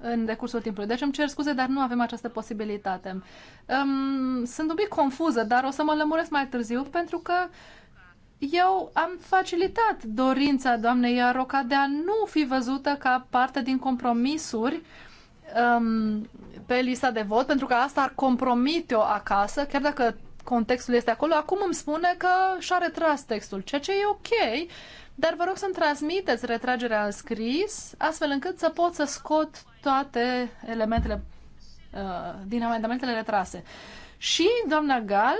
în decursul timpului. Deci îmi cer scuze, dar nu avem această posibilitate. Um, sunt un pic confuză, dar o să mă lămuresc mai târziu pentru că eu am facilitat dorința doamnei Iaroca de a nu fi văzută ca parte din compromisuri um, pe lista de vot, pentru că asta ar compromite-o acasă, chiar dacă contextul este acolo. Acum îmi spune că și-a retras textul, ceea ce e ok, dar vă rog să-mi transmiteți retragerea în scris, astfel încât să pot să scot toate elementele uh, din amendamentele retrase. Și doamna Gal,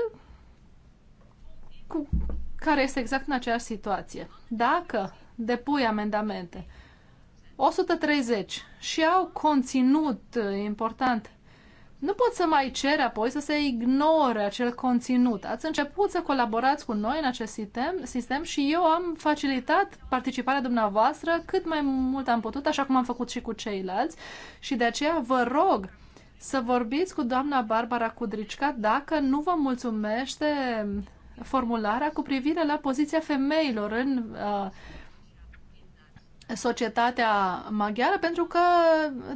cu, care este exact în aceeași situație. Dacă depui amendamente 130 și au conținut uh, important, nu pot să mai cer apoi să se ignore acel conținut. Ați început să colaborați cu noi în acest sistem, sistem și eu am facilitat participarea dumneavoastră cât mai mult am putut, așa cum am făcut și cu ceilalți și de aceea vă rog să vorbiți cu doamna Barbara Cudricica dacă nu vă mulțumește formularea cu privire la poziția femeilor în uh, societatea maghiară, pentru că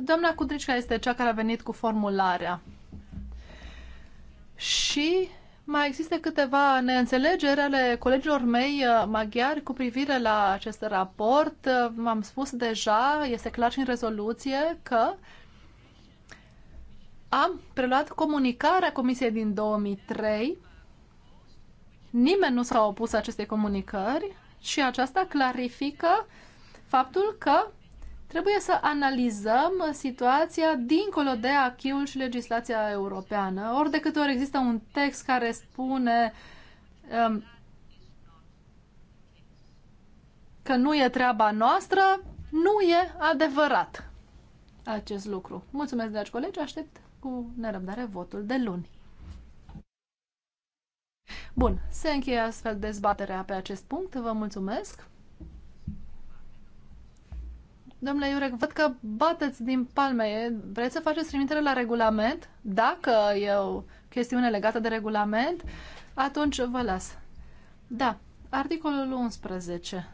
doamna Cudricica este cea care a venit cu formularea. Și mai există câteva neînțelegeri ale colegilor mei uh, maghiari cu privire la acest raport. M-am uh, spus deja, este clar și în rezoluție, că am preluat comunicarea Comisiei din 2003. Nimeni nu s-a opus acestei comunicări și aceasta clarifică faptul că trebuie să analizăm situația dincolo de achiul și legislația europeană. Ori de câte ori există un text care spune um, că nu e treaba noastră, nu e adevărat acest lucru. Mulțumesc, dragi colegi, aștept cu nerăbdare votul de luni. Bun, se încheie astfel dezbaterea pe acest punct. Vă mulțumesc! Domnule Iurec, văd că bateți din palme. Vreți să faceți trimitere la regulament? Dacă e o chestiune legată de regulament, atunci vă las. Da, articolul 11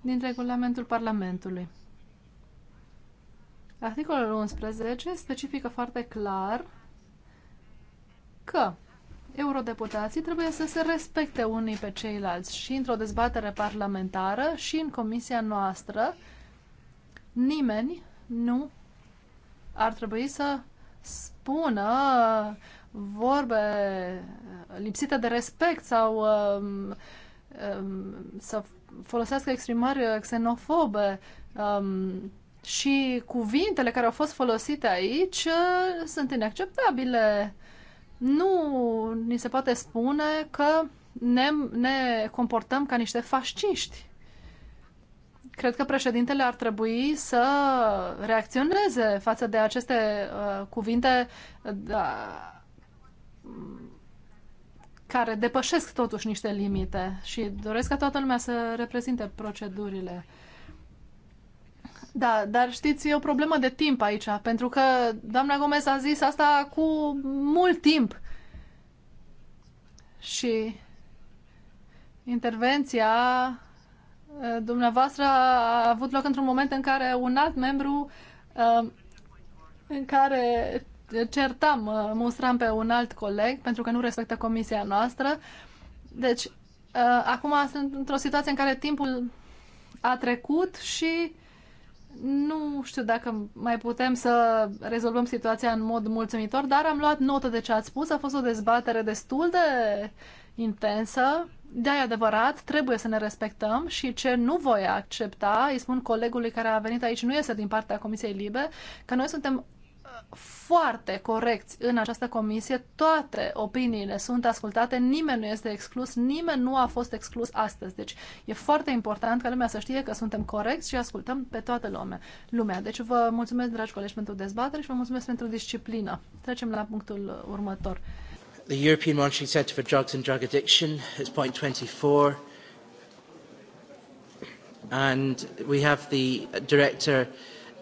din regulamentul Parlamentului. Articolul 11 specifică foarte clar că eurodeputații trebuie să se respecte unii pe ceilalți și într-o dezbatere parlamentară și în comisia noastră nimeni nu ar trebui să spună vorbe lipsite de respect sau um, um, să folosească exprimări xenofobe um, și cuvintele care au fost folosite aici uh, sunt inacceptabile. Nu ni se poate spune că ne, ne comportăm ca niște fasciști. Cred că președintele ar trebui să reacționeze față de aceste uh, cuvinte uh, care depășesc totuși niște limite și doresc ca toată lumea să reprezinte procedurile uh, da, dar știți, e o problemă de timp aici, pentru că doamna Gomez a zis asta cu mult timp. Și intervenția dumneavoastră a avut loc într-un moment în care un alt membru în care certam, mustram pe un alt coleg pentru că nu respectă comisia noastră. Deci, acum sunt într-o situație în care timpul a trecut și nu știu dacă mai putem să rezolvăm situația în mod mulțumitor, dar am luat notă de ce ați spus. A fost o dezbatere destul de intensă. Da, e adevărat, trebuie să ne respectăm și ce nu voi accepta, îi spun colegului care a venit aici, nu este din partea Comisiei Libe, că noi suntem foarte corecți în această comisie, toate opiniile sunt ascultate, nimeni nu este exclus, nimeni nu a fost exclus astăzi. Deci e foarte important ca lumea să știe că suntem corecți și ascultăm pe toată lumea. lumea. Deci vă mulțumesc, dragi colegi, pentru dezbatere și vă mulțumesc pentru disciplină. Trecem la punctul următor. The European Monitoring Centre for Drugs and Drug Addiction is point 24. And we have the director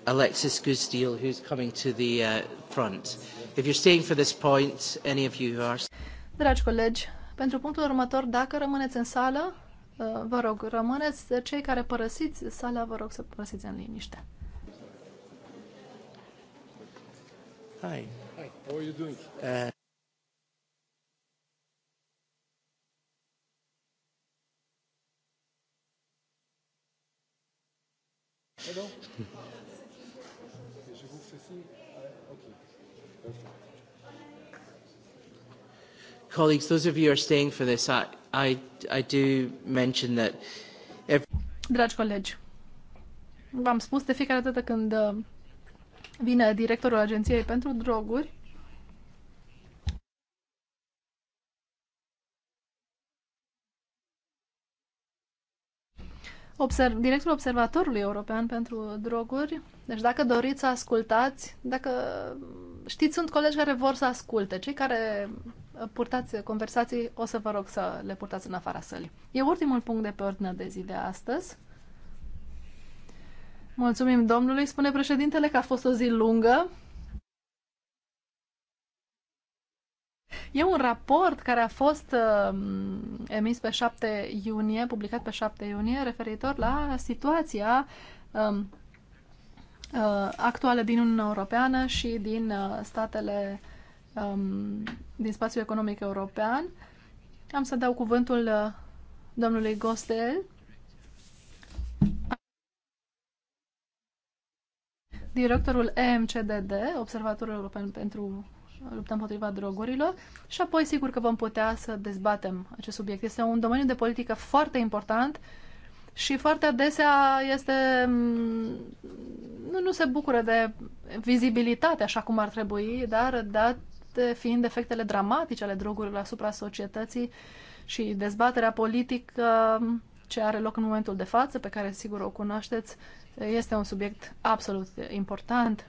Alexis Gusdeal, who's coming to the uh, front. If you're staying for this point, any of you who are... Dragi colegi, pentru punctul următor, dacă rămâneți în sală, uh, vă rog, rămâneți, cei care părăsiți sala, vă rog să părăsiți în liniște. Hi. Hi, how are you doing? Uh, Hello. [LAUGHS] Colleagues, those of you who are staying for this, I, I, I do mention that... If... Dragi colegi, v-am spus de fiecare dată când uh, vine directorul Agenției pentru Droguri, observ, directul Observatorului European pentru Droguri. Deci dacă doriți să ascultați, dacă știți, sunt colegi care vor să asculte. Cei care purtați conversații, o să vă rog să le purtați în afara sălii. E ultimul punct de pe ordinea de zi de astăzi. Mulțumim domnului, spune președintele că a fost o zi lungă. E un raport care a fost uh, emis pe 7 iunie, publicat pe 7 iunie, referitor la situația um, uh, actuală din Uniunea Europeană și din uh, statele uh, um, din spațiul economic european. Am să dau cuvântul uh, domnului Gostel, directorul EMCDD, Observatorul European pentru lupta împotriva drogurilor și apoi sigur că vom putea să dezbatem acest subiect. Este un domeniu de politică foarte important și foarte adesea este mm, nu, nu se bucură de vizibilitate așa cum ar trebui, dar dat date fiind efectele dramatice ale drogurilor asupra societății și dezbaterea politică um, ce are loc în momentul de față, pe care sigur o cunoașteți, este un subiect absolut important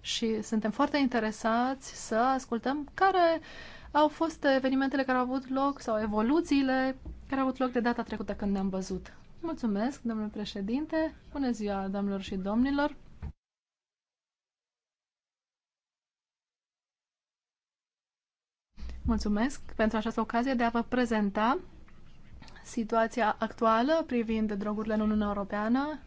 și suntem foarte interesați să ascultăm care au fost evenimentele care au avut loc sau evoluțiile care au avut loc de data trecută când ne-am văzut. Mulțumesc, domnule președinte. Bună ziua, domnilor și domnilor. Mulțumesc pentru această ocazie de a vă prezenta situația actuală privind drogurile în Uniunea Europeană.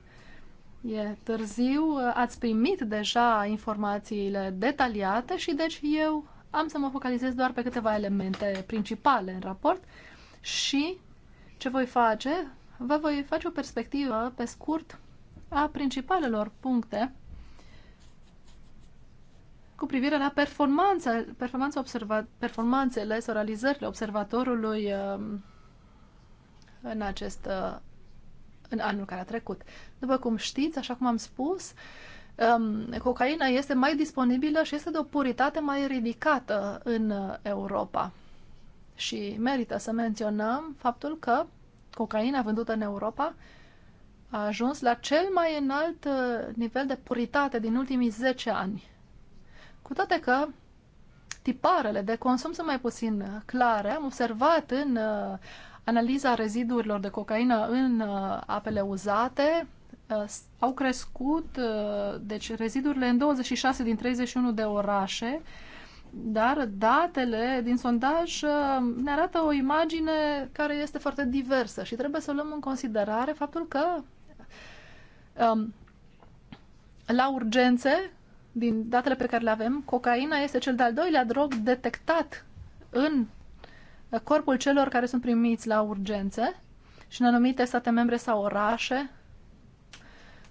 E târziu, ați primit deja informațiile detaliate și deci eu am să mă focalizez doar pe câteva elemente principale în raport și ce voi face? Vă voi face o perspectivă pe scurt a principalelor puncte cu privire la performanța, performanța observa, performanțele sau realizările observatorului um, în acest uh, în anul care a trecut. După cum știți, așa cum am spus, um, cocaina este mai disponibilă și este de o puritate mai ridicată în uh, Europa. Și merită să menționăm faptul că cocaina vândută în Europa a ajuns la cel mai înalt uh, nivel de puritate din ultimii 10 ani. Cu toate că tiparele de consum sunt mai puțin uh, clare, am observat în uh, analiza rezidurilor de cocaină în uh, apele uzate uh, au crescut, uh, deci rezidurile în 26 din 31 de orașe, dar datele din sondaj uh, ne arată o imagine care este foarte diversă și trebuie să luăm în considerare faptul că um, la urgențe din datele pe care le avem, cocaina este cel de-al doilea drog detectat în corpul celor care sunt primiți la urgențe și în anumite state membre sau orașe.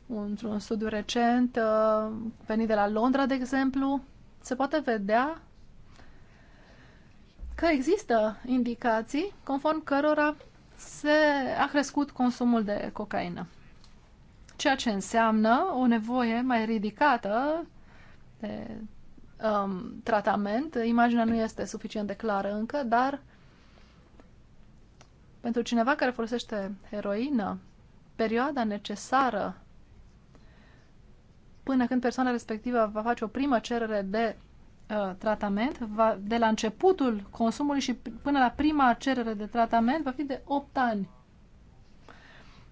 Într-un studiu recent uh, venit de la Londra, de exemplu, se poate vedea că există indicații conform cărora se a crescut consumul de cocaină. Ceea ce înseamnă o nevoie mai ridicată de um, tratament. Imaginea nu este suficient de clară încă, dar pentru cineva care folosește heroină, perioada necesară până când persoana respectivă va face o primă cerere de uh, tratament, va, de la începutul consumului și până la prima cerere de tratament, va fi de 8 ani.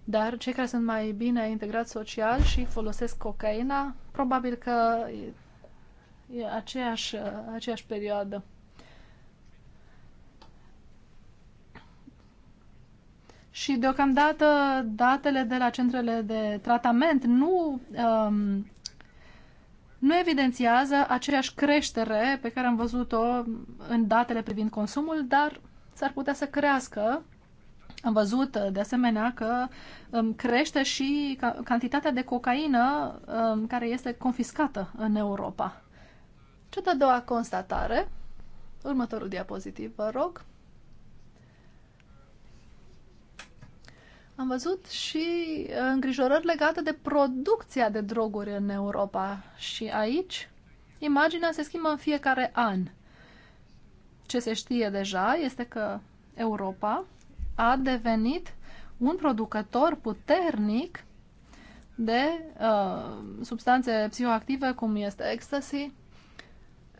Dar cei care sunt mai bine integrați social și folosesc cocaina, probabil că e aceeași, uh, aceeași perioadă. Și deocamdată datele de la centrele de tratament nu, um, nu evidențiază aceeași creștere pe care am văzut-o în datele privind consumul, dar s-ar putea să crească. Am văzut uh, de asemenea că um, crește și ca, cantitatea de cocaină um, care este confiscată în Europa. Cea de-a doua constatare, următorul diapozitiv, vă rog. Am văzut și uh, îngrijorări legate de producția de droguri în Europa și aici imaginea se schimbă în fiecare an. Ce se știe deja este că Europa a devenit un producător puternic de uh, substanțe psihoactive, cum este ecstasy,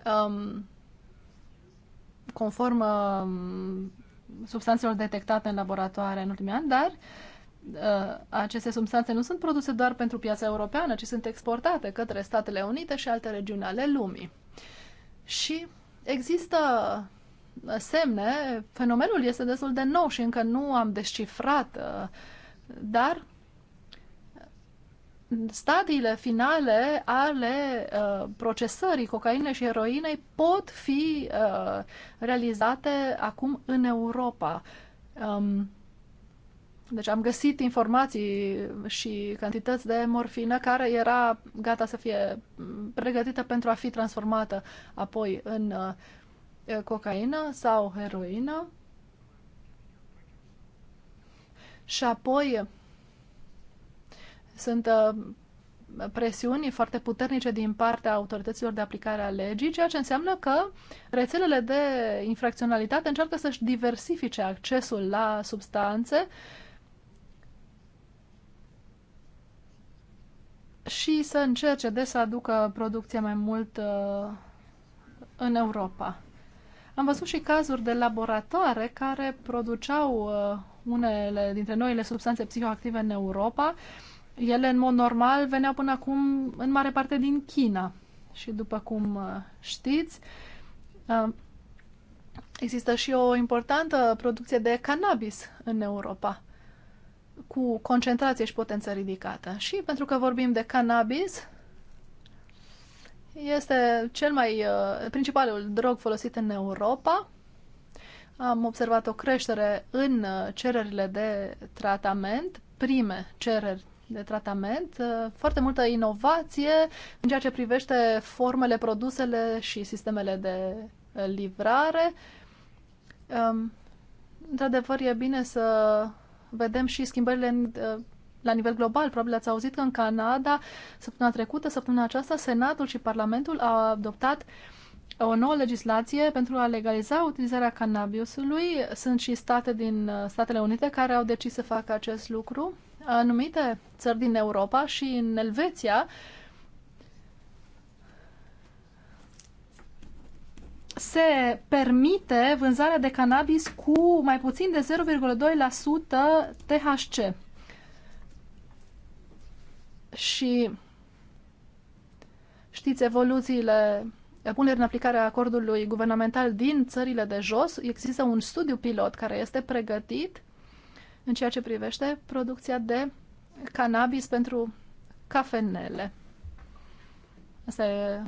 um, conform um, substanțelor detectate în laboratoare în ultimii ani, dar uh, aceste substanțe nu sunt produse doar pentru piața europeană, ci sunt exportate către Statele Unite și alte regiuni ale lumii. Și există semne, fenomenul este destul de nou și încă nu am descifrat, uh, dar stadiile finale ale uh, procesării cocainei și heroinei pot fi uh, realizate acum în Europa. Um, deci am găsit informații și cantități de morfină care era gata să fie pregătită pentru a fi transformată apoi în uh, cocaină sau heroină. Și apoi sunt uh, presiuni foarte puternice din partea autorităților de aplicare a legii, ceea ce înseamnă că rețelele de infracționalitate încearcă să-și diversifice accesul la substanțe și să încerce de să aducă producția mai mult uh, în Europa. Am văzut și cazuri de laboratoare care produceau uh, unele dintre noile substanțe psihoactive în Europa, uh, ele, în mod normal, veneau până acum în mare parte din China. Și după cum uh, știți, uh, există și o importantă producție de cannabis în Europa cu concentrație și potență ridicată. Și pentru că vorbim de cannabis, este cel mai uh, principalul drog folosit în Europa. Am observat o creștere în cererile de tratament, prime cereri de tratament, uh, foarte multă inovație în ceea ce privește formele, produsele și sistemele de uh, livrare. Um, într-adevăr, e bine să vedem și schimbările uh, la nivel global. Probabil ați auzit că în Canada, săptămâna trecută, săptămâna aceasta, Senatul și Parlamentul au adoptat o nouă legislație pentru a legaliza utilizarea cannabisului. Sunt și state din Statele Unite care au decis să facă acest lucru anumite țări din Europa și în Elveția se permite vânzarea de cannabis cu mai puțin de 0,2% THC. Și știți evoluțiile punerii în aplicare a acordului guvernamental din țările de jos. Există un studiu pilot care este pregătit în ceea ce privește producția de cannabis pentru cafenele. Asta e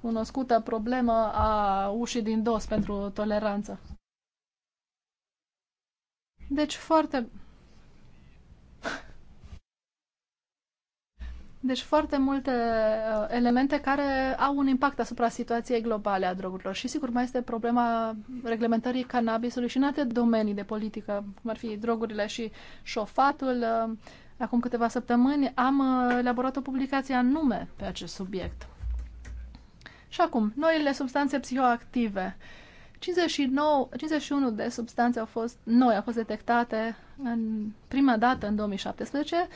cunoscută problemă a ușii din dos pentru toleranță. Deci foarte Deci foarte multe uh, elemente care au un impact asupra situației globale a drogurilor. Și sigur mai este problema reglementării cannabisului și în alte domenii de politică, cum ar fi drogurile și șofatul. Uh, acum câteva săptămâni am uh, elaborat o publicație anume pe acest subiect. Și acum, noile substanțe psihoactive. 59, 51 de substanțe au fost noi, au fost detectate în prima dată în 2017.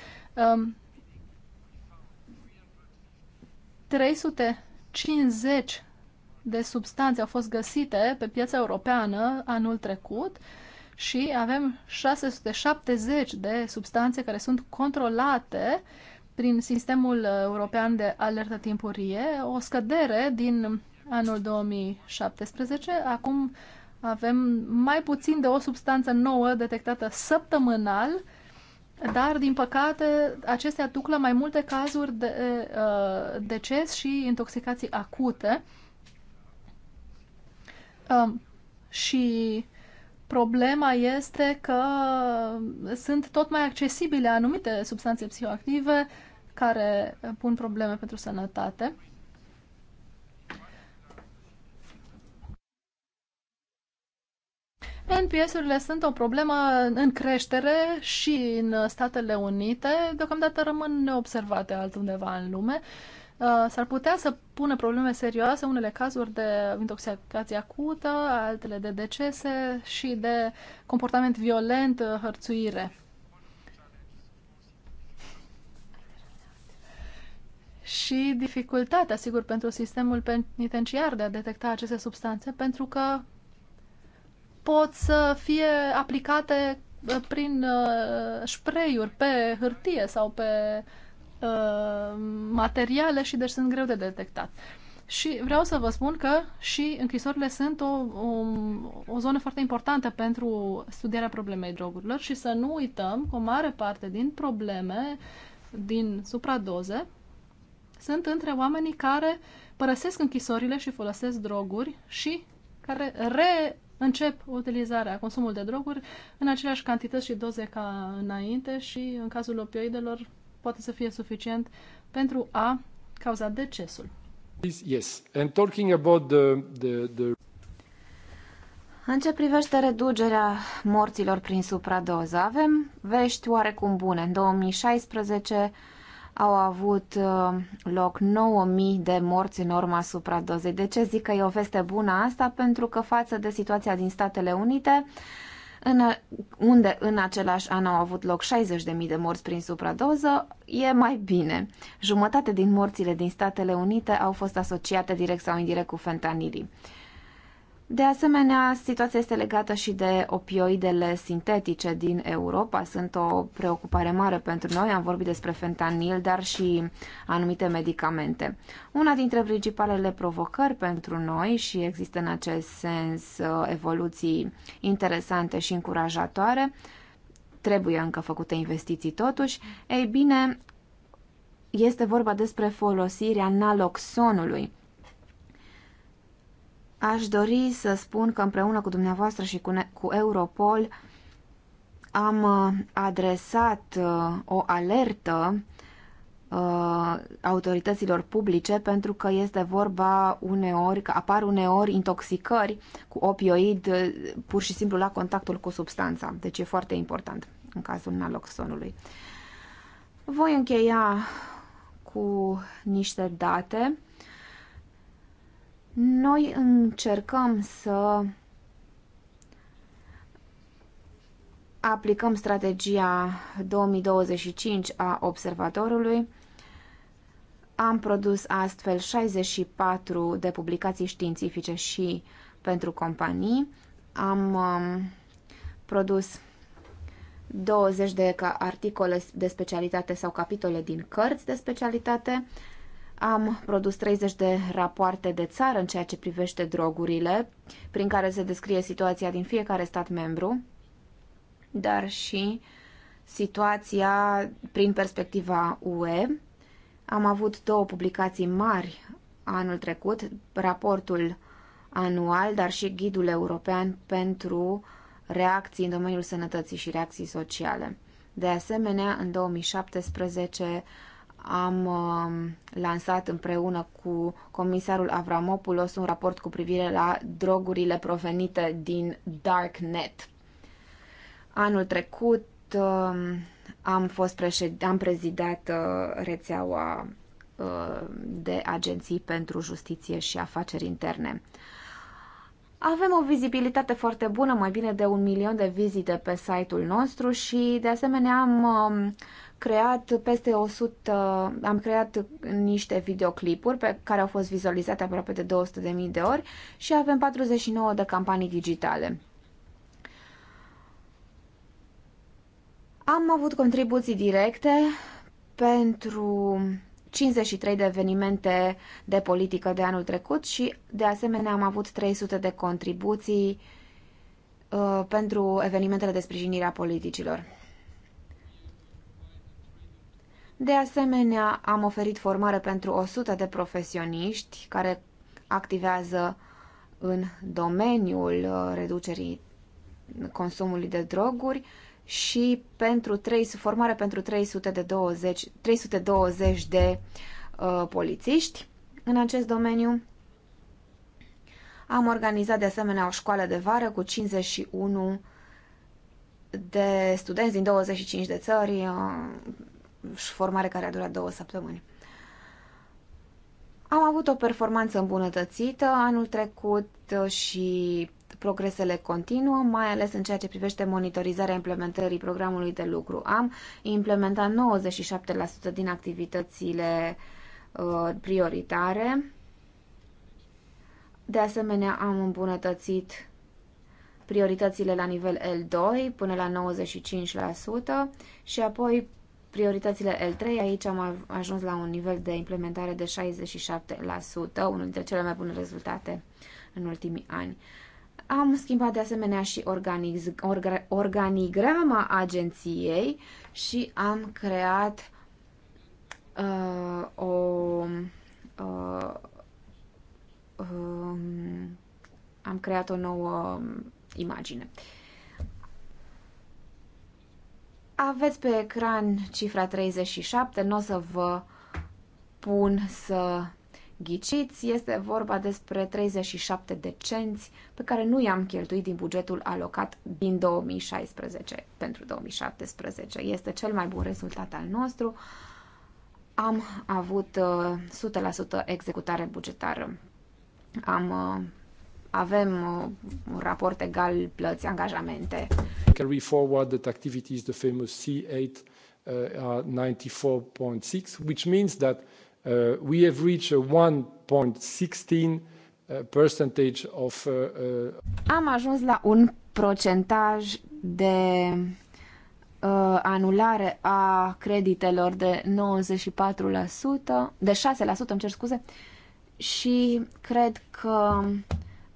350 de substanțe au fost găsite pe piața europeană anul trecut și avem 670 de substanțe care sunt controlate prin sistemul european de alertă timpurie, o scădere din anul 2017. Acum avem mai puțin de o substanță nouă detectată săptămânal dar, din păcate, acestea duc la mai multe cazuri de uh, deces și intoxicații acute. Um, și problema este că sunt tot mai accesibile anumite substanțe psihoactive care pun probleme pentru sănătate. NPS-urile sunt o problemă în creștere și în Statele Unite. Deocamdată rămân neobservate altundeva în lume. Uh, s-ar putea să pună probleme serioase, unele cazuri de intoxicație acută, altele de decese și de comportament violent, uh, hărțuire. Și dificultatea, sigur, pentru sistemul penitenciar de a detecta aceste substanțe, pentru că pot să fie aplicate uh, prin uh, spray-uri pe hârtie sau pe uh, materiale și deci sunt greu de detectat. Și vreau să vă spun că și închisorile sunt o, o, o zonă foarte importantă pentru studierea problemei drogurilor și să nu uităm că o mare parte din probleme din supradoze sunt între oamenii care părăsesc închisorile și folosesc droguri și care re încep utilizarea, consumul de droguri în aceleași cantități și doze ca înainte și în cazul opioidelor poate să fie suficient pentru a cauza decesul. Yes. And talking about the, the, the... În ce privește reducerea morților prin supradoză, avem vești oarecum bune. În 2016, au avut uh, loc 9000 de morți în urma supradozei. De ce zic că e o veste bună asta? Pentru că față de situația din Statele Unite, în, unde în același an au avut loc 60.000 de morți prin supradoză, e mai bine. Jumătate din morțile din Statele Unite au fost asociate direct sau indirect cu fentanilii. De asemenea, situația este legată și de opioidele sintetice din Europa. Sunt o preocupare mare pentru noi. Am vorbit despre fentanil, dar și anumite medicamente. Una dintre principalele provocări pentru noi și există în acest sens uh, evoluții interesante și încurajatoare, trebuie încă făcute investiții totuși, ei bine, este vorba despre folosirea naloxonului Aș dori să spun că împreună cu dumneavoastră și cu, cu Europol am uh, adresat uh, o alertă uh, autorităților publice pentru că este vorba uneori, că apar uneori intoxicări cu opioid pur și simplu la contactul cu substanța. Deci e foarte important în cazul naloxonului. Voi încheia cu niște date noi încercăm să aplicăm strategia 2025 a observatorului. Am produs astfel 64 de publicații științifice și pentru companii. Am um, produs 20 de articole de specialitate sau capitole din cărți de specialitate am produs 30 de rapoarte de țară în ceea ce privește drogurile, prin care se descrie situația din fiecare stat membru, dar și situația prin perspectiva UE. Am avut două publicații mari anul trecut, raportul anual, dar și ghidul european pentru reacții în domeniul sănătății și reacții sociale. De asemenea, în 2017 am um, lansat împreună cu comisarul Avramopoulos un raport cu privire la drogurile provenite din Darknet. Anul trecut um, am, fost președ... am prezidat uh, rețeaua uh, de agenții pentru justiție și afaceri interne. Avem o vizibilitate foarte bună, mai bine de un milion de vizite pe site-ul nostru și de asemenea am um, creat peste 100, am creat niște videoclipuri pe care au fost vizualizate aproape de 200.000 de ori și avem 49 de campanii digitale. Am avut contribuții directe pentru 53 de evenimente de politică de anul trecut și de asemenea am avut 300 de contribuții uh, pentru evenimentele de sprijinire a politicilor. De asemenea, am oferit formare pentru 100 de profesioniști care activează în domeniul uh, reducerii consumului de droguri și pentru 3, formare pentru 300 de 20, 320 de uh, polițiști în acest domeniu. Am organizat de asemenea o școală de vară cu 51 de studenți din 25 de țări uh, formare care a durat două săptămâni. Am avut o performanță îmbunătățită anul trecut și progresele continuă, mai ales în ceea ce privește monitorizarea implementării programului de lucru. Am implementat 97% din activitățile uh, prioritare. De asemenea, am îmbunătățit prioritățile la nivel L2 până la 95% și apoi prioritățile L3, aici am ajuns la un nivel de implementare de 67%, unul dintre cele mai bune rezultate în ultimii ani. Am schimbat de asemenea și organigrama agenției și am creat uh, o uh, um, am creat o nouă imagine. Uh, aveți pe ecran cifra 37, nu o să vă pun să ghiciți, este vorba despre 37 de cenți pe care nu i-am cheltuit din bugetul alocat din 2016 pentru 2017. Este cel mai bun rezultat al nostru. Am avut 100% uh, executare bugetară. Am uh, avem uh, un raport egal plăți angajamente. Carry forward that activities, the famous C8 uh, 94.6, which means that uh, we have reached a 1.16 uh, percentage of... Uh, uh... Am ajuns la un procentaj de uh, anulare a creditelor de 94%, de 6%, îmi cer scuze, și cred că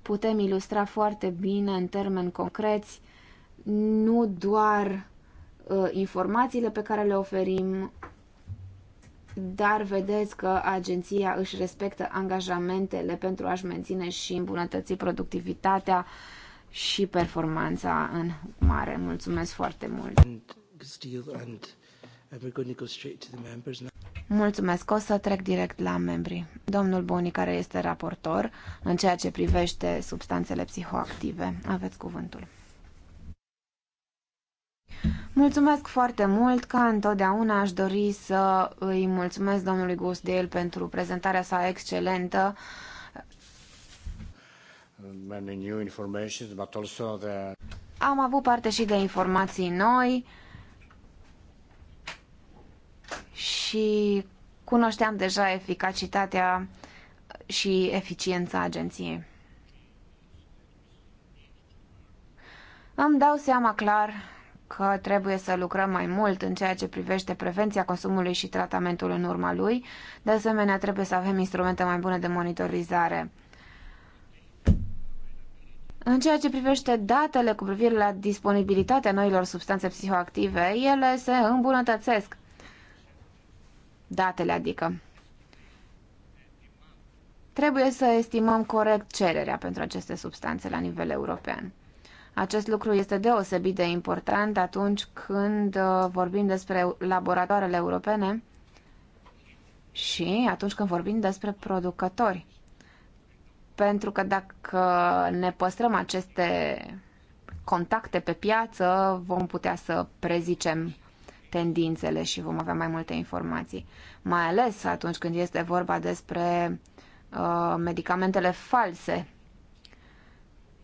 putem ilustra foarte bine în termeni concreți nu doar uh, informațiile pe care le oferim, dar vedeți că agenția își respectă angajamentele pentru a-și menține și îmbunătăți productivitatea și performanța în mare. Mulțumesc foarte mult! And Mulțumesc, o să trec direct la membri. Domnul Boni, care este raportor în ceea ce privește substanțele psihoactive, aveți cuvântul. Mulțumesc foarte mult, ca întotdeauna aș dori să îi mulțumesc domnului Gusdale pentru prezentarea sa excelentă. Am avut parte și de informații noi și cunoșteam deja eficacitatea și eficiența agenției. Îmi dau seama clar că trebuie să lucrăm mai mult în ceea ce privește prevenția consumului și tratamentul în urma lui. De asemenea, trebuie să avem instrumente mai bune de monitorizare. În ceea ce privește datele cu privire la disponibilitatea noilor substanțe psihoactive, ele se îmbunătățesc datele adică. Trebuie să estimăm corect cererea pentru aceste substanțe la nivel european. Acest lucru este deosebit de important atunci când uh, vorbim despre laboratoarele europene și atunci când vorbim despre producători. Pentru că dacă ne păstrăm aceste contacte pe piață, vom putea să prezicem tendințele și vom avea mai multe informații. Mai ales atunci când este vorba despre uh, medicamentele false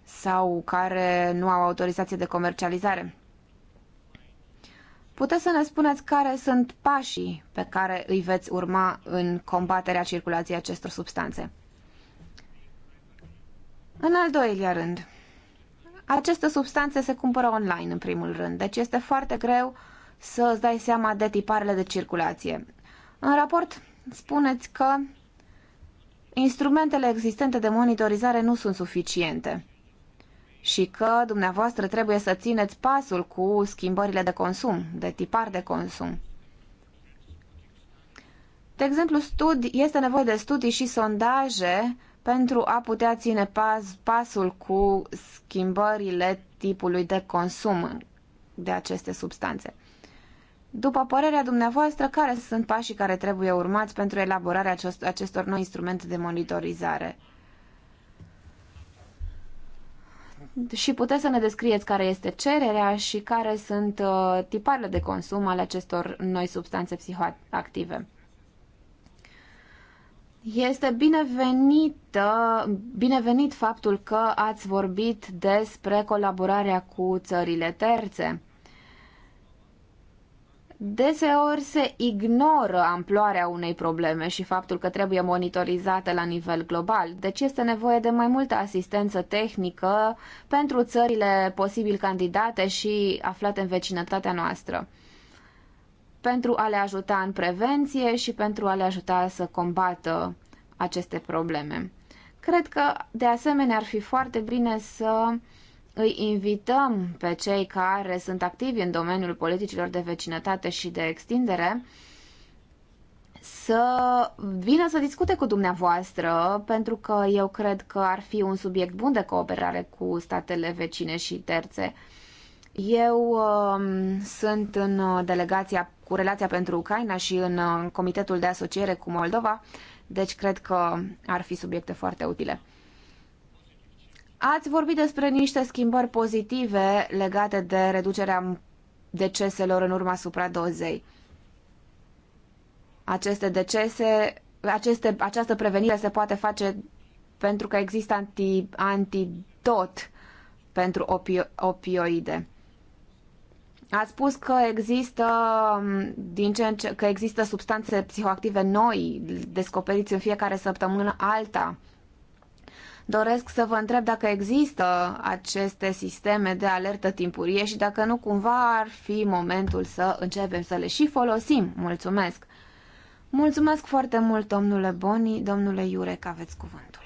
sau care nu au autorizație de comercializare. Puteți să ne spuneți care sunt pașii pe care îi veți urma în combaterea circulației acestor substanțe. În al doilea rând, aceste substanțe se cumpără online în primul rând, deci este foarte greu să îți dai seama de tiparele de circulație. În raport spuneți că instrumentele existente de monitorizare nu sunt suficiente și că dumneavoastră trebuie să țineți pasul cu schimbările de consum, de tipar de consum. De exemplu, studi este nevoie de studii și sondaje pentru a putea ține pas, pasul cu schimbările tipului de consum de aceste substanțe. După părerea dumneavoastră, care sunt pașii care trebuie urmați pentru elaborarea acestor noi instrumente de monitorizare? Și puteți să ne descrieți care este cererea și care sunt uh, tiparele de consum ale acestor noi substanțe psihoactive. Este binevenit, binevenit faptul că ați vorbit despre colaborarea cu țările terțe Deseori se ignoră amploarea unei probleme și faptul că trebuie monitorizată la nivel global, deci este nevoie de mai multă asistență tehnică pentru țările posibil candidate și aflate în vecinătatea noastră, pentru a le ajuta în prevenție și pentru a le ajuta să combată aceste probleme. Cred că, de asemenea, ar fi foarte bine să îi invităm pe cei care sunt activi în domeniul politicilor de vecinătate și de extindere să vină să discute cu dumneavoastră, pentru că eu cred că ar fi un subiect bun de cooperare cu statele vecine și terțe. Eu um, sunt în uh, delegația cu relația pentru Ucraina și în uh, comitetul de asociere cu Moldova, deci cred că ar fi subiecte foarte utile. Ați vorbit despre niște schimbări pozitive legate de reducerea deceselor în urma supradozei. Aceste decese, aceste, această prevenire se poate face pentru că există anti, antidot pentru opio, opioide. Ați spus că există, um, din ce în ce, că există substanțe psihoactive noi, descoperiți în fiecare săptămână alta. Doresc să vă întreb dacă există aceste sisteme de alertă timpurie și dacă nu cumva ar fi momentul să începem să le și folosim. Mulțumesc! Mulțumesc foarte mult, domnule Boni, domnule Iurec, aveți cuvântul.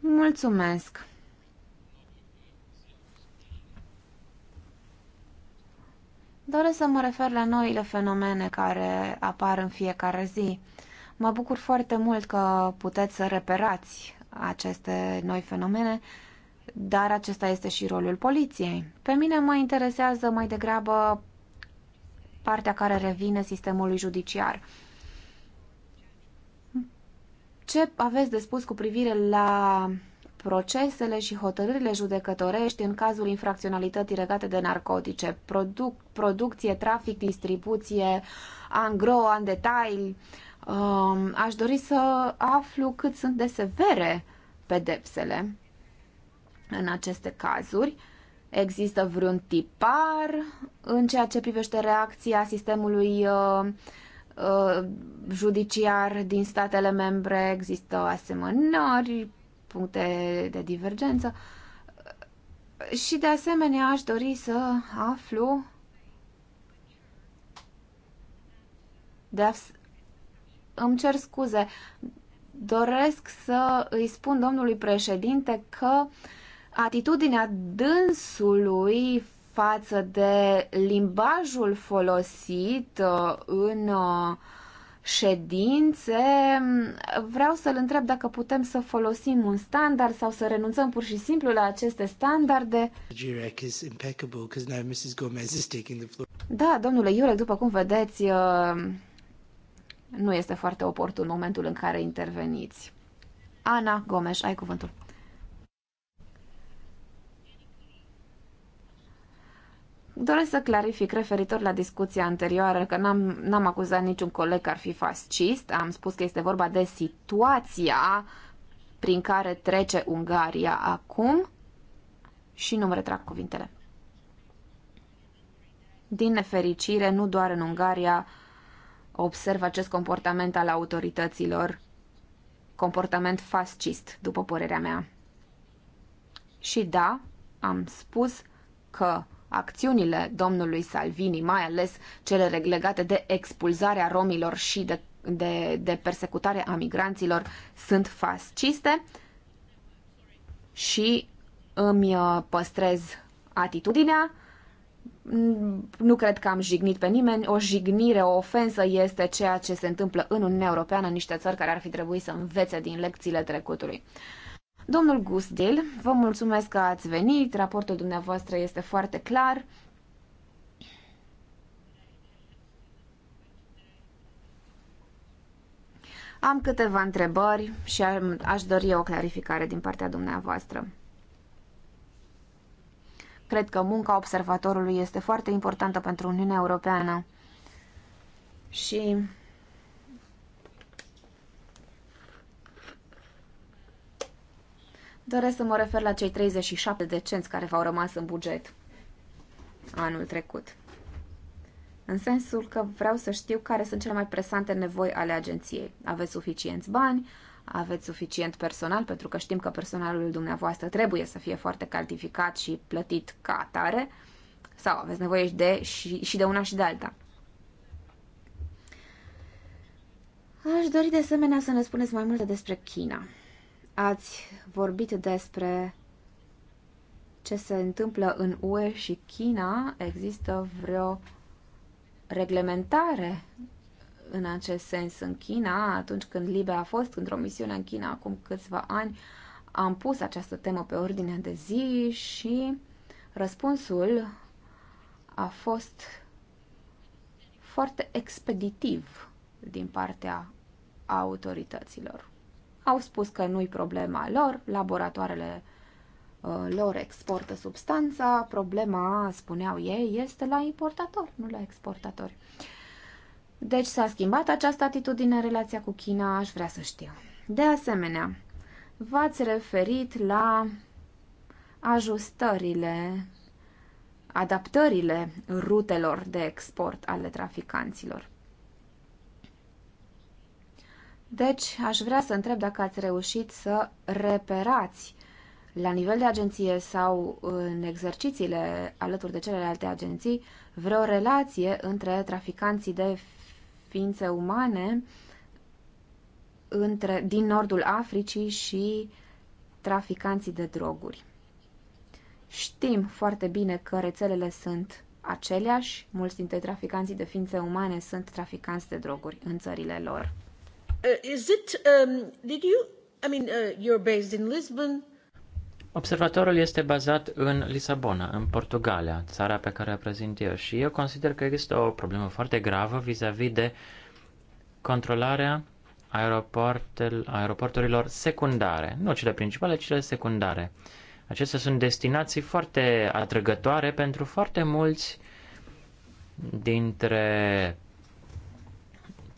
Mulțumesc! Doresc să mă refer la noile fenomene care apar în fiecare zi. Mă bucur foarte mult că puteți să reperați aceste noi fenomene, dar acesta este și rolul poliției. Pe mine mă interesează mai degrabă partea care revine sistemului judiciar. Ce aveți de spus cu privire la procesele și hotărârile judecătorești în cazul infracționalității legate de narcotice, produc, producție, trafic, distribuție, angro, în detail. Um, aș dori să aflu cât sunt de severe pedepsele în aceste cazuri. Există vreun tipar în ceea ce privește reacția sistemului uh, uh judiciar din statele membre, există asemănări, puncte de divergență. Și de asemenea aș dori să aflu de a... îmi cer scuze, doresc să îi spun domnului președinte că atitudinea dânsului față de limbajul folosit uh, în uh, ședințe, vreau să-l întreb dacă putem să folosim un standard sau să renunțăm pur și simplu la aceste standarde. Da, domnule Iurec, după cum vedeți, uh, nu este foarte oportun momentul în care interveniți. Ana Gomes, ai cuvântul. Doresc să clarific referitor la discuția anterioară că n-am, n-am acuzat niciun coleg că ar fi fascist, am spus că este vorba de situația prin care trece Ungaria acum și nu-mi retrag cuvintele. Din nefericire, nu doar în Ungaria observ acest comportament al autorităților, comportament fascist, după părerea mea. Și da, am spus că acțiunile domnului Salvini, mai ales cele legate de expulzarea romilor și de, de, de persecutarea a migranților, sunt fasciste și îmi uh, păstrez atitudinea. Nu cred că am jignit pe nimeni. O jignire, o ofensă este ceea ce se întâmplă în Uniunea Europeană, în niște țări care ar fi trebuit să învețe din lecțiile trecutului. Domnul Gustil, vă mulțumesc că ați venit, raportul dumneavoastră este foarte clar. Am câteva întrebări și aș dori o clarificare din partea dumneavoastră. Cred că munca observatorului este foarte importantă pentru Uniunea Europeană și Doresc să mă refer la cei 37 de cenți care v-au rămas în buget anul trecut. În sensul că vreau să știu care sunt cele mai presante nevoi ale agenției. Aveți suficienți bani, aveți suficient personal, pentru că știm că personalul dumneavoastră trebuie să fie foarte calificat și plătit ca atare, sau aveți nevoie și de, și, și de una și de alta. Aș dori de asemenea să ne spuneți mai multe despre China ați vorbit despre ce se întâmplă în UE și China. Există vreo reglementare în acest sens în China? Atunci când Libe a fost într-o misiune în China acum câțiva ani, am pus această temă pe ordinea de zi și răspunsul a fost foarte expeditiv din partea autorităților au spus că nu-i problema lor, laboratoarele uh, lor exportă substanța, problema, spuneau ei, este la importator, nu la exportator. Deci s-a schimbat această atitudine în relația cu China, aș vrea să știu. De asemenea, v-ați referit la ajustările, adaptările rutelor de export ale traficanților. Deci, aș vrea să întreb dacă ați reușit să reperați la nivel de agenție sau în exercițiile alături de celelalte agenții vreo relație între traficanții de ființe umane între, din nordul Africii și traficanții de droguri. Știm foarte bine că rețelele sunt aceleași, mulți dintre traficanții de ființe umane sunt traficanți de droguri în țările lor. Uh, um, uh, Observatorul este bazat în Lisabona, în Portugalia, țara pe care reprezint eu și eu consider că există o problemă foarte gravă vis-a-vis -vis de controlarea aeroporturilor secundare, nu cele principale, ci cele secundare. Acestea sunt destinații foarte atrăgătoare pentru foarte mulți dintre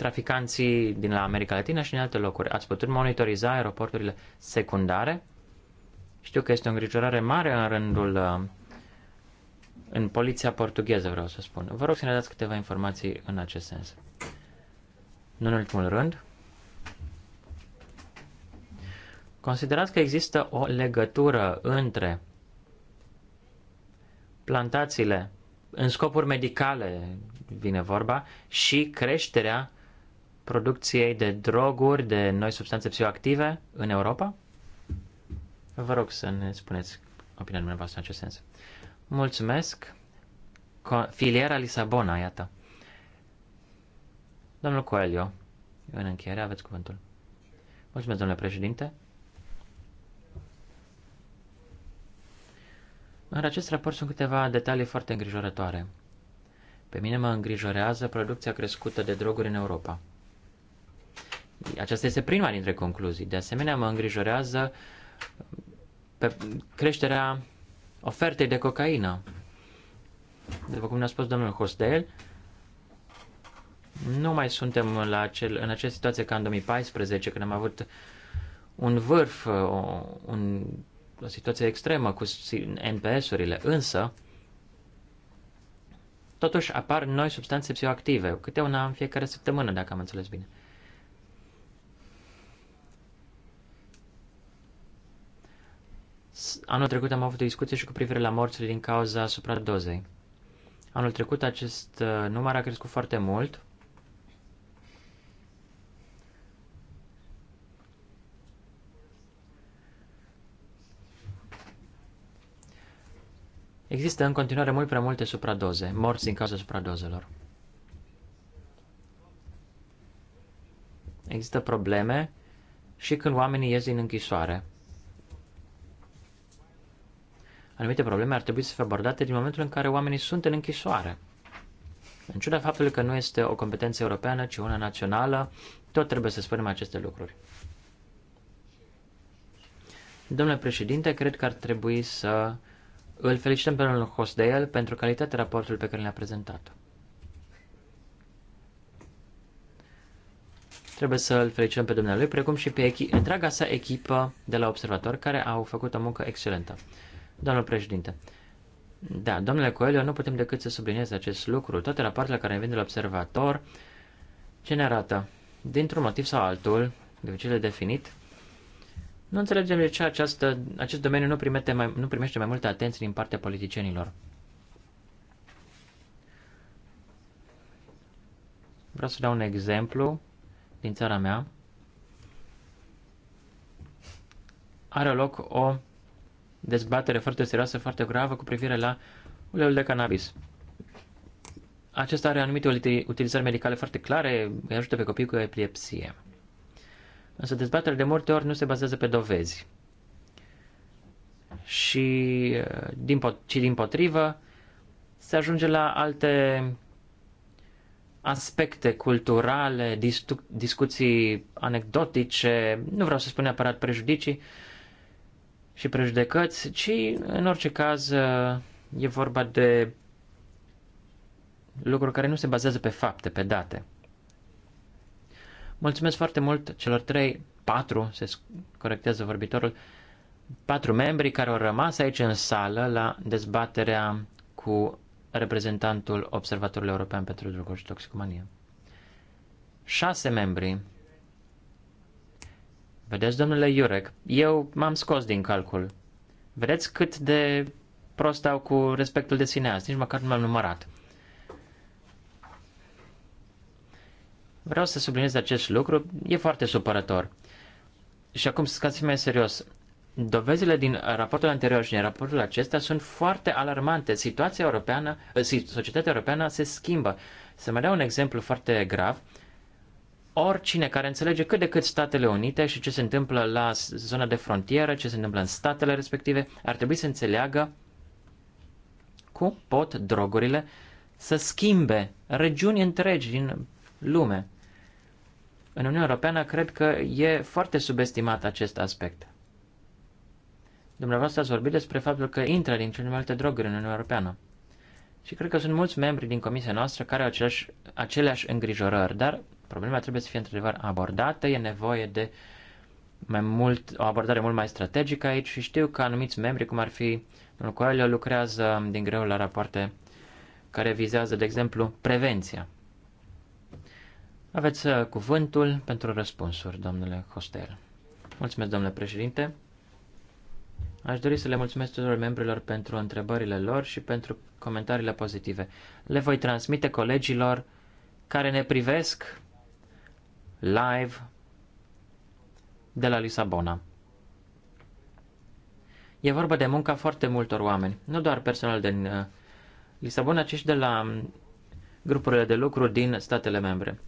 traficanții din la America Latina și din alte locuri. Ați putut monitoriza aeroporturile secundare? Știu că este o îngrijorare mare în rândul uh, în poliția portugheză, vreau să spun. Vă rog să ne dați câteva informații în acest sens. Nu în ultimul rând, considerați că există o legătură între plantațiile în scopuri medicale vine vorba, și creșterea producției de droguri, de noi substanțe psihoactive în Europa? Vă rog să ne spuneți opinia dumneavoastră în acest sens. Mulțumesc. Filiera Lisabona, iată. Domnul Coelho, în încheiere aveți cuvântul. Mulțumesc, domnule președinte. În acest raport sunt câteva detalii foarte îngrijorătoare. Pe mine mă îngrijorează producția crescută de droguri în Europa. Aceasta este prima dintre concluzii. De asemenea, mă îngrijorează pe creșterea ofertei de cocaină. După cum ne-a spus domnul Hostel, nu mai suntem la acel, în această situație ca în 2014, când am avut un vârf, o, un, o situație extremă cu NPS-urile, însă totuși apar noi substanțe psihoactive, câte una în fiecare săptămână, dacă am înțeles bine. Anul trecut am avut o discuție și cu privire la morțile din cauza supradozei. Anul trecut acest uh, număr a crescut foarte mult. Există în continuare mult prea multe supradoze, morți din cauza supradozelor. Există probleme și când oamenii ies din închisoare. anumite probleme ar trebui să fie abordate din momentul în care oamenii sunt în închisoare. În ciuda faptului că nu este o competență europeană, ci una națională, tot trebuie să spunem aceste lucruri. Domnule președinte, cred că ar trebui să îl felicităm pe domnul Hosdale pentru calitatea raportului pe care l-a prezentat. Trebuie să îl felicităm pe dumnealui, precum și pe echi- întreaga sa echipă de la Observator, care au făcut o muncă excelentă. Domnul președinte, da, domnule Coelho, nu putem decât să subliniez acest lucru. Toate rapoartele care vin de la observator, ce ne arată? Dintr-un motiv sau altul, dificil de definit, nu înțelegem de ce această, acest domeniu nu, primete mai, nu primește mai multă atenție din partea politicienilor. Vreau să dau un exemplu din țara mea. Are loc o dezbatere foarte serioasă, foarte gravă cu privire la uleiul de cannabis. Acesta are anumite utilizări medicale foarte clare, îi ajută pe copii cu epilepsie. Însă dezbaterea de multe ori nu se bazează pe dovezi. Și uh, din, ci din potrivă se ajunge la alte aspecte culturale, discuții anecdotice, nu vreau să spun neapărat prejudicii, și prejudecăți, ci în orice caz e vorba de lucruri care nu se bazează pe fapte, pe date. Mulțumesc foarte mult celor trei, patru, se corectează vorbitorul, patru membri care au rămas aici în sală la dezbaterea cu reprezentantul Observatorului European pentru Droguri și Toxicomanie. Șase membri Vedeți, domnule Iurec, eu m-am scos din calcul. Vedeți cât de prost au cu respectul de sine azi, nici măcar nu m-am numărat. Vreau să subliniez acest lucru, e foarte supărător. Și acum, să scați mai serios, dovezile din raportul anterior și din raportul acesta sunt foarte alarmante. Situația europeană, eh, societatea europeană se schimbă. Să mai dau un exemplu foarte grav oricine care înțelege cât de cât Statele Unite și ce se întâmplă la zona de frontieră, ce se întâmplă în statele respective, ar trebui să înțeleagă cum pot drogurile să schimbe regiuni întregi din lume. În Uniunea Europeană cred că e foarte subestimat acest aspect. Dumneavoastră ați vorbit despre faptul că intră din cele mai multe droguri în Uniunea Europeană. Și cred că sunt mulți membri din comisia noastră care au aceleași, aceleași îngrijorări, dar Problema trebuie să fie într-adevăr abordată, e nevoie de mai mult, o abordare mult mai strategică aici și știu că anumiți membri, cum ar fi domnul Coelho, lucrează din greu la rapoarte care vizează, de exemplu, prevenția. Aveți uh, cuvântul pentru răspunsuri, domnule Hostel. Mulțumesc, domnule președinte. Aș dori să le mulțumesc tuturor membrilor pentru întrebările lor și pentru comentariile pozitive. Le voi transmite colegilor care ne privesc live de la Lisabona. E vorba de munca foarte multor oameni, nu doar personal din uh, Lisabona, ci și de la um, grupurile de lucru din statele membre.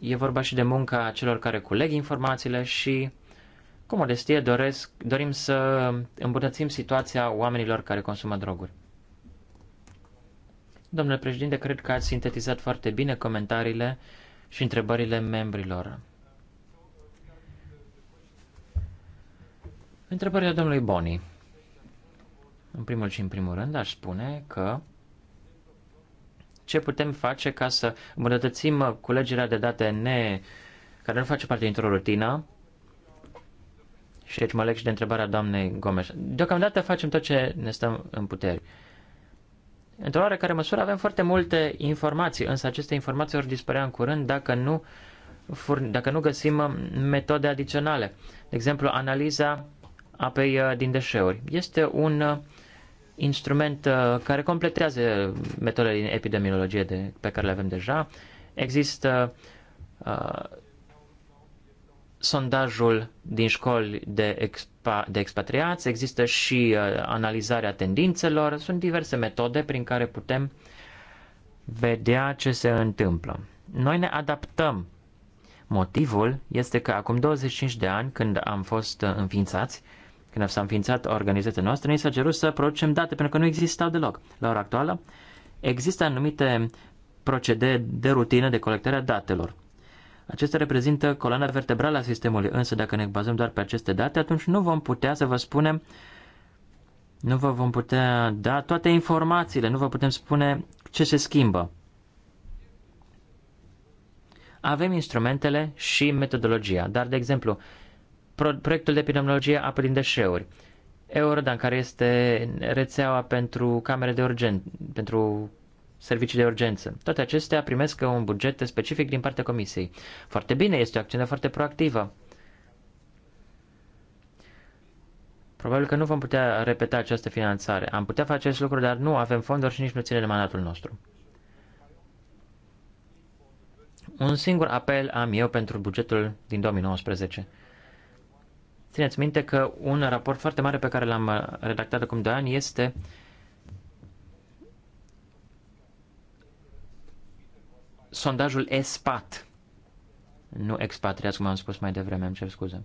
E vorba și de munca celor care culeg informațiile și, cu modestie, doresc, dorim să îmbunătățim situația oamenilor care consumă droguri. Domnule președinte, cred că ați sintetizat foarte bine comentariile și întrebările membrilor. Întrebările domnului Boni. În primul și în primul rând aș spune că ce putem face ca să îmbunătățim culegerea de date ne, care nu face parte dintr-o rutină, și aici mă leg și de întrebarea doamnei Gomes. Deocamdată facem tot ce ne stăm în puteri. Într-o oarecare măsură avem foarte multe informații, însă aceste informații vor dispărea în curând dacă nu, dacă nu găsim um, metode adiționale. De exemplu, analiza apei uh, din deșeuri. Este un uh, instrument uh, care completează metodele din epidemiologie de, pe care le avem deja. Există uh, sondajul din școli de, expa, de expatriați, există și uh, analizarea tendințelor, sunt diverse metode prin care putem vedea ce se întâmplă. Noi ne adaptăm. Motivul este că acum 25 de ani, când am fost uh, înființați, când s-a înființat organizația noastră, ne s-a cerut să producem date, pentru că nu existau deloc. La ora actuală există anumite procedee de rutină de colectare a datelor. Acestea reprezintă coloana vertebrală a sistemului, însă dacă ne bazăm doar pe aceste date, atunci nu vom putea să vă spunem, nu vă vom putea da toate informațiile, nu vă putem spune ce se schimbă. Avem instrumentele și metodologia, dar, de exemplu, proiectul de epidemiologie apă din deșeuri, Eurodan, care este rețeaua pentru camere de urgență, pentru servicii de urgență. Toate acestea primesc un buget specific din partea Comisiei. Foarte bine, este o acțiune foarte proactivă. Probabil că nu vom putea repeta această finanțare. Am putea face acest lucru, dar nu avem fonduri și nici nu ține de mandatul nostru. Un singur apel am eu pentru bugetul din 2019. Țineți minte că un raport foarte mare pe care l-am redactat acum 2 ani este uh, sondajul ESPAT, nu expatriați, cum am spus mai devreme, îmi cer scuze.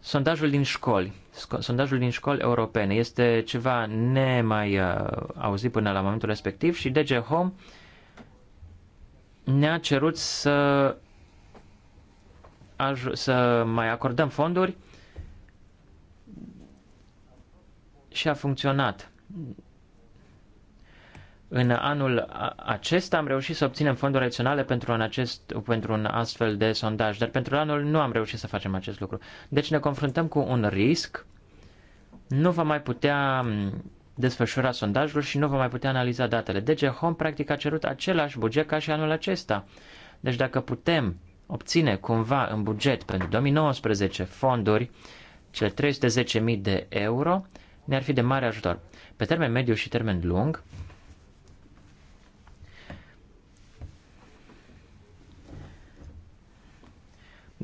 Sondajul din școli, sondajul din școli europene este ceva nemai uh, auzit până la momentul respectiv și DG Home ne-a cerut să, să mai acordăm fonduri și a funcționat. În anul acesta am reușit să obținem fonduri adiționale pentru un, acest, pentru un astfel de sondaj, dar pentru anul nu am reușit să facem acest lucru. Deci ne confruntăm cu un risc, nu va mai putea desfășura sondajul și nu va mai putea analiza datele. Deci Home practic a cerut același buget ca și anul acesta. Deci dacă putem obține cumva în buget pentru 2019 fonduri, cele 310.000 de euro, ne-ar fi de mare ajutor. Pe termen mediu și termen lung,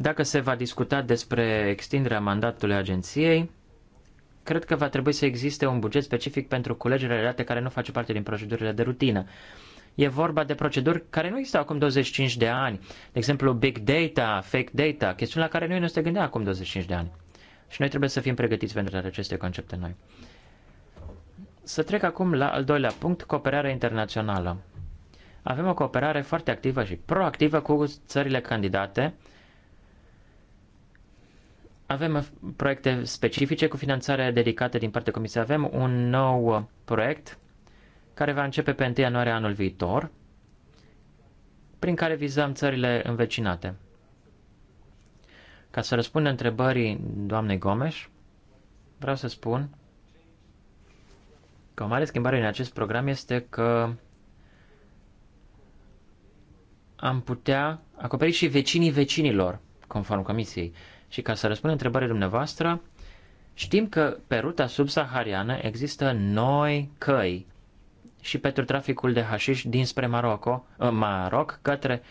Dacă se va discuta despre extinderea mandatului agenției, cred că va trebui să existe un buget specific pentru culegerile date care nu face parte din procedurile de rutină. E vorba de proceduri care nu existau acum 25 de ani. De exemplu, big data, fake data, chestiuni la care noi nu se gândea acum 25 de ani. Și noi trebuie să fim pregătiți pentru aceste concepte noi. Să trec acum la al doilea punct, cooperarea internațională. Avem o cooperare foarte activă și proactivă cu țările candidate, avem uh, proiecte specifice cu finanțare dedicată din partea Comisiei. Avem un nou uh, proiect care va începe pe 1 ianuarie anul viitor, prin care vizăm țările învecinate. Ca să răspund întrebării doamnei Gomes, vreau să spun că o mare schimbare în acest program este că am putea acoperi și vecinii vecinilor, conform comisiei. Și ca să răspund întrebarea dumneavoastră, știm că pe ruta subsahariană există noi căi și pentru traficul de hașiș dinspre Maroco, uh, Maroc către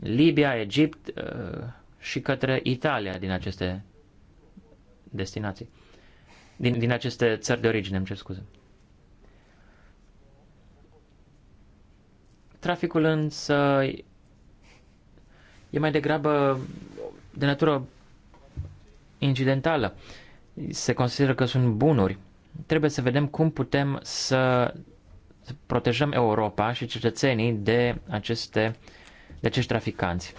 Libia, Egipt uh, și către Italia din aceste destinații. Din, din aceste țări de origine, îmi cer scuze. Traficul însă e mai degrabă de natură incidentală. Se consideră că sunt bunuri. Trebuie să vedem cum putem să protejăm Europa și cetățenii de, aceste, de acești traficanți.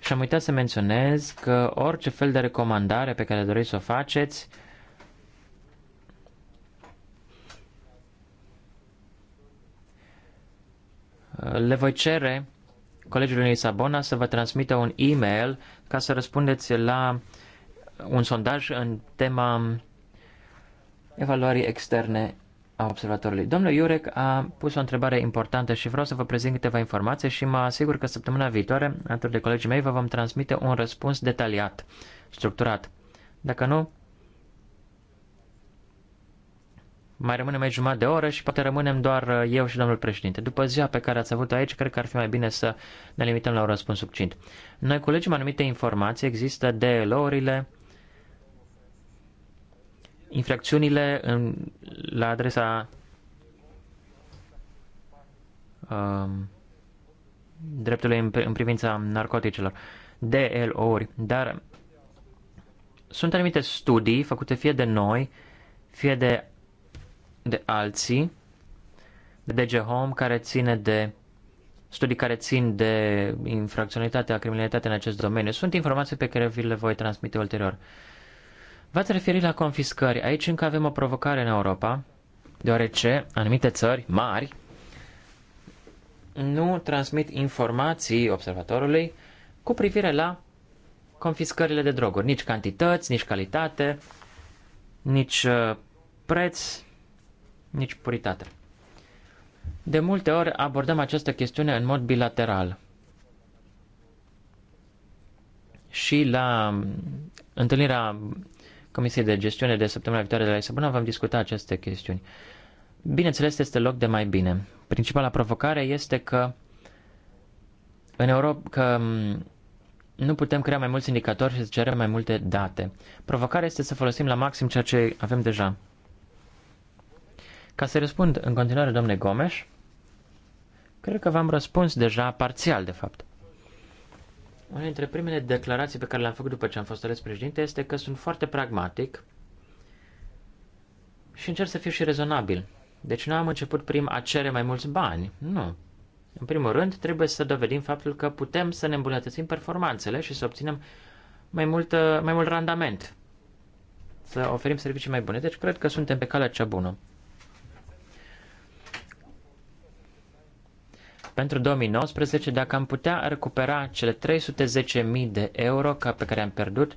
Și am uitat să menționez că orice fel de recomandare pe care doriți să o faceți, uh, Uh, le voi cere colegiului Lisabona să vă transmită un e-mail ca să răspundeți la un sondaj în tema evaluării externe a observatorului. Domnul Iurec a pus o întrebare importantă și vreau să vă prezint câteva informații și mă asigur că săptămâna viitoare, alături de colegii mei, vă vom transmite un răspuns detaliat, structurat. Dacă nu, mai rămânem mai jumătate de oră și poate rămânem doar uh, eu și domnul președinte. După ziua pe care ați avut-o aici, cred că ar fi mai bine să ne limităm la un răspuns succint. Noi culegem anumite informații, există DLO-urile, infracțiunile în, la adresa um, dreptului în, în privința narcoticelor, DLO-uri, dar sunt anumite studii făcute fie de noi, fie de de alții, de DG Home, care ține de studii care țin de infracționalitatea, criminalitatea în acest domeniu. Sunt informații pe care vi le voi transmite ulterior. V-ați referit la confiscări. Aici încă avem o provocare în Europa, deoarece anumite țări mari nu transmit informații observatorului cu privire la confiscările de droguri. Nici cantități, nici calitate, nici uh, preț, nici puritate. De multe ori abordăm această chestiune în mod bilateral. Și la mm, întâlnirea Comisiei de Gestiune de săptămâna viitoare de la Lisabona vom discuta aceste chestiuni. Bineînțeles, este loc de mai bine. Principala provocare este că în Europa, că mm, nu putem crea mai mulți indicatori și să cerem mai multe date. Provocarea este să folosim la maxim ceea ce avem deja. Ca să răspund în continuare, domnule Gomes, cred că v-am răspuns deja parțial, de fapt. Una dintre primele declarații pe care le-am făcut după ce am fost ales președinte este că sunt foarte pragmatic și încerc să fiu și rezonabil. Deci nu am început prim a cere mai mulți bani, nu. În primul rând, trebuie să dovedim faptul că putem să ne îmbunătățim performanțele și să obținem mai mult, mai mult randament, să oferim servicii mai bune. Deci cred că suntem pe calea cea bună. pentru 2019, dacă am putea recupera cele 310.000 de euro ca pe care am pierdut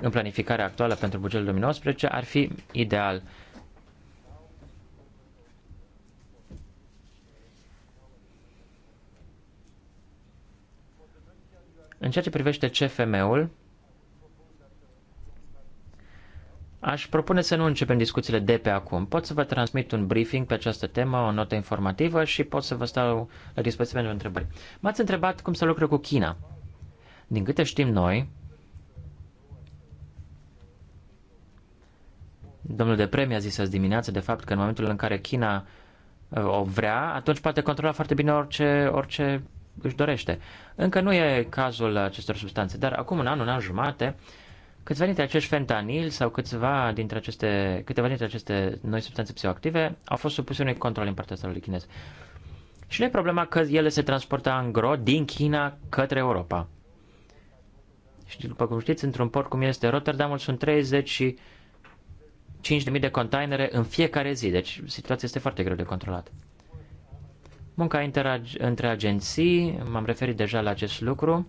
în planificarea actuală pentru bugetul 2019, ar fi ideal. În ceea ce privește CFM-ul, Aș propune să nu începem discuțiile de pe acum. Pot să vă transmit un briefing pe această temă, o notă informativă și pot să vă stau la dispoziție pentru întrebări. M-ați întrebat cum să lucrez cu China. Din câte știm noi, domnul de premie a zis azi dimineață, de fapt, că în momentul în care China uh, o vrea, atunci poate controla foarte bine orice, orice își dorește. Încă nu e cazul acestor substanțe, dar acum un an, un an jumate, uh, Câțiva dintre acești fentanil sau câțiva dintre aceste, câteva dintre aceste noi substanțe psihoactive au fost supuse unui control în partea statului chinez. Și nu e problema că ele se transportă gro din China către Europa. Și după cum știți, într-un port cum este Rotterdam, sunt 35.000 de containere în fiecare zi, deci situația este foarte greu de controlat. Munca între agenții, m-am referit deja la acest lucru,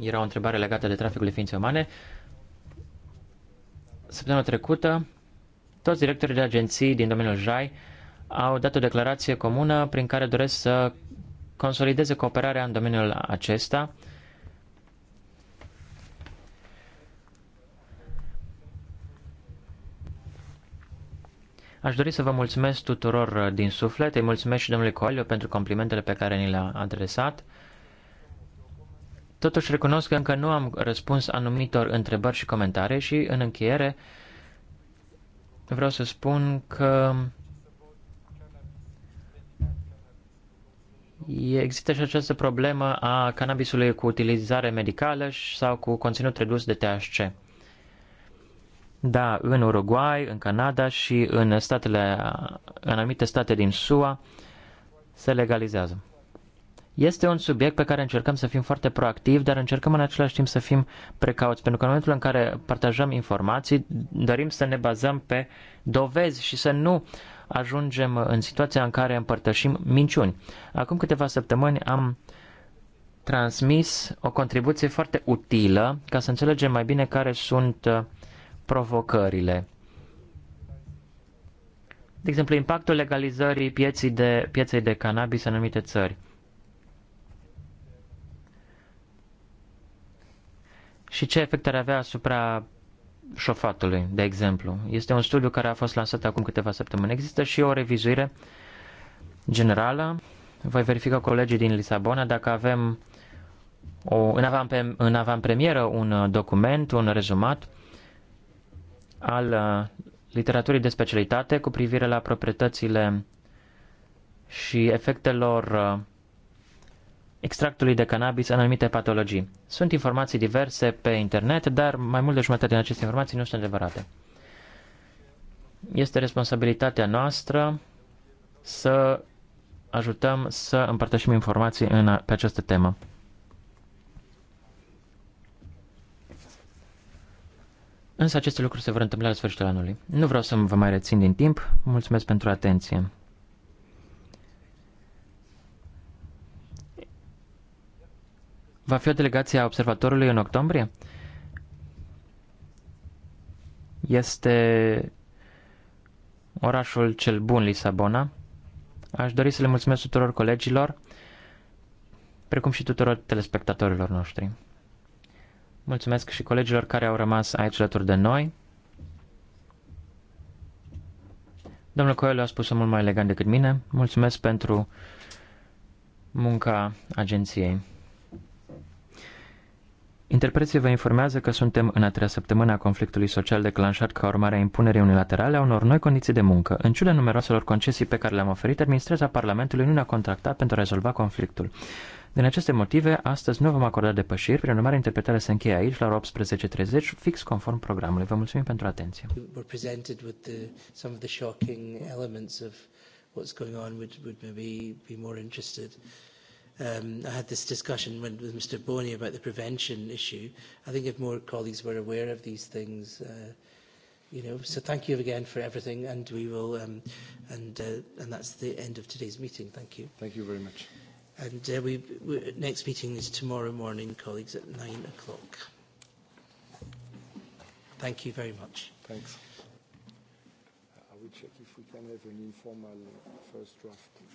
era o întrebare legată de traficul de ființe umane. Săptămâna trecută, toți directorii de agenții din domeniul JAI au dat o declarație comună prin care doresc să consolideze cooperarea în domeniul acesta. Aș dori să vă mulțumesc tuturor din suflet, îi mulțumesc și domnului Coaliu pentru complimentele pe care ni le-a adresat. Totuși recunosc că încă nu am răspuns anumitor întrebări și comentarii și în încheiere vreau să spun că Există și această problemă a cannabisului cu utilizare medicală sau cu conținut redus de THC. Da, în Uruguay, în Canada și în, statele, în anumite state din SUA se legalizează. Este un subiect pe care încercăm să fim foarte proactivi, dar încercăm în același timp să fim precauți, pentru că în momentul în care partajăm informații, dorim să ne bazăm pe dovezi și să nu ajungem în situația în care împărtășim minciuni. Acum câteva săptămâni am transmis o contribuție foarte utilă ca să înțelegem mai bine care sunt uh, provocările. De exemplu, impactul legalizării pieței de, pieței de cannabis în anumite țări. și ce efect ar avea asupra șofatului, de exemplu. Este un studiu care a fost lansat acum câteva săptămâni. Există și o revizuire generală. Voi verifica colegii din Lisabona dacă avem o, în, avant, în premieră un document, un rezumat al uh, literaturii de specialitate cu privire la proprietățile și efectelor uh, extractului de cannabis în anumite patologii. Sunt informații diverse pe internet, dar mai mult de jumătate din aceste informații nu sunt adevărate. Este responsabilitatea noastră să ajutăm să împărtășim informații în, pe această temă. Însă aceste lucruri se vor întâmpla la sfârșitul anului. Nu vreau să vă mai rețin din timp. Mulțumesc pentru atenție. Va fi o delegație a observatorului în octombrie? Este orașul cel bun, Lisabona. Aș dori să le mulțumesc tuturor colegilor, precum și tuturor telespectatorilor noștri. Mulțumesc și colegilor care au rămas aici alături de noi. Domnul Coelho a spus-o mult mai elegant decât mine. Mulțumesc pentru munca agenției. Interpreții vă informează că suntem în a treia săptămână a conflictului social declanșat ca urmare a impunerii unilaterale a unor noi condiții de muncă. În ciuda numeroaselor concesii pe care le-am oferit, administrația Parlamentului nu ne-a contractat pentru a rezolva conflictul. Din aceste motive, astăzi nu vom acorda depășiri, prin urmare interpretarea se încheie aici la 18.30, fix conform programului. Vă mulțumim pentru atenție. what's going on would, would maybe be more interested. Um, I had this discussion with, with Mr. Boney about the prevention issue. I think if more colleagues were aware of these things, uh, you know. So thank you again for everything, and we will. Um, and uh, and that's the end of today's meeting. Thank you. Thank you very much. And uh, we, we next meeting is tomorrow morning, colleagues, at nine o'clock. Thank you very much. Thanks. Uh, I will check if we can have an informal first draft.